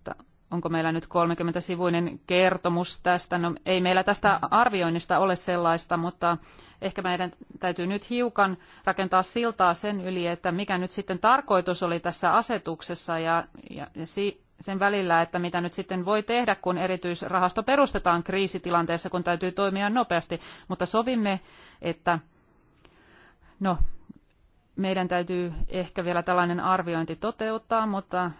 onko meillä nyt 30-sivuinen kertomus tästä. No, ei meillä tästä arvioinnista ole sellaista, mutta ehkä meidän täytyy nyt hiukan rakentaa siltaa sen yli, että mikä nyt sitten tarkoitus oli tässä asetuksessa ja, ja, ja si- sen välillä, että mitä nyt sitten voi tehdä, kun erityisrahasto perustetaan kriisitilanteessa, kun täytyy toimia nopeasti. Mutta sovimme, että no, meidän täytyy ehkä vielä tällainen arviointi toteuttaa, mutta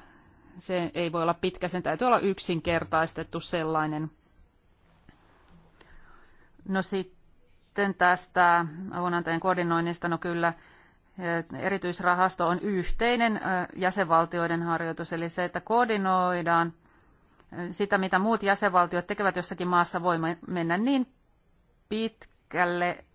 se ei voi olla pitkä, sen täytyy olla yksinkertaistettu sellainen. No sitten tästä avunantajan koordinoinnista, no kyllä erityisrahasto on yhteinen jäsenvaltioiden harjoitus, eli se, että koordinoidaan sitä, mitä muut jäsenvaltiot tekevät jossakin maassa, voi mennä niin pitkälle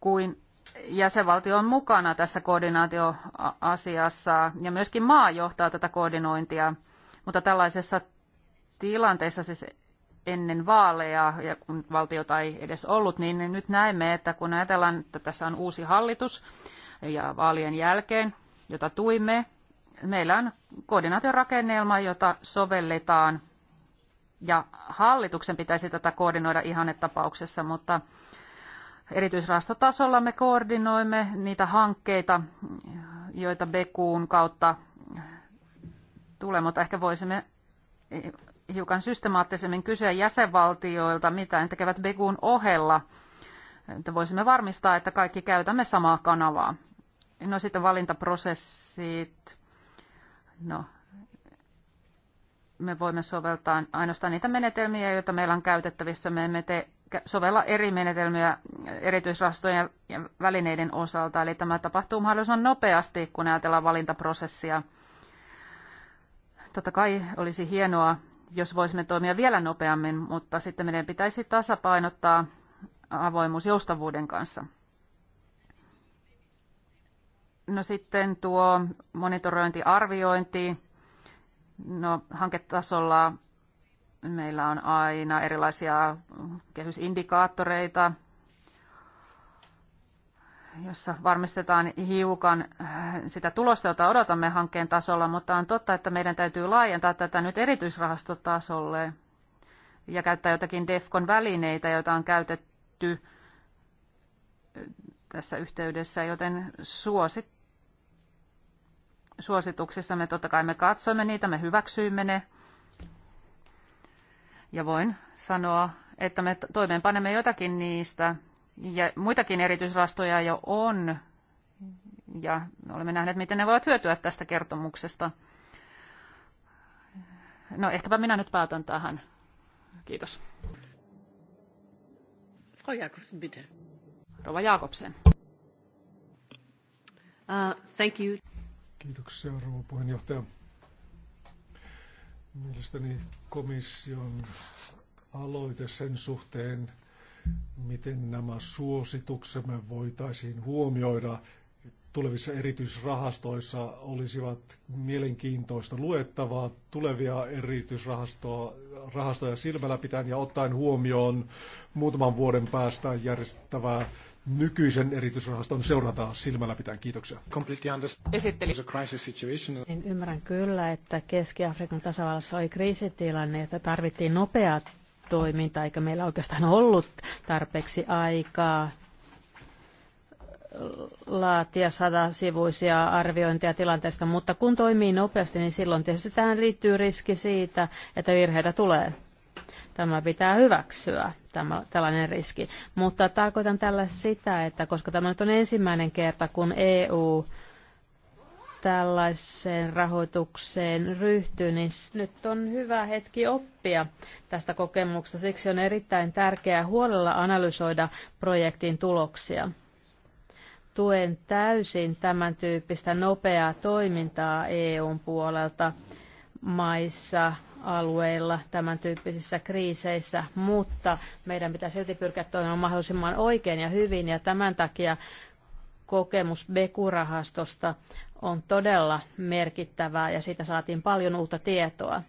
kuin jäsenvaltio on mukana tässä koordinaatioasiassa ja myöskin maa johtaa tätä koordinointia, mutta tällaisessa tilanteessa siis ennen vaaleja, ja kun valtiota ei edes ollut, niin nyt näemme, että kun ajatellaan, että tässä on uusi hallitus ja vaalien jälkeen, jota tuimme, meillä on koordinaatiorakennelma, jota sovelletaan, ja hallituksen pitäisi tätä koordinoida ihannetapauksessa, mutta Erityisrahastotasolla me koordinoimme niitä hankkeita, joita Bekuun kautta tulee, mutta ehkä voisimme hiukan systemaattisemmin kysyä jäsenvaltioilta, mitä ne tekevät Bekuun ohella, että voisimme varmistaa, että kaikki käytämme samaa kanavaa. No sitten valintaprosessit. No, me voimme soveltaa ainoastaan niitä menetelmiä, joita meillä on käytettävissä. Me emme tee sovella eri menetelmiä erityisrastojen ja välineiden osalta. Eli tämä tapahtuu mahdollisimman nopeasti, kun ajatellaan valintaprosessia. Totta kai olisi hienoa, jos voisimme toimia vielä nopeammin, mutta sitten meidän pitäisi tasapainottaa avoimuus joustavuuden kanssa. No sitten tuo monitorointi, arviointi. No hanketasolla Meillä on aina erilaisia kehysindikaattoreita, jossa varmistetaan hiukan sitä tulosta, jota odotamme hankkeen tasolla, mutta on totta, että meidän täytyy laajentaa tätä nyt erityisrahastotasolle ja käyttää jotakin DEFCON välineitä, joita on käytetty tässä yhteydessä, joten suosit, suosituksissa me totta kai me katsoimme niitä, me hyväksyimme ne, ja voin sanoa, että me toimeenpanemme jotakin niistä, ja muitakin erityisrastoja jo on, ja olemme nähneet, miten ne voivat hyötyä tästä kertomuksesta. No ehkäpä minä nyt päätän tähän. Kiitos. Frau Jakobsen, bitte. Rova Jakobsen. Uh, thank you. Kiitoksia, rouva puheenjohtaja. Mielestäni komission aloite sen suhteen, miten nämä suosituksemme voitaisiin huomioida tulevissa erityisrahastoissa olisivat mielenkiintoista luettavaa tulevia erityisrahastoja silmällä pitäen ja ottaen huomioon muutaman vuoden päästä järjestettävää nykyisen erityisrahaston seurantaa silmällä pitää. Kiitoksia. Esitteli. ymmärrän kyllä, että Keski-Afrikan tasavallassa oli kriisitilanne, että tarvittiin nopeaa toimintaa, eikä meillä oikeastaan ollut tarpeeksi aikaa laatia sivuisia arviointia tilanteesta, mutta kun toimii nopeasti, niin silloin tietysti tähän liittyy riski siitä, että virheitä tulee. Tämä pitää hyväksyä tämä, tällainen riski. Mutta tarkoitan tällä sitä, että koska tämä nyt on ensimmäinen kerta, kun EU tällaiseen rahoitukseen ryhtyy, niin nyt on hyvä hetki oppia tästä kokemuksesta. Siksi on erittäin tärkeää huolella analysoida projektin tuloksia. Tuen täysin tämän tyyppistä nopeaa toimintaa EUn puolelta maissa, alueilla tämän tyyppisissä kriiseissä, mutta meidän pitää silti pyrkiä toimimaan mahdollisimman oikein ja hyvin ja tämän takia kokemus Bekurahastosta on todella merkittävää ja siitä saatiin paljon uutta tietoa.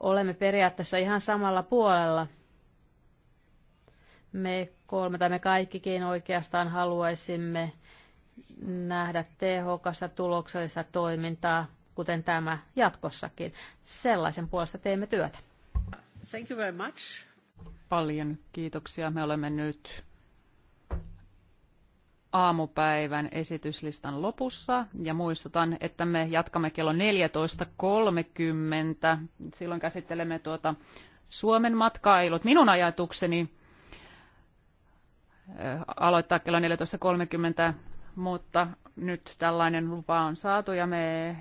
Olemme periaatteessa ihan samalla puolella. Me kolme tai me kaikkikin oikeastaan haluaisimme nähdä tehokasta tuloksellista toimintaa kuten tämä jatkossakin. Sellaisen puolesta teemme työtä. Thank you very much. Paljon kiitoksia. Me olemme nyt aamupäivän esityslistan lopussa ja muistutan, että me jatkamme kello 14.30. Silloin käsittelemme tuota Suomen matkailut. Minun ajatukseni eh, aloittaa kello 14.30, mutta nyt tällainen lupa on saatu ja me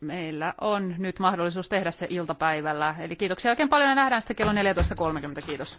meillä on nyt mahdollisuus tehdä se iltapäivällä. Eli kiitoksia oikein paljon ja nähdään sitten kello 14.30. Kiitos.